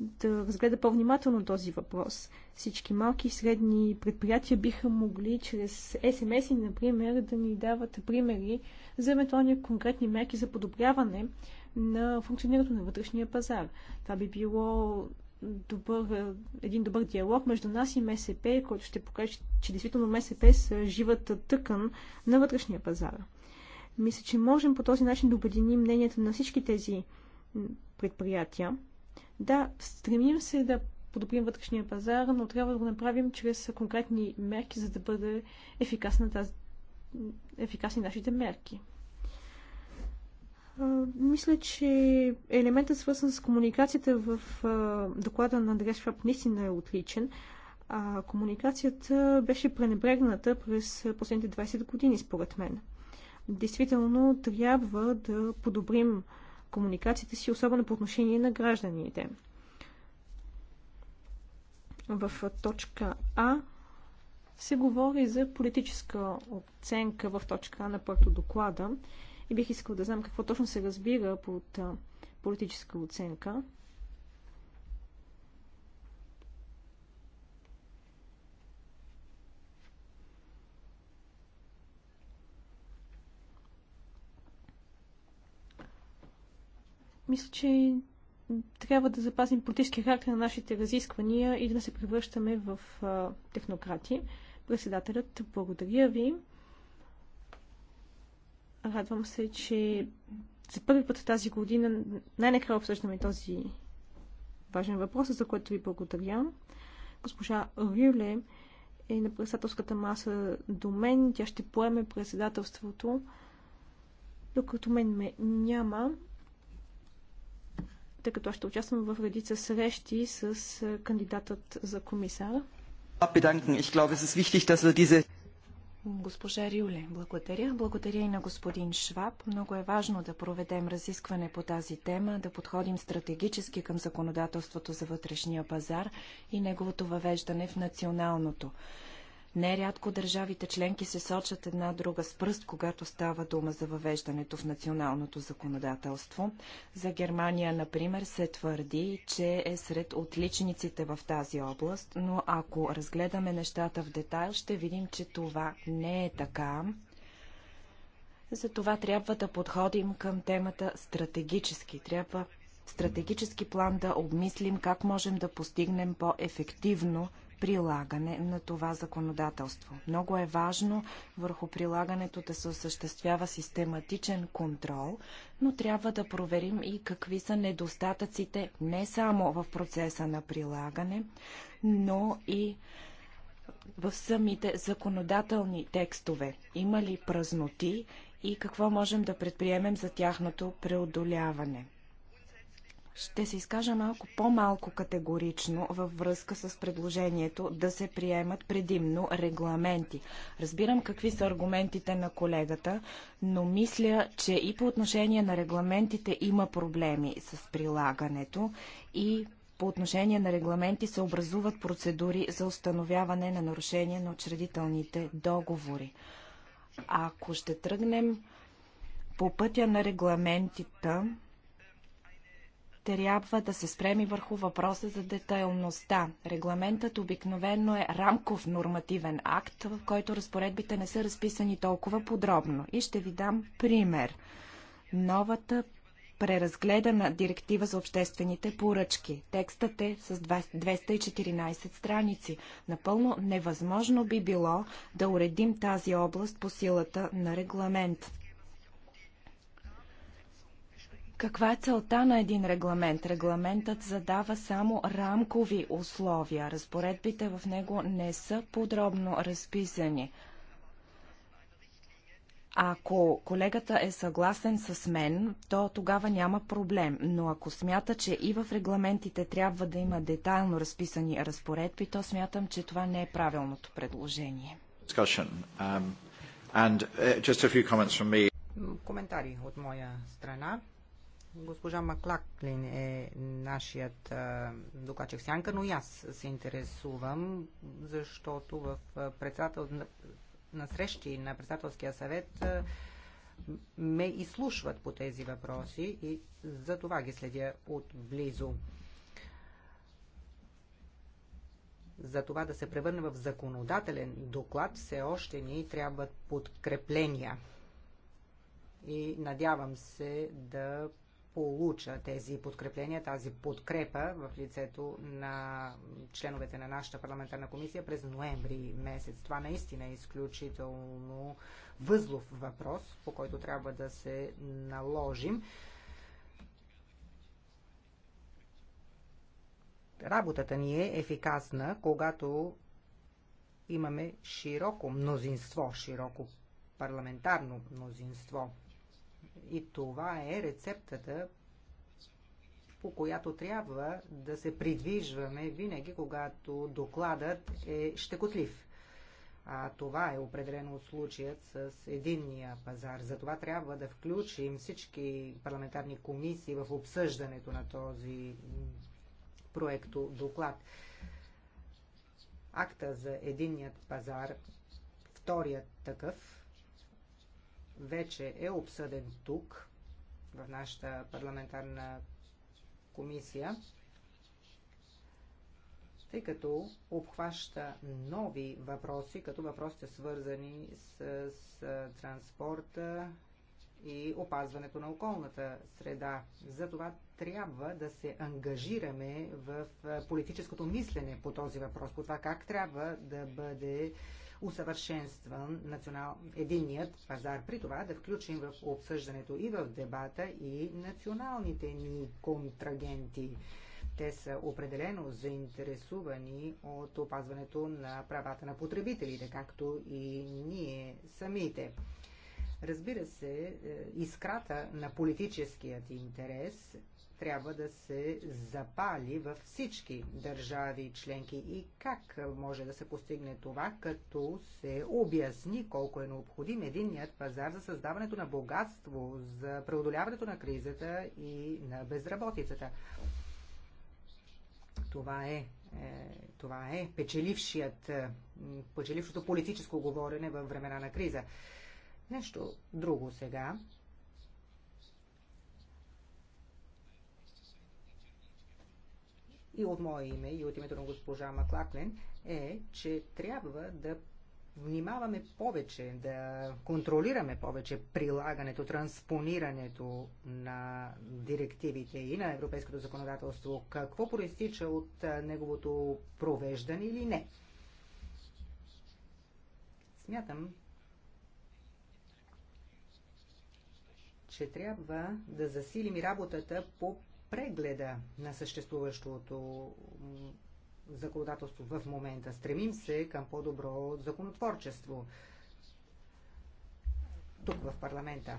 да разгледа по-внимателно този въпрос. Всички малки и средни предприятия биха могли чрез СМС-и, например, да ни дават примери за евентуални конкретни мерки за подобряване на функционирането на вътрешния пазар. Това би било добър, един добър диалог между нас и МСП, който ще покаже, че действително МСП са живата тъкан на вътрешния пазар. Мисля, че можем по този начин да обединим мненията на всички тези предприятия. Да, стремим се да подобрим вътрешния пазар, но трябва да го направим чрез конкретни мерки, за да бъде ефикасна тази, ефикасни нашите мерки. Мисля, че елементът свързан с комуникацията в доклада на Андрея Шваб наистина е отличен. А комуникацията беше пренебрегната през последните 20 години, според мен. Действително трябва да подобрим комуникацията си, особено по отношение на гражданите. В точка А се говори за политическа оценка в точка А на първото доклада и бих искал да знам какво точно се разбира под политическа оценка. Мисля, че трябва да запазим политически характер на нашите разисквания и да не се превръщаме в технократи. Председателят, благодаря ви. Радвам се, че за първи път тази година най-накрая обсъждаме този важен въпрос, за който ви благодаря. Госпожа Рюле е на председателската маса до мен. Тя ще поеме председателството, докато мен ме няма тъй като аз ще участвам в редица срещи с е, кандидатът за комисара. Госпожа Рюле, благодаря. Благодаря и на господин Шваб. Много е важно да проведем разискване по тази тема, да подходим стратегически към законодателството за вътрешния пазар и неговото въвеждане в националното. Нерядко държавите членки се сочат една друга с пръст, когато става дума за въвеждането в националното законодателство. За Германия, например, се твърди, че е сред отличниците в тази област, но ако разгледаме нещата в детайл, ще видим, че това не е така. Затова трябва да подходим към темата стратегически. Трябва стратегически план да обмислим как можем да постигнем по-ефективно прилагане на това законодателство. Много е важно върху прилагането да се осъществява систематичен контрол, но трябва да проверим и какви са недостатъците не само в процеса на прилагане, но и в самите законодателни текстове. Има ли празноти и какво можем да предприемем за тяхното преодоляване? Ще се изкажа малко по-малко категорично във връзка с предложението да се приемат предимно регламенти. Разбирам какви са аргументите на колегата, но мисля, че и по отношение на регламентите има проблеми с прилагането и по отношение на регламенти се образуват процедури за установяване на нарушение на учредителните договори. Ако ще тръгнем по пътя на регламентите, трябва да се спреми върху въпроса за детайлността. Регламентът обикновено е рамков нормативен акт, в който разпоредбите не са разписани толкова подробно. И ще ви дам пример. Новата преразгледана директива за обществените поръчки. Текстът е с 214 страници. Напълно невъзможно би било да уредим тази област по силата на регламент. Каква е целта на един регламент? Регламентът задава само рамкови условия. Разпоредбите в него не са подробно разписани. Ако колегата е съгласен с мен, то тогава няма проблем. Но ако смята, че и в регламентите трябва да има детайлно разписани разпоредби, то смятам, че това не е правилното предложение. Um, uh, Коментари от моя страна. Госпожа Маклаклин е нашият докачек сянка, но и аз се интересувам, защото в председател, на срещи на председателския съвет ме изслушват по тези въпроси и за това ги следя отблизо. За това да се превърне в законодателен доклад все още ни трябват подкрепления. И надявам се да получа тези подкрепления, тази подкрепа в лицето на членовете на нашата парламентарна комисия през ноември месец. Това наистина е изключително възлов въпрос, по който трябва да се наложим. Работата ни е ефикасна, когато имаме широко мнозинство, широко парламентарно мнозинство и това е рецептата, по която трябва да се придвижваме винаги, когато докладът е щекотлив. А това е определено от случаят с единния пазар. Затова трябва да включим всички парламентарни комисии в обсъждането на този проекто доклад. Акта за единният пазар, вторият такъв, вече е обсъден тук, в нашата парламентарна комисия, тъй като обхваща нови въпроси, като въпросите свързани с, с транспорта и опазването на околната среда. Затова трябва да се ангажираме в политическото мислене по този въпрос, по това как трябва да бъде усъвършенства национал... единният пазар. При това да включим в обсъждането и в дебата и националните ни контрагенти. Те са определено заинтересувани от опазването на правата на потребителите, както и ние самите. Разбира се, е, искрата на политическият интерес трябва да се запали във всички държави членки и как може да се постигне това, като се обясни колко е необходим единният пазар за създаването на богатство, за преодоляването на кризата и на безработицата. Това е, е, това е печелившият, е, печелившото политическо говорене във времена на криза. Нещо друго сега и от мое име и от името на госпожа Маклаклен е, че трябва да внимаваме повече, да контролираме повече прилагането, транспонирането на директивите и на европейското законодателство, какво проистича от неговото провеждане или не. Смятам, че трябва да засилим работата по прегледа на съществуващото законодателство в момента. Стремим се към по-добро законотворчество тук в парламента.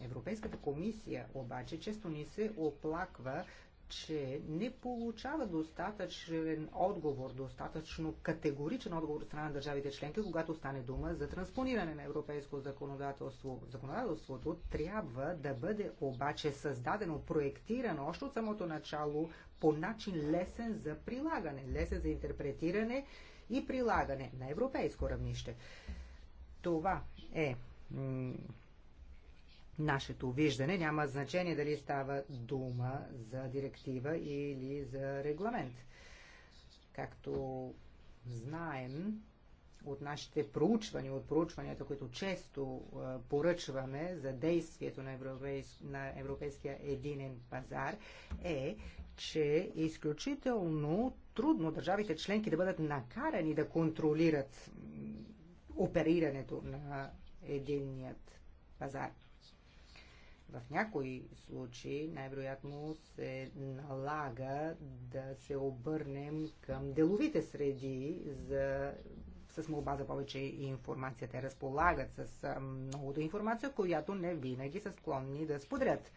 Европейската комисия обаче често ни се оплаква, че не получава достатъчен отговор, достатъчно категоричен отговор от страна на държавите членки, когато стане дума за транспониране на европейско законодателство. Законодателството трябва да бъде обаче създадено, проектирано още от самото начало по начин лесен за прилагане, лесен за интерпретиране и прилагане на европейско равнище. Това е нашето виждане. Няма значение дали става дума за директива или за регламент. Както знаем от нашите проучвания, от проучванията, които често е, поръчваме за действието на, европейс... на европейския единен пазар, е, че е изключително трудно държавите членки да бъдат накарани да контролират оперирането на единният пазар. В някои случаи най-вероятно се налага да се обърнем към деловите среди за с молба за повече информация. Те разполагат с многото информация, която не винаги са склонни да споделят.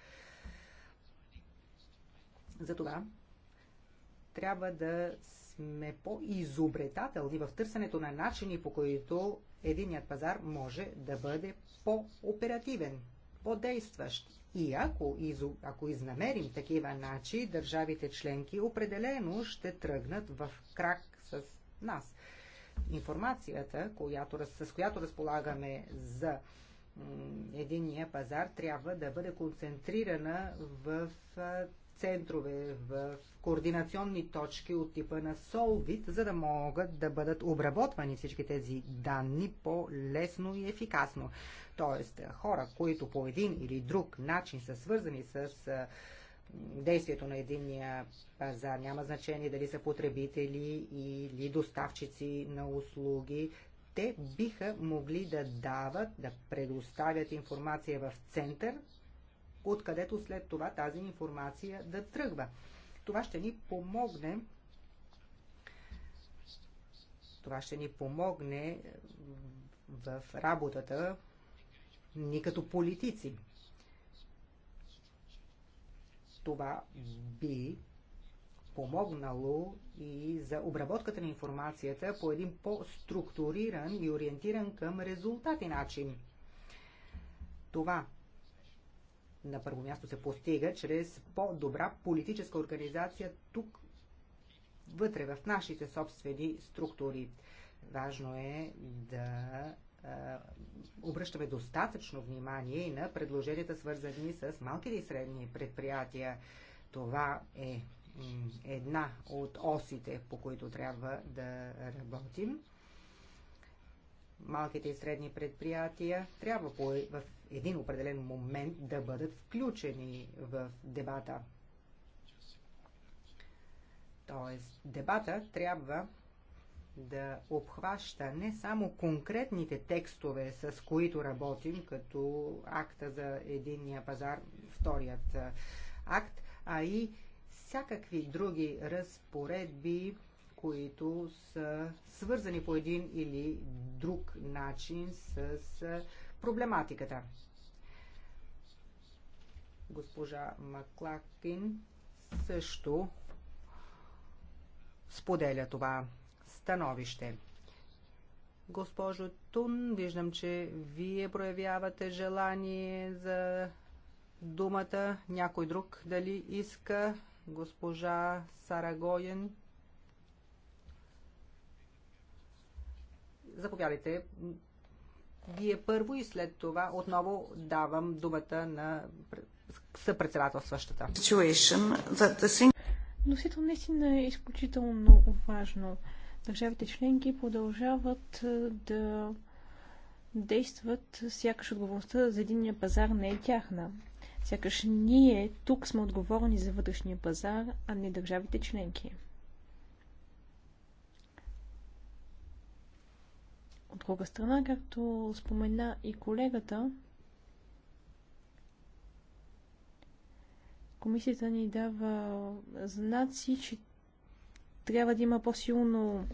Затова трябва да сме по-изобретателни в търсенето на начини, по които единият пазар може да бъде по-оперативен по-действащ. И ако, из, ако изнамерим такива начи, държавите членки определено ще тръгнат в крак с нас. Информацията, която, с която разполагаме за единния пазар, трябва да бъде концентрирана в центрове, в координационни точки от типа на Solvit, за да могат да бъдат обработвани всички тези данни по-лесно и ефикасно. Тоест, хора, които по един или друг начин са свързани с действието на единния пазар, няма значение дали са потребители или доставчици на услуги, те биха могли да дават, да предоставят информация в център, откъдето след това тази информация да тръгва. Това ще ни помогне това ще ни помогне в работата ни като политици. Това би помогнало и за обработката на информацията по един по-структуриран и ориентиран към резултати начин. Това на първо място се постига чрез по-добра политическа организация тук, вътре в нашите собствени структури. Важно е да обръщаме достатъчно внимание и на предложенията, свързани с малките и средни предприятия. Това е една от осите, по които трябва да работим малките и средни предприятия трябва по, в един определен момент да бъдат включени в дебата. Тоест, дебата трябва да обхваща не само конкретните текстове, с които работим, като акта за единния пазар, вторият акт, а и всякакви други разпоредби, които са свързани по един или друг начин с проблематиката. Госпожа Маклакин също споделя това становище. Госпожо Тун, виждам, че вие проявявате желание за думата. Някой друг дали иска? Госпожа Сарагоен. Заповядайте. Вие първо и след това отново давам думата на съпредседателстващата. Носител наистина е изключително важно. Държавите членки продължават е, да действат, сякаш отговорността за единния пазар не е тяхна. Сякаш ние тук сме отговорни за вътрешния пазар, а не държавите членки. От друга страна, както спомена и колегата, комисията ни дава знаци, че трябва да има по-силно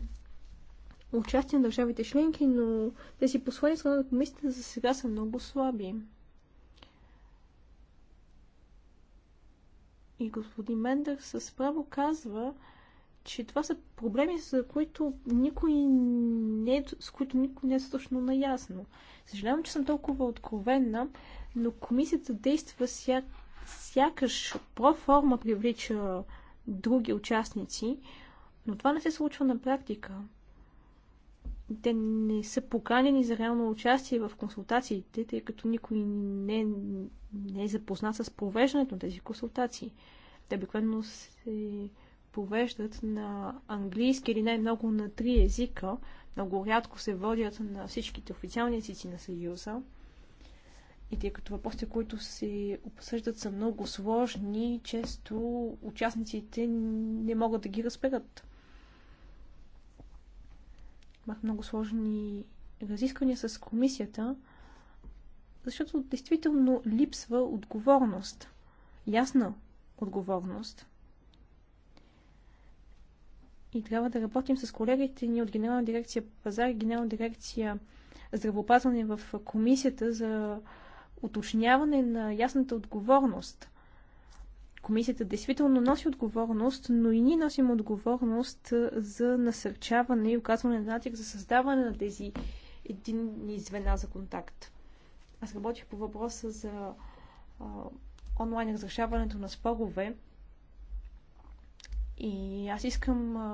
участие на държавите членки, но тези послания страна на комисията за сега са много слаби. И господин Мендър с право казва, че това са проблеми, за които никой не, е, с които никой не е точно наясно. Съжалявам, че съм толкова откровенна, но комисията действа ся, сякаш проформа привлича други участници, но това не се случва на практика. Те не са поканени за реално участие в консултациите, тъй като никой не, не е запознат с провеждането на тези консултации. Те обикновено се повеждат на английски или най-много на три езика. Много рядко се водят на всичките официални езици на Съюза. И тъй като въпросите, които се обсъждат, са много сложни, често участниците не могат да ги разберат. Имах много сложни разисквания с комисията, защото действително липсва отговорност. Ясна отговорност – и трябва да работим с колегите ни от Генерална дирекция пазар и Генерална дирекция здравопазване в комисията за уточняване на ясната отговорност. Комисията действително носи отговорност, но и ние носим отговорност за насърчаване и оказване на натиск за създаване на тези единни звена за контакт. Аз работих по въпроса за а, онлайн разрешаването на спорове и аз искам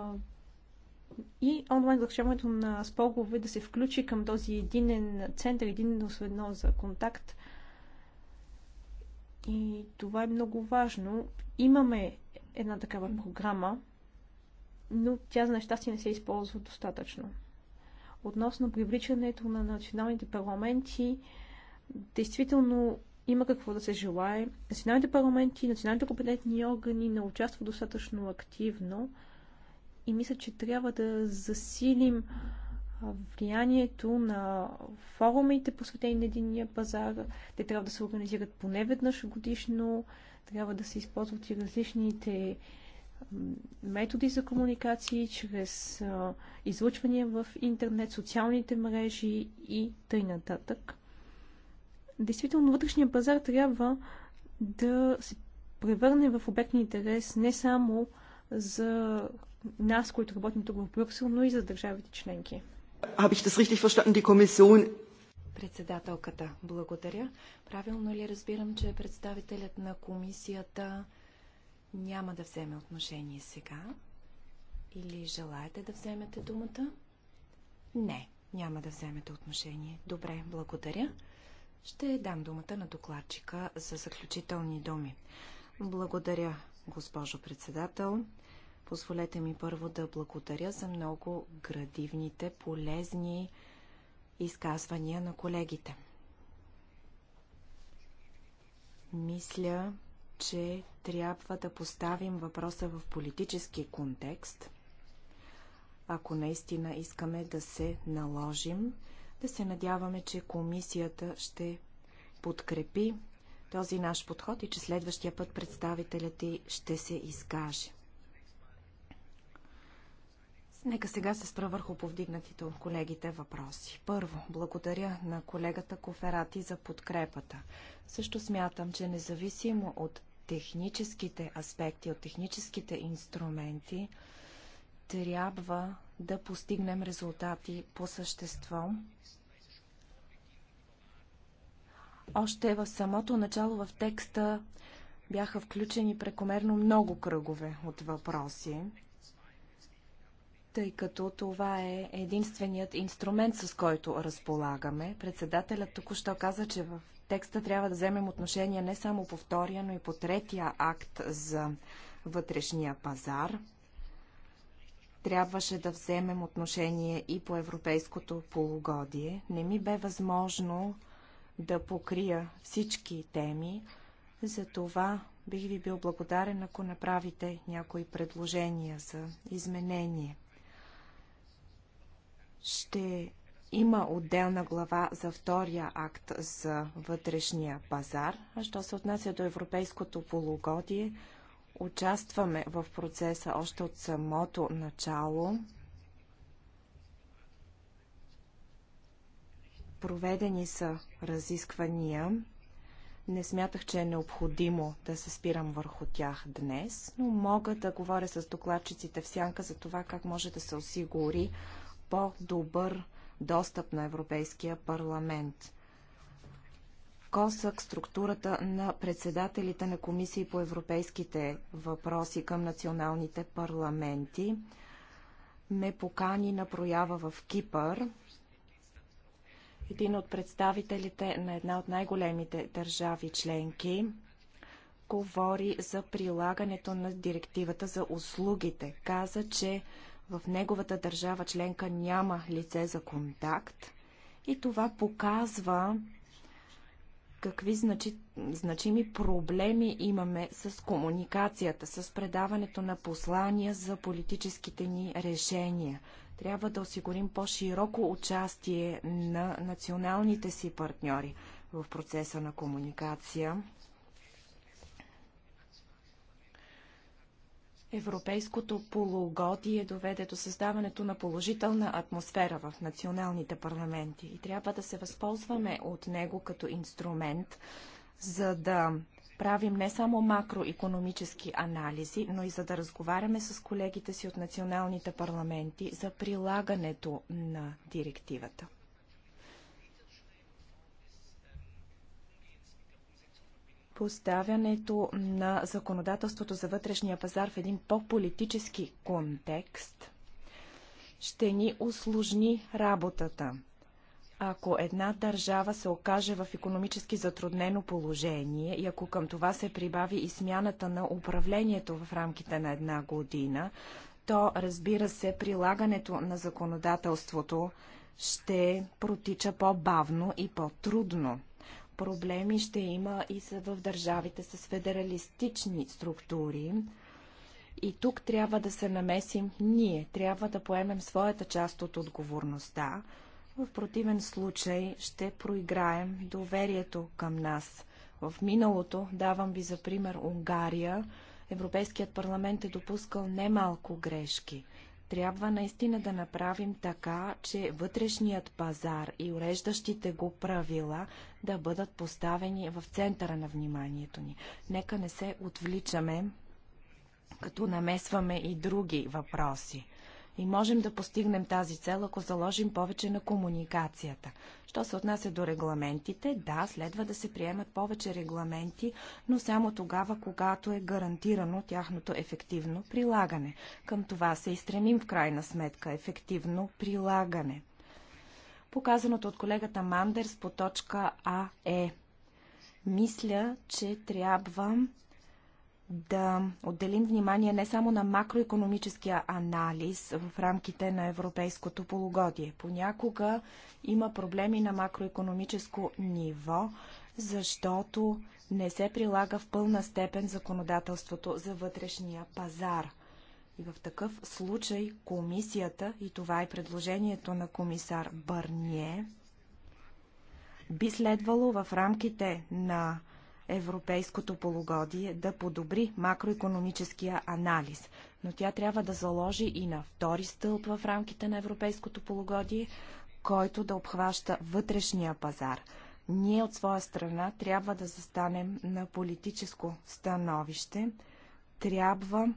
и онлайн заключаването на спогове да се включи към този единен център, единно звено за контакт. И това е много важно. Имаме една такава програма, но тя за нещастие не се използва достатъчно. Относно привличането на националните парламенти, действително има какво да се желае. Националните парламенти, националните компетентни органи не участват достатъчно активно и мисля, че трябва да засилим влиянието на форумите, посветени на единния пазар. Те трябва да се организират поне веднъж годишно, трябва да се използват и различните методи за комуникации, чрез излъчвания в интернет, социалните мрежи и т.н. нататък. Действително, вътрешния пазар трябва да се превърне в обект на интерес не само за нас, които работим тук в Брюксел, но и за държавите членки. Председателката, благодаря. Правилно ли разбирам, че представителят на комисията няма да вземе отношение сега? Или желаете да вземете думата? Не, няма да вземете отношение. Добре, благодаря. Ще дам думата на докладчика за заключителни думи. Благодаря, госпожо председател. Позволете ми първо да благодаря за много градивните, полезни изказвания на колегите. Мисля, че трябва да поставим въпроса в политически контекст, ако наистина искаме да се наложим – да се надяваме, че комисията ще подкрепи този наш подход и че следващия път представителят ти ще се изкаже. Нека сега се спра върху повдигнатите от колегите въпроси. Първо, благодаря на колегата Коферати за подкрепата. Също смятам, че независимо от техническите аспекти, от техническите инструменти, трябва да постигнем резултати по същество. Още в самото начало в текста бяха включени прекомерно много кръгове от въпроси, тъй като това е единственият инструмент, с който разполагаме. Председателят току-що каза, че в текста трябва да вземем отношение не само по втория, но и по третия акт за вътрешния пазар – трябваше да вземем отношение и по европейското полугодие. Не ми бе възможно да покрия всички теми, затова бих ви бил благодарен, ако направите някои предложения за изменение. Ще има отделна глава за втория акт за вътрешния пазар, а що се отнася до европейското полугодие, участваме в процеса още от самото начало. Проведени са разисквания. Не смятах, че е необходимо да се спирам върху тях днес, но мога да говоря с докладчиците в сянка за това как може да се осигури по-добър достъп на Европейския парламент. Косък структурата на председателите на комисии по европейските въпроси към националните парламенти ме покани на проява в Кипър. Един от представителите на една от най-големите държави членки говори за прилагането на директивата за услугите. Каза, че в неговата държава членка няма лице за контакт и това показва какви значи, значими проблеми имаме с комуникацията, с предаването на послания за политическите ни решения. Трябва да осигурим по-широко участие на националните си партньори в процеса на комуникация. Европейското полугодие доведе до създаването на положителна атмосфера в националните парламенти и трябва да се възползваме от него като инструмент, за да правим не само макроекономически анализи, но и за да разговаряме с колегите си от националните парламенти за прилагането на директивата. поставянето на законодателството за вътрешния пазар в един по-политически контекст ще ни усложни работата. Ако една държава се окаже в економически затруднено положение и ако към това се прибави и смяната на управлението в рамките на една година, то разбира се прилагането на законодателството ще протича по-бавно и по-трудно проблеми ще има и в държавите с федералистични структури. И тук трябва да се намесим ние, трябва да поемем своята част от отговорността. В противен случай ще проиграем доверието към нас. В миналото, давам ви за пример Унгария, Европейският парламент е допускал немалко грешки – трябва наистина да направим така, че вътрешният пазар и уреждащите го правила да бъдат поставени в центъра на вниманието ни. Нека не се отвличаме, като намесваме и други въпроси. И можем да постигнем тази цел, ако заложим повече на комуникацията. Що се отнася до регламентите, да, следва да се приемат повече регламенти, но само тогава, когато е гарантирано тяхното ефективно прилагане. Към това се и стремим в крайна сметка ефективно прилагане. Показаното от колегата Мандерс по точка АЕ: Мисля, че трябва да отделим внимание не само на макроекономическия анализ в рамките на европейското полугодие. Понякога има проблеми на макроекономическо ниво, защото не се прилага в пълна степен законодателството за вътрешния пазар. И в такъв случай комисията, и това е предложението на комисар Бърние, би следвало в рамките на европейското полугодие да подобри макроекономическия анализ. Но тя трябва да заложи и на втори стълб в рамките на европейското полугодие, който да обхваща вътрешния пазар. Ние от своя страна трябва да застанем на политическо становище. Трябва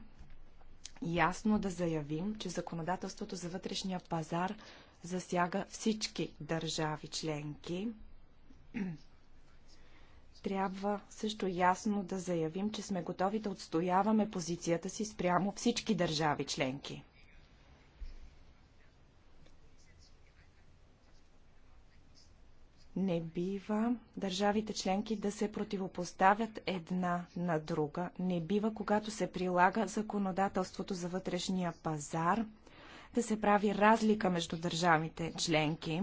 ясно да заявим, че законодателството за вътрешния пазар засяга всички държави членки трябва също ясно да заявим, че сме готови да отстояваме позицията си спрямо всички държави членки. Не бива държавите членки да се противопоставят една на друга. Не бива, когато се прилага законодателството за вътрешния пазар, да се прави разлика между държавите членки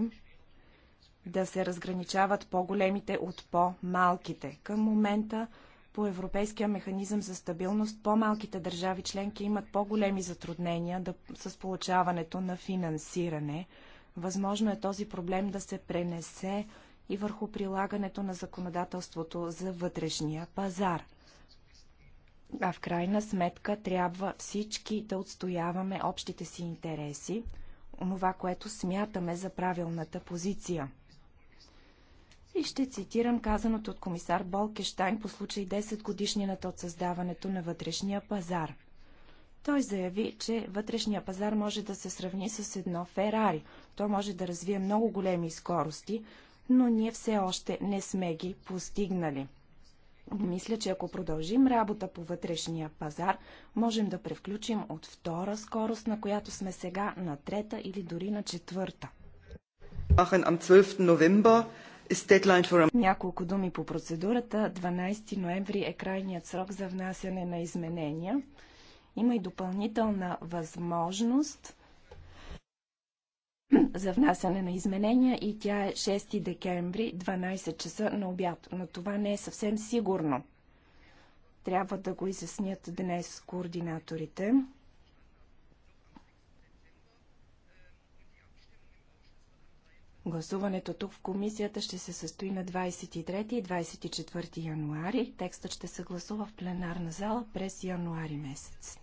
да се разграничават по-големите от по-малките. Към момента по Европейския механизъм за стабилност по-малките държави членки имат по-големи затруднения да, с получаването на финансиране. Възможно е този проблем да се пренесе и върху прилагането на законодателството за вътрешния пазар. А в крайна сметка трябва всички да отстояваме общите си интереси, онова, което смятаме за правилната позиция. И ще цитирам казаното от комисар Болкештайн по случай 10 годишнината от създаването на вътрешния пазар. Той заяви, че вътрешния пазар може да се сравни с едно Ферари. То може да развие много големи скорости, но ние все още не сме ги постигнали. Мисля, че ако продължим работа по вътрешния пазар, можем да превключим от втора скорост, на която сме сега, на трета или дори на четвърта. 12. November няколко думи по процедурата. 12 ноември е крайният срок за внасяне на изменения. Има и допълнителна възможност за внасяне на изменения и тя е 6 декември, 12 часа на обяд. Но това не е съвсем сигурно. Трябва да го изяснят днес координаторите. Гласуването тук в комисията ще се състои на 23 и 24 януари. Текстът ще се гласува в пленарна зала през януари месец.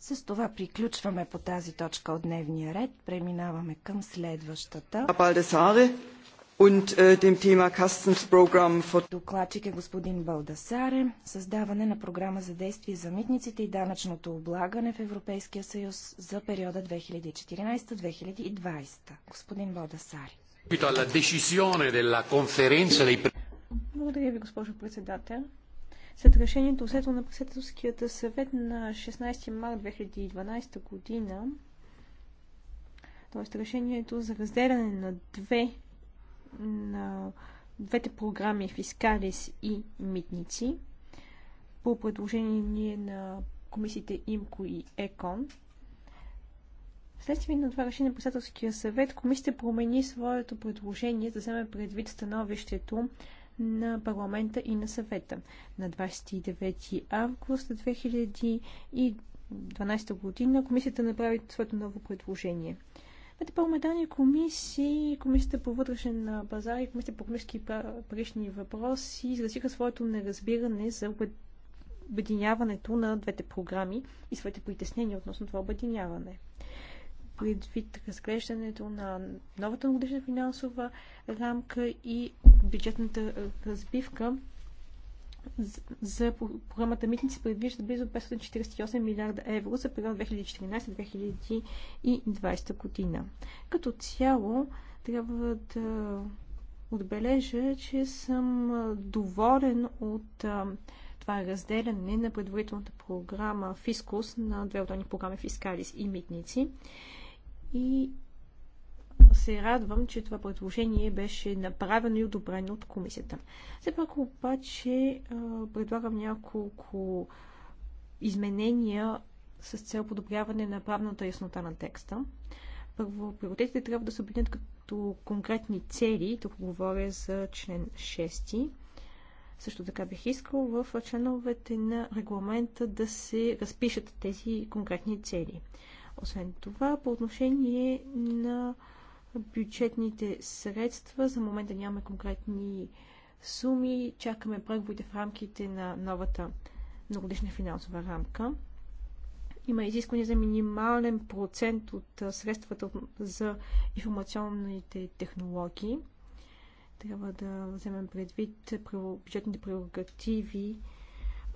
С това приключваме по тази точка от дневния ред. Преминаваме към следващата und äh, dem Thema Customs Program for... Докладчик е господин Балдасаре. Създаване на програма за действие за митниците и данъчното облагане в Европейския съюз за периода 2014-2020. Господин Балдасаре. Благодаря ви, госпожо председател. След решението взето на председателският съвет на 16 март 2012 година, т.е. решението за разделяне на две на двете програми Фискалис и Митници по предложение на комисиите ИМКО и ЕКОН. Следствие на това решение на председателския съвет, комисията промени своето предложение да вземе предвид становището на парламента и на съвета. На 29 август 2012 година комисията направи своето ново предложение. Двете парламентарни комисии, Комисията по вътрешен пазар и Комисията по комиски и парични въпроси, изразиха своето неразбиране за обединяването на двете програми и своите притеснения относно това обединяване. Предвид разглеждането на новата годишна финансова рамка и бюджетната разбивка, за програмата Митници предвижда близо 548 милиарда евро за период 2014-2020 година. Като цяло трябва да отбележа, че съм доволен от това разделяне на предварителната програма Фискус на две отделни програми Фискалис и Митници. И се радвам, че това предложение беше направено и одобрено от комисията. Все пак обаче предлагам няколко изменения с цел подобряване на правната яснота на текста. Първо, приоритетите трябва да се объединят като конкретни цели. Тук говоря за член 6. Също така бих искал в членовете на регламента да се разпишат тези конкретни цели. Освен това, по отношение на бюджетните средства. За момента нямаме конкретни суми. Чакаме преговорите в рамките на новата многодишна финансова рамка. Има изискване за минимален процент от средствата за информационните технологии. Трябва да вземем предвид бюджетните прерогативи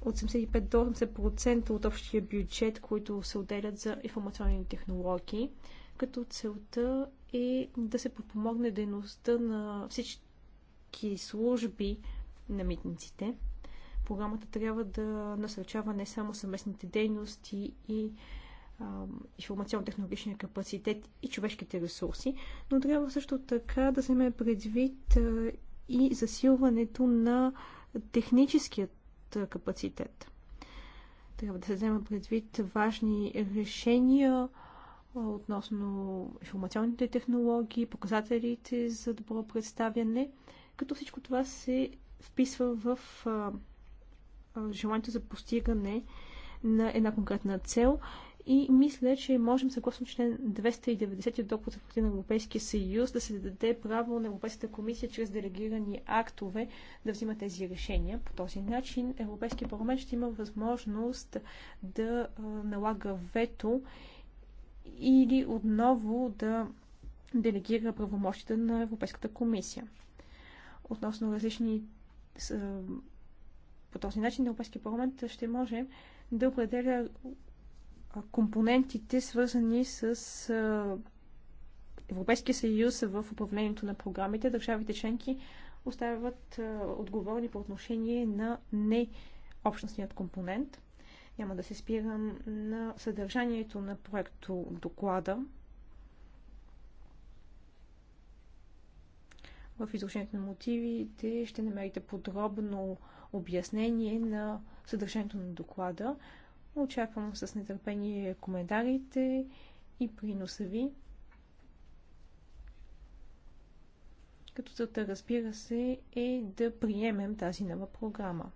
от 75 до 80% от общия бюджет, които се отделят за информационни технологии, като целта и е да се подпомогне дейността на всички служби на митниците. Програмата трябва да насърчава не само съместните дейности и информационно-технологичния капацитет и човешките ресурси, но трябва също така да вземе предвид и засилването на техническият капацитет. Трябва да се взема предвид важни решения, относно информационните технологии, показателите за добро представяне, като всичко това се вписва в желанието за постигане на една конкретна цел и мисля, че можем съгласно член 290 от доклада е на Европейския съюз да се даде право на Европейската комисия чрез делегирани актове да взима тези решения. По този начин Европейския парламент ще има възможност да налага вето или отново да делегира правомощите на Европейската комисия. Относно различни по този начин Европейския парламент ще може да определя компонентите, свързани с Европейския съюз в управлението на програмите. Държавите членки остават отговорни по отношение на необщностният компонент. Няма да се спирам на съдържанието на проекто доклада. В изложението на мотивите ще намерите подробно обяснение на съдържанието на доклада. Очаквам с нетърпение коментарите и приноса ви. Като целта, разбира се, е да приемем тази нова програма.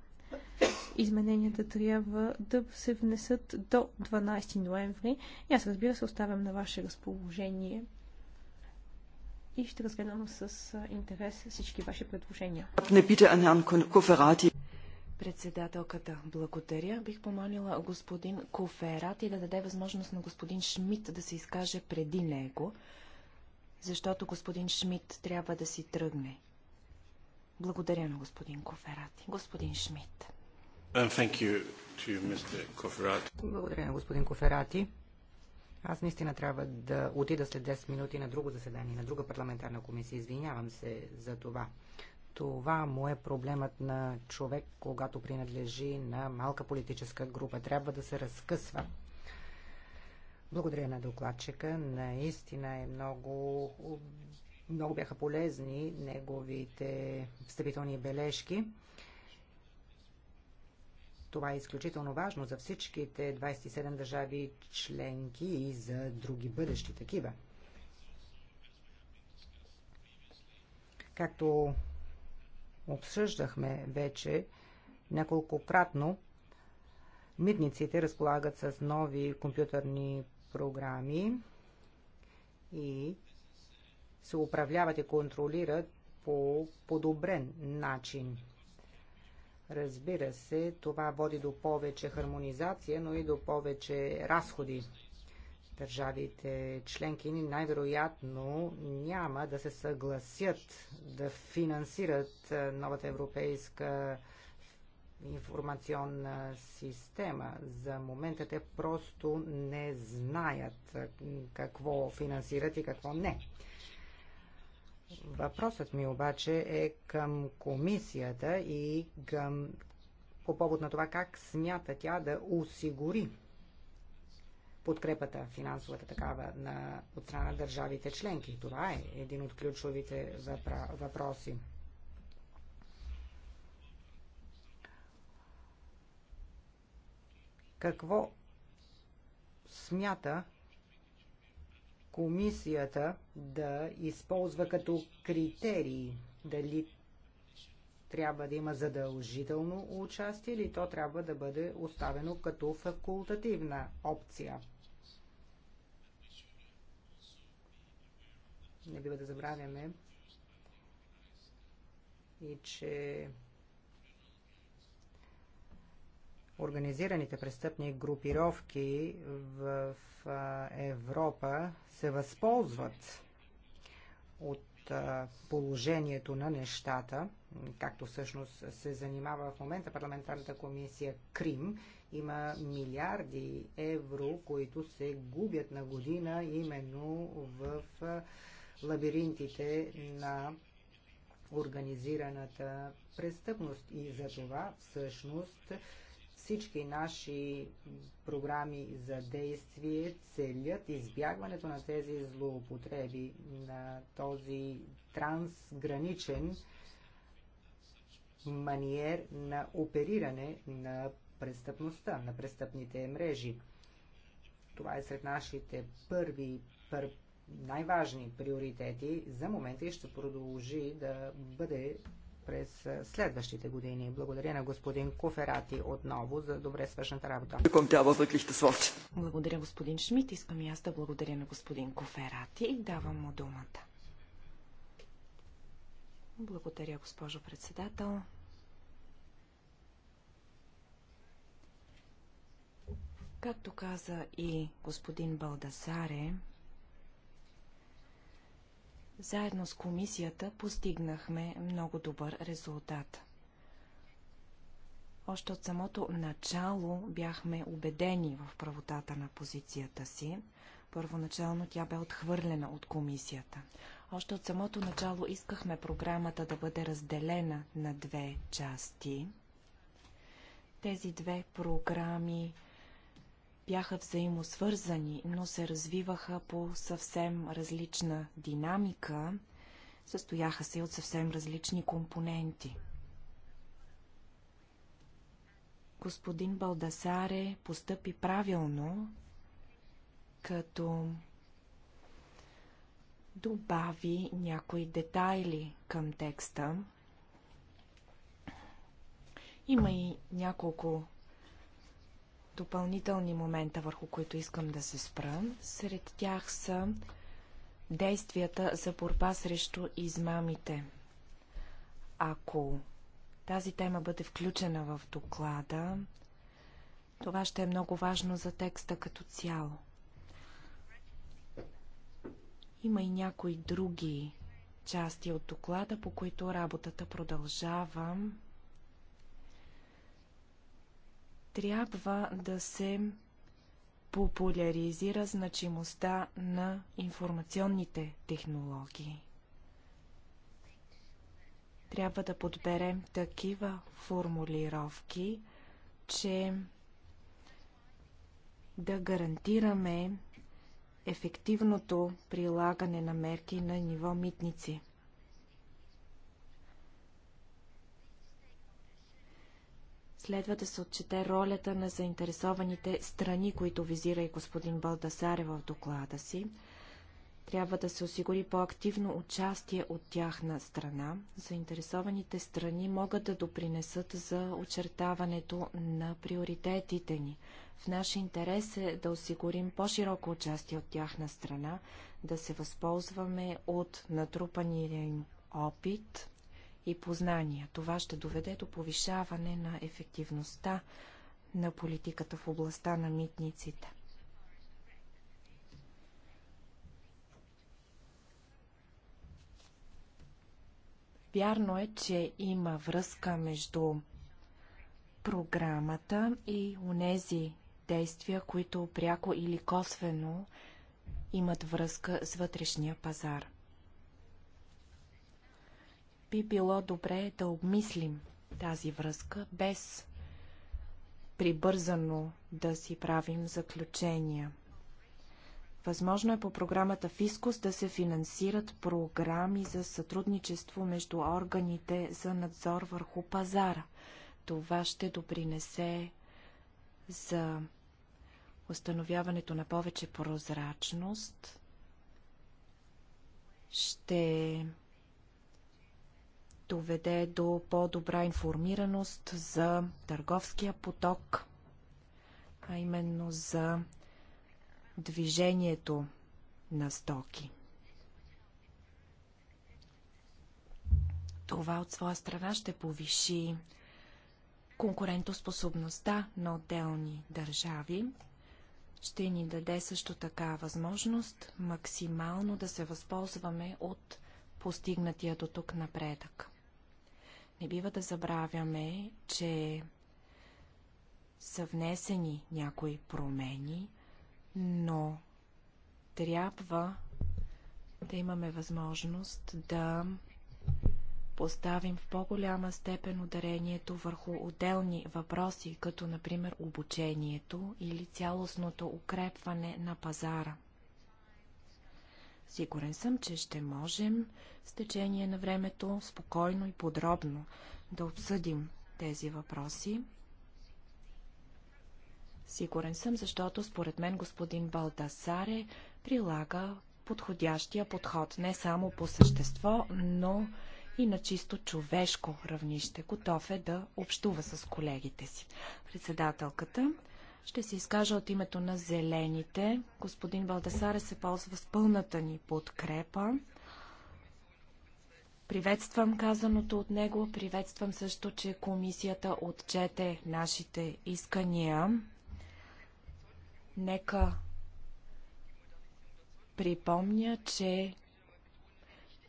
Измененията трябва да се внесат до 12 ноември. И аз разбира се оставям на ваше разположение и ще разгледам с интерес всички ваши предложения. Председателката, благодаря. Бих помолила господин и да даде възможност на господин Шмидт да се изкаже преди него, защото господин Шмидт трябва да си тръгне. Благодаря на господин Коферати. Господин Шмидт. Благодаря на господин Коферати. Аз наистина трябва да отида след 10 минути на друго заседание, на друга парламентарна комисия. Извинявам се за това. Това му е проблемът на човек, когато принадлежи на малка политическа група. Трябва да се разкъсва. Благодаря на докладчика. Наистина е много, много бяха полезни неговите встъпителни бележки. Това е изключително важно за всичките 27 държави членки и за други бъдещи такива. Както обсъждахме вече няколкократно, митниците разполагат с нови компютърни програми и се управляват и контролират по подобрен начин – Разбира се, това води до повече хармонизация, но и до повече разходи. Държавите членки най-вероятно няма да се съгласят да финансират новата европейска информационна система. За момента те просто не знаят какво финансират и какво не. Въпросът ми обаче е към комисията и към, по повод на това как смята тя да осигури подкрепата, финансовата такава на, от страна на държавите членки. Това е един от ключовите въпроси. Какво смята комисията да използва като критерии дали трябва да има задължително участие или то трябва да бъде оставено като факултативна опция. Не бива да забравяме и че организираните престъпни групировки в Европа се възползват от положението на нещата, както всъщност се занимава в момента парламентарната комисия Крим, има милиарди евро, които се губят на година именно в лабиринтите на организираната престъпност. И за това всъщност всички наши програми за действие целят избягването на тези злоупотреби, на този трансграничен маниер на опериране на престъпността, на престъпните мрежи. Това е сред нашите първи, пър, най-важни приоритети за момента и ще продължи да бъде през следващите години. Благодаря на господин Коферати отново за добре свършната работа. Благодаря господин Шмидт. Искам и аз да благодаря на господин Коферати и давам му думата. Благодаря, госпожо председател. Както каза и господин Балдасаре, заедно с комисията постигнахме много добър резултат. Още от самото начало бяхме убедени в правотата на позицията си. Първоначално тя бе отхвърлена от комисията. Още от самото начало искахме програмата да бъде разделена на две части. Тези две програми бяха взаимосвързани, но се развиваха по съвсем различна динамика, състояха се от съвсем различни компоненти. Господин Балдасаре постъпи правилно, като добави някои детайли към текста. Има и няколко допълнителни момента, върху които искам да се спра. Сред тях са действията за борба срещу измамите. Ако тази тема бъде включена в доклада, това ще е много важно за текста като цяло. Има и някои други части от доклада, по които работата продължава. Трябва да се популяризира значимостта на информационните технологии. Трябва да подберем такива формулировки, че да гарантираме ефективното прилагане на мерки на ниво митници – Следва да се отчете ролята на заинтересованите страни, които визира и господин Балдасаре в доклада си. Трябва да се осигури по-активно участие от тяхна страна. Заинтересованите страни могат да допринесат за очертаването на приоритетите ни. В наш интерес е да осигурим по-широко участие от тяхна страна, да се възползваме от натрупания им опит – и познания. Това ще доведе до повишаване на ефективността на политиката в областта на митниците. Вярно е, че има връзка между програмата и унези действия, които пряко или косвено имат връзка с вътрешния пазар би било добре да обмислим тази връзка, без прибързано да си правим заключения. Възможно е по програмата Фискос да се финансират програми за сътрудничество между органите за надзор върху пазара. Това ще допринесе за установяването на повече прозрачност, ще доведе до по-добра информираност за търговския поток, а именно за движението на стоки. Това от своя страна ще повиши конкурентоспособността на отделни държави, ще ни даде също така възможност максимално да се възползваме от постигнатия до тук напредък. Не бива да забравяме, че са внесени някои промени, но трябва да имаме възможност да поставим в по-голяма степен ударението върху отделни въпроси, като например обучението или цялостното укрепване на пазара. Сигурен съм, че ще можем с течение на времето спокойно и подробно да обсъдим тези въпроси. Сигурен съм, защото според мен господин Балдасаре прилага подходящия подход не само по същество, но и на чисто човешко равнище. Готов е да общува с колегите си. Председателката ще се изкажа от името на зелените. Господин Балдасаре се ползва с пълната ни подкрепа. Приветствам казаното от него. Приветствам също, че комисията отчете нашите искания. Нека припомня, че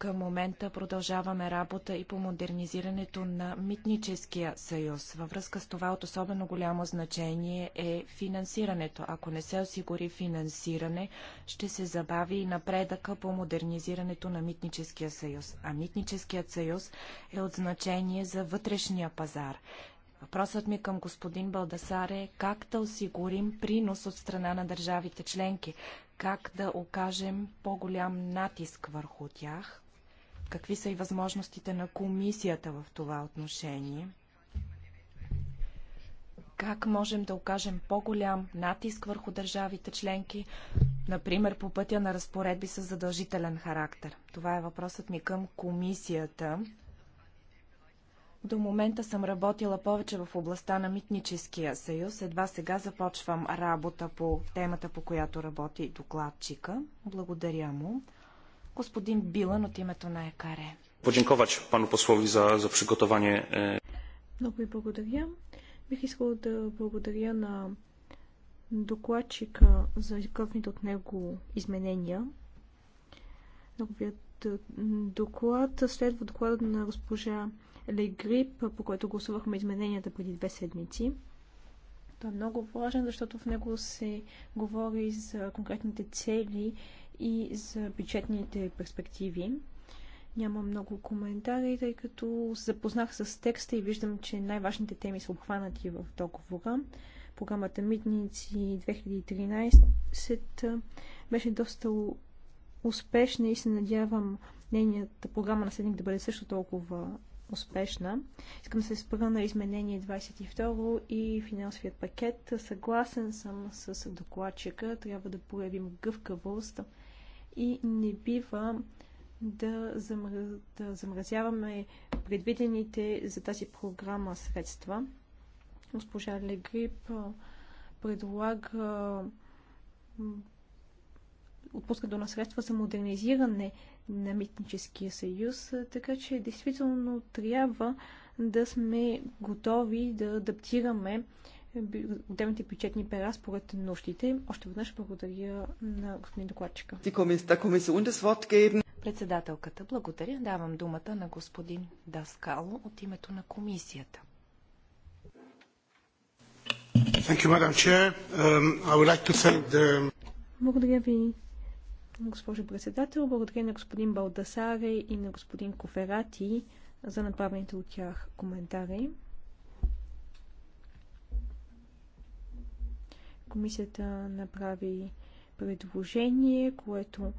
към момента продължаваме работа и по модернизирането на митническия съюз. Във връзка с това от особено голямо значение е финансирането. Ако не се осигури финансиране, ще се забави и напредъка по модернизирането на митническия съюз. А митническият съюз е от значение за вътрешния пазар. Въпросът ми към господин Балдасар е как да осигурим принос от страна на държавите членки, как да окажем по-голям натиск върху тях, Какви са и възможностите на комисията в това отношение? Как можем да окажем по-голям натиск върху държавите членки, например по пътя на разпоредби с задължителен характер? Това е въпросът ми към комисията. До момента съм работила повече в областта на Митническия съюз. Едва сега започвам работа по темата, по която работи докладчика. Благодаря му господин Билан от името на ЕКАРЕ. Е. Много ви благодаря. Бих искал да благодаря на докладчика за изготвените от него изменения. Новият е, доклад следва доклада на госпожа Легрип, по който гласувахме измененията преди две седмици. Той е много важен, защото в него се говори за конкретните цели и за бюджетните перспективи. Няма много коментари, тъй като се запознах с текста и виждам, че най-важните теми са обхванати в договора. Програмата Митници 2013 беше доста успешна и се надявам нейната програма наследник да бъде също толкова успешна. Искам да се спра на изменение 22 и финансовият пакет. Съгласен съм с докладчика. Трябва да проявим гъвкавост, и не бива да, замр... да замразяваме предвидените за тази програма средства. Госпожа Легрип предлага отпускането на средства за модернизиране на митническия съюз, така че действително трябва да сме готови да адаптираме отделните бюджетни пера според нуждите. Още веднъж благодаря на господин докладчика. Председателката, благодаря. Давам думата на господин Даскало от името на комисията. You, um, like the... Благодаря ви, госпожо председател. Благодаря на господин Балдасаре и на господин Коферати за направените от тях коментари. Комисията направи предложение, което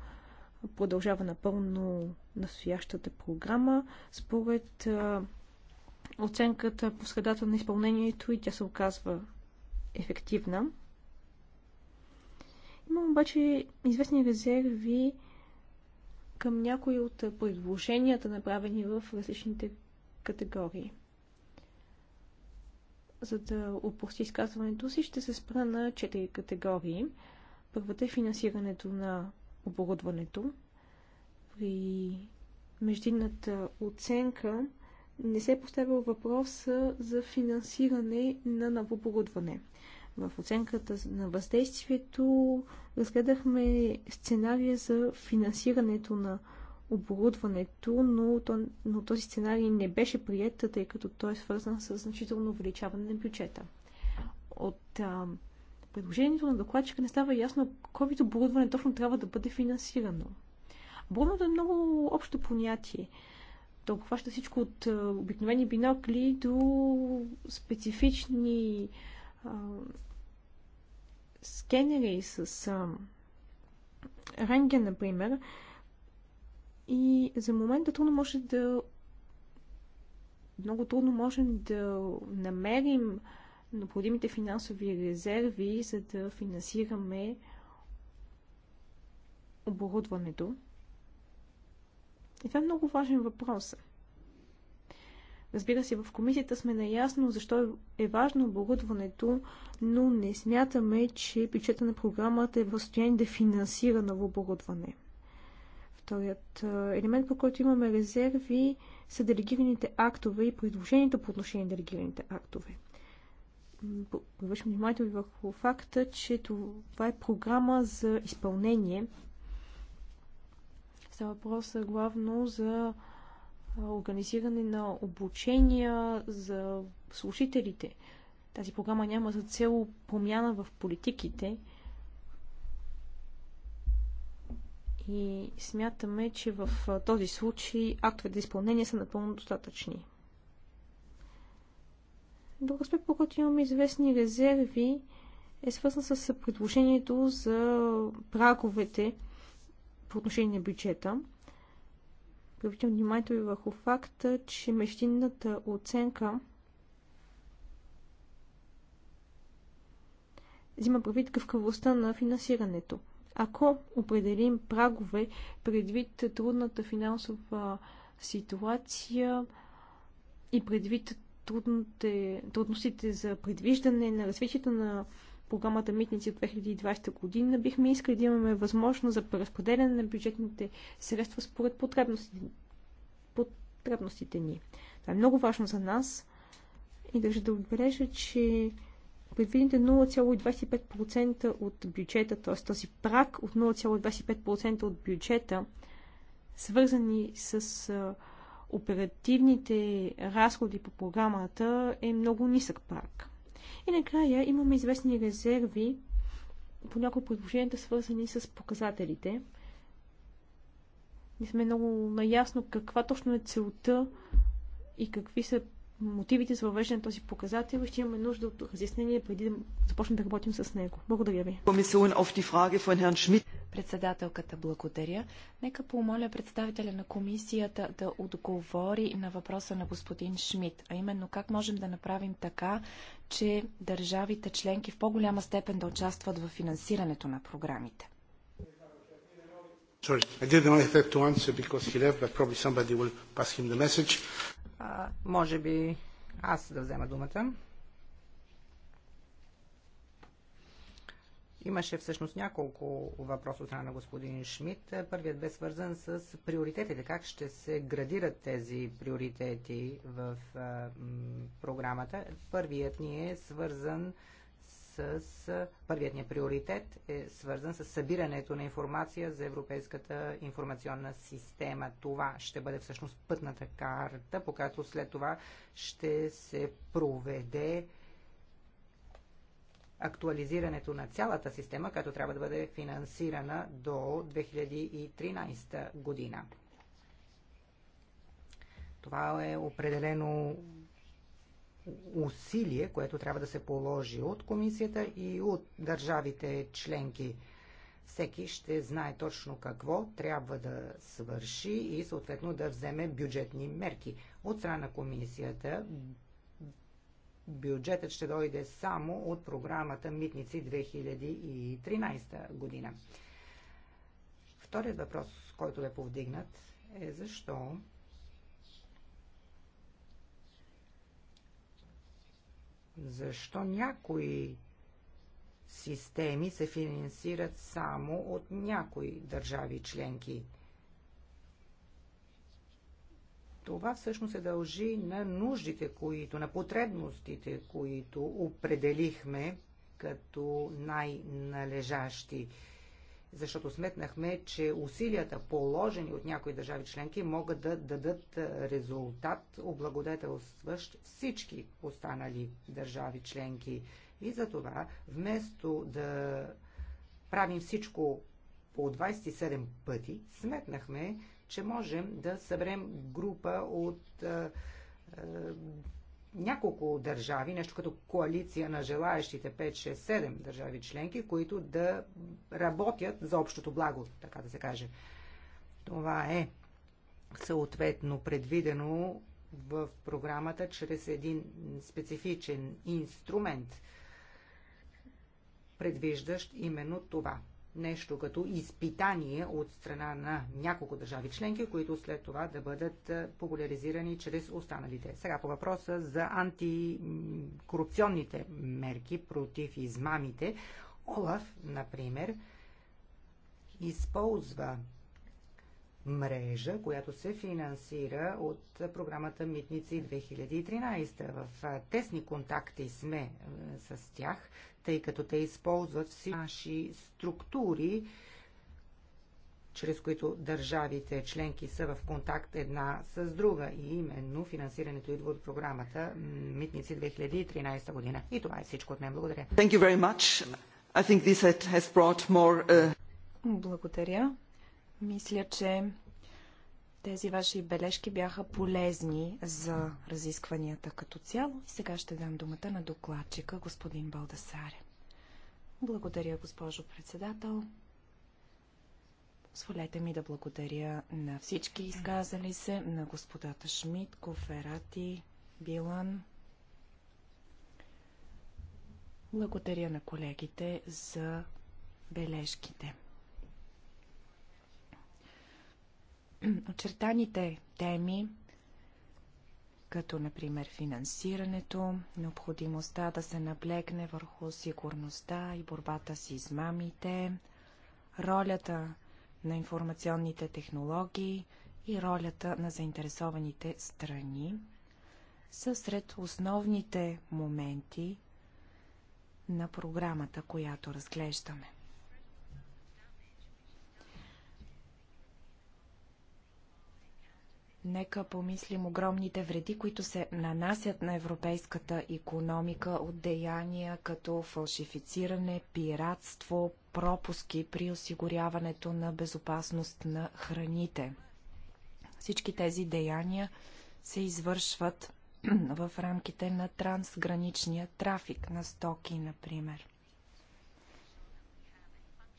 продължава напълно настоящата програма. Според оценката по средата на изпълнението и тя се оказва ефективна. Имам обаче известни резерви към някои от предложенията, направени в различните категории за да упрости изказването си, ще се спра на четири категории. Първата е финансирането на оборудването. При междинната оценка не се е поставил въпрос за финансиране на новооборудване. В оценката на въздействието разгледахме сценария за финансирането на оборудването, но, то, но този сценарий не беше прият, тъй като той е свързан с значително увеличаване на бюджета. От а, предложението на докладчика не става ясно кой вид оборудване точно трябва да бъде финансирано. Оборудването е много общо понятие. То обхваща всичко от а, обикновени бинокли до специфични а, скенери с а, рентген, например, и за момента трудно може да. Много трудно можем да намерим необходимите финансови резерви, за да финансираме оборудването. И това е много важен въпрос. Разбира се, в комисията сме наясно защо е важно оборудването, но не смятаме, че бюджета на програмата е в състояние да финансира ново оборудване. Вторият е, елемент, по който имаме резерви, са делегираните актове и предложенията по отношение на делегираните актове. Повършвам внимание ви върху факта, че това е програма за изпълнение. Става въпрос е, главно за е, организиране на обучения за служителите. Тази програма няма за цел промяна в политиките, и смятаме, че в този случай актовете за изпълнение са напълно достатъчни. Друг аспект, по който имаме известни резерви, е свързан с предложението за праговете по отношение на бюджета. Привличам вниманието ви върху факта, че междинната оценка взима правит гъвкавостта на финансирането. Ако определим прагове предвид трудната финансова ситуация и предвид трудните, трудностите за предвиждане на развитието на програмата Митници от 2020 година, бихме искали да имаме възможност за преразпределяне на бюджетните средства според потребностите, потребностите ни. Това е много важно за нас и държа да отбележа, че предвидените 0,25% от бюджета, т.е. този прак от 0,25% от бюджета, свързани с оперативните разходи по програмата, е много нисък прак. И накрая имаме известни резерви по някои предложенията, свързани с показателите. Не сме много наясно каква точно е целта и какви са мотивите за въвеждане на този показател и ще имаме нужда от разяснение преди да започнем да работим с него. Благодаря ви. Председателката благодаря. Нека помоля представителя на комисията да отговори на въпроса на господин Шмидт, а именно как можем да направим така, че държавите членки в по-голяма степен да участват в финансирането на програмите. Sorry, I didn't expect to answer because he left, but probably somebody will pass him the message. А, може би аз да взема думата. Имаше всъщност няколко въпроса от страна на господин Шмидт. Първият бе свързан с приоритетите. Как ще се градират тези приоритети в а, м, програмата? Първият ни е свързан с... Първият ни приоритет е свързан с събирането на информация за Европейската информационна система. Това ще бъде всъщност пътната карта, по която след това ще се проведе актуализирането на цялата система, която трябва да бъде финансирана до 2013 година. Това е определено усилие, което трябва да се положи от комисията и от държавите членки. Всеки ще знае точно какво трябва да свърши и съответно да вземе бюджетни мерки. От страна на комисията бюджетът ще дойде само от програмата Митници 2013 година. Вторият въпрос, който е повдигнат е защо Защо някои системи се финансират само от някои държави членки? Това всъщност се дължи на нуждите, които, на потребностите, които определихме като най-належащи защото сметнахме, че усилията положени от някои държави членки могат да дадат резултат, облагодетелстващ всички останали държави членки. И за това, вместо да правим всичко по 27 пъти, сметнахме, че можем да съберем група от няколко държави, нещо като коалиция на желаящите 5, 6, 7 държави членки, които да работят за общото благо, така да се каже. Това е съответно предвидено в програмата чрез един специфичен инструмент, предвиждащ именно това – нещо като изпитание от страна на няколко държави членки, които след това да бъдат популяризирани чрез останалите. Сега по въпроса за антикорупционните мерки против измамите. Олаф, например, използва мрежа, която се финансира от програмата Митници 2013. В тесни контакти сме с тях, тъй като те използват всички наши структури, чрез които държавите членки са в контакт една с друга. И именно финансирането идва от програмата Митници 2013 година. И това е всичко от мен. Благодаря. Thank you very much. I think this has brought more, uh... Благодаря. Мисля, че тези ваши бележки бяха полезни за разискванията като цяло. И сега ще дам думата на докладчика, господин Балдасаре. Благодаря, госпожо председател. Позволете ми да благодаря на всички изказали се, на господата Шмидт, Коферати, Билан. Благодаря на колегите за бележките. *clears throat* очертаните теми, като например финансирането, необходимостта да се наблегне върху сигурността и борбата с измамите, ролята на информационните технологии и ролята на заинтересованите страни са сред основните моменти на програмата, която разглеждаме. Нека помислим огромните вреди, които се нанасят на европейската економика от деяния като фалшифициране, пиратство, пропуски при осигуряването на безопасност на храните. Всички тези деяния се извършват *clears throat* в рамките на трансграничния трафик на стоки, например.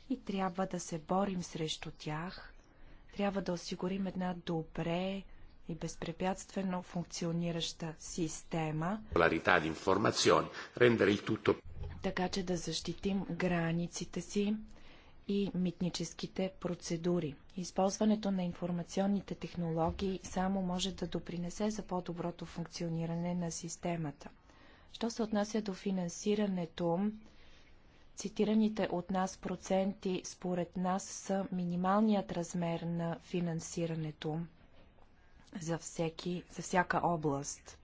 И трябва да се борим срещу тях. Трябва да осигурим една добре и безпрепятствено функционираща система, така че да защитим границите си и митническите процедури. Използването на информационните технологии само може да допринесе за по-доброто функциониране на системата. Що се отнася до финансирането, цитираните от нас проценти според нас са минималният размер на финансирането за, всеки, за всяка област.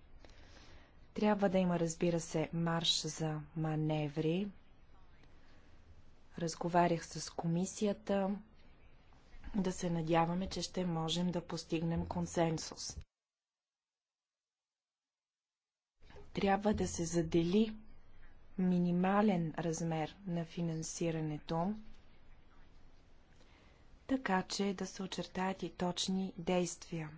Трябва да има, разбира се, марш за маневри. Разговарях с комисията. Да се надяваме, че ще можем да постигнем консенсус. Трябва да се задели минимален размер на финансирането, така че да се очертаят и точни действия.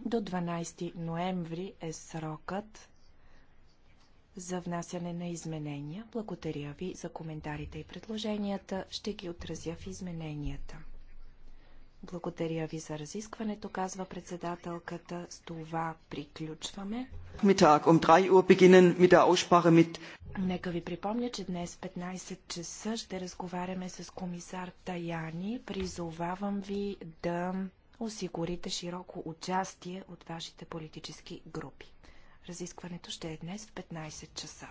До 12 ноември е срокът за внасяне на изменения. Благодаря ви за коментарите и предложенията. Ще ги отразя в измененията. Благодаря ви за разискването, казва председателката. С това приключваме. Um Нека ви припомня, че днес 15 часа ще разговаряме с комисар Таяни. Призовавам ви да осигурите широко участие от вашите политически групи. Разискването ще е днес в 15 часа.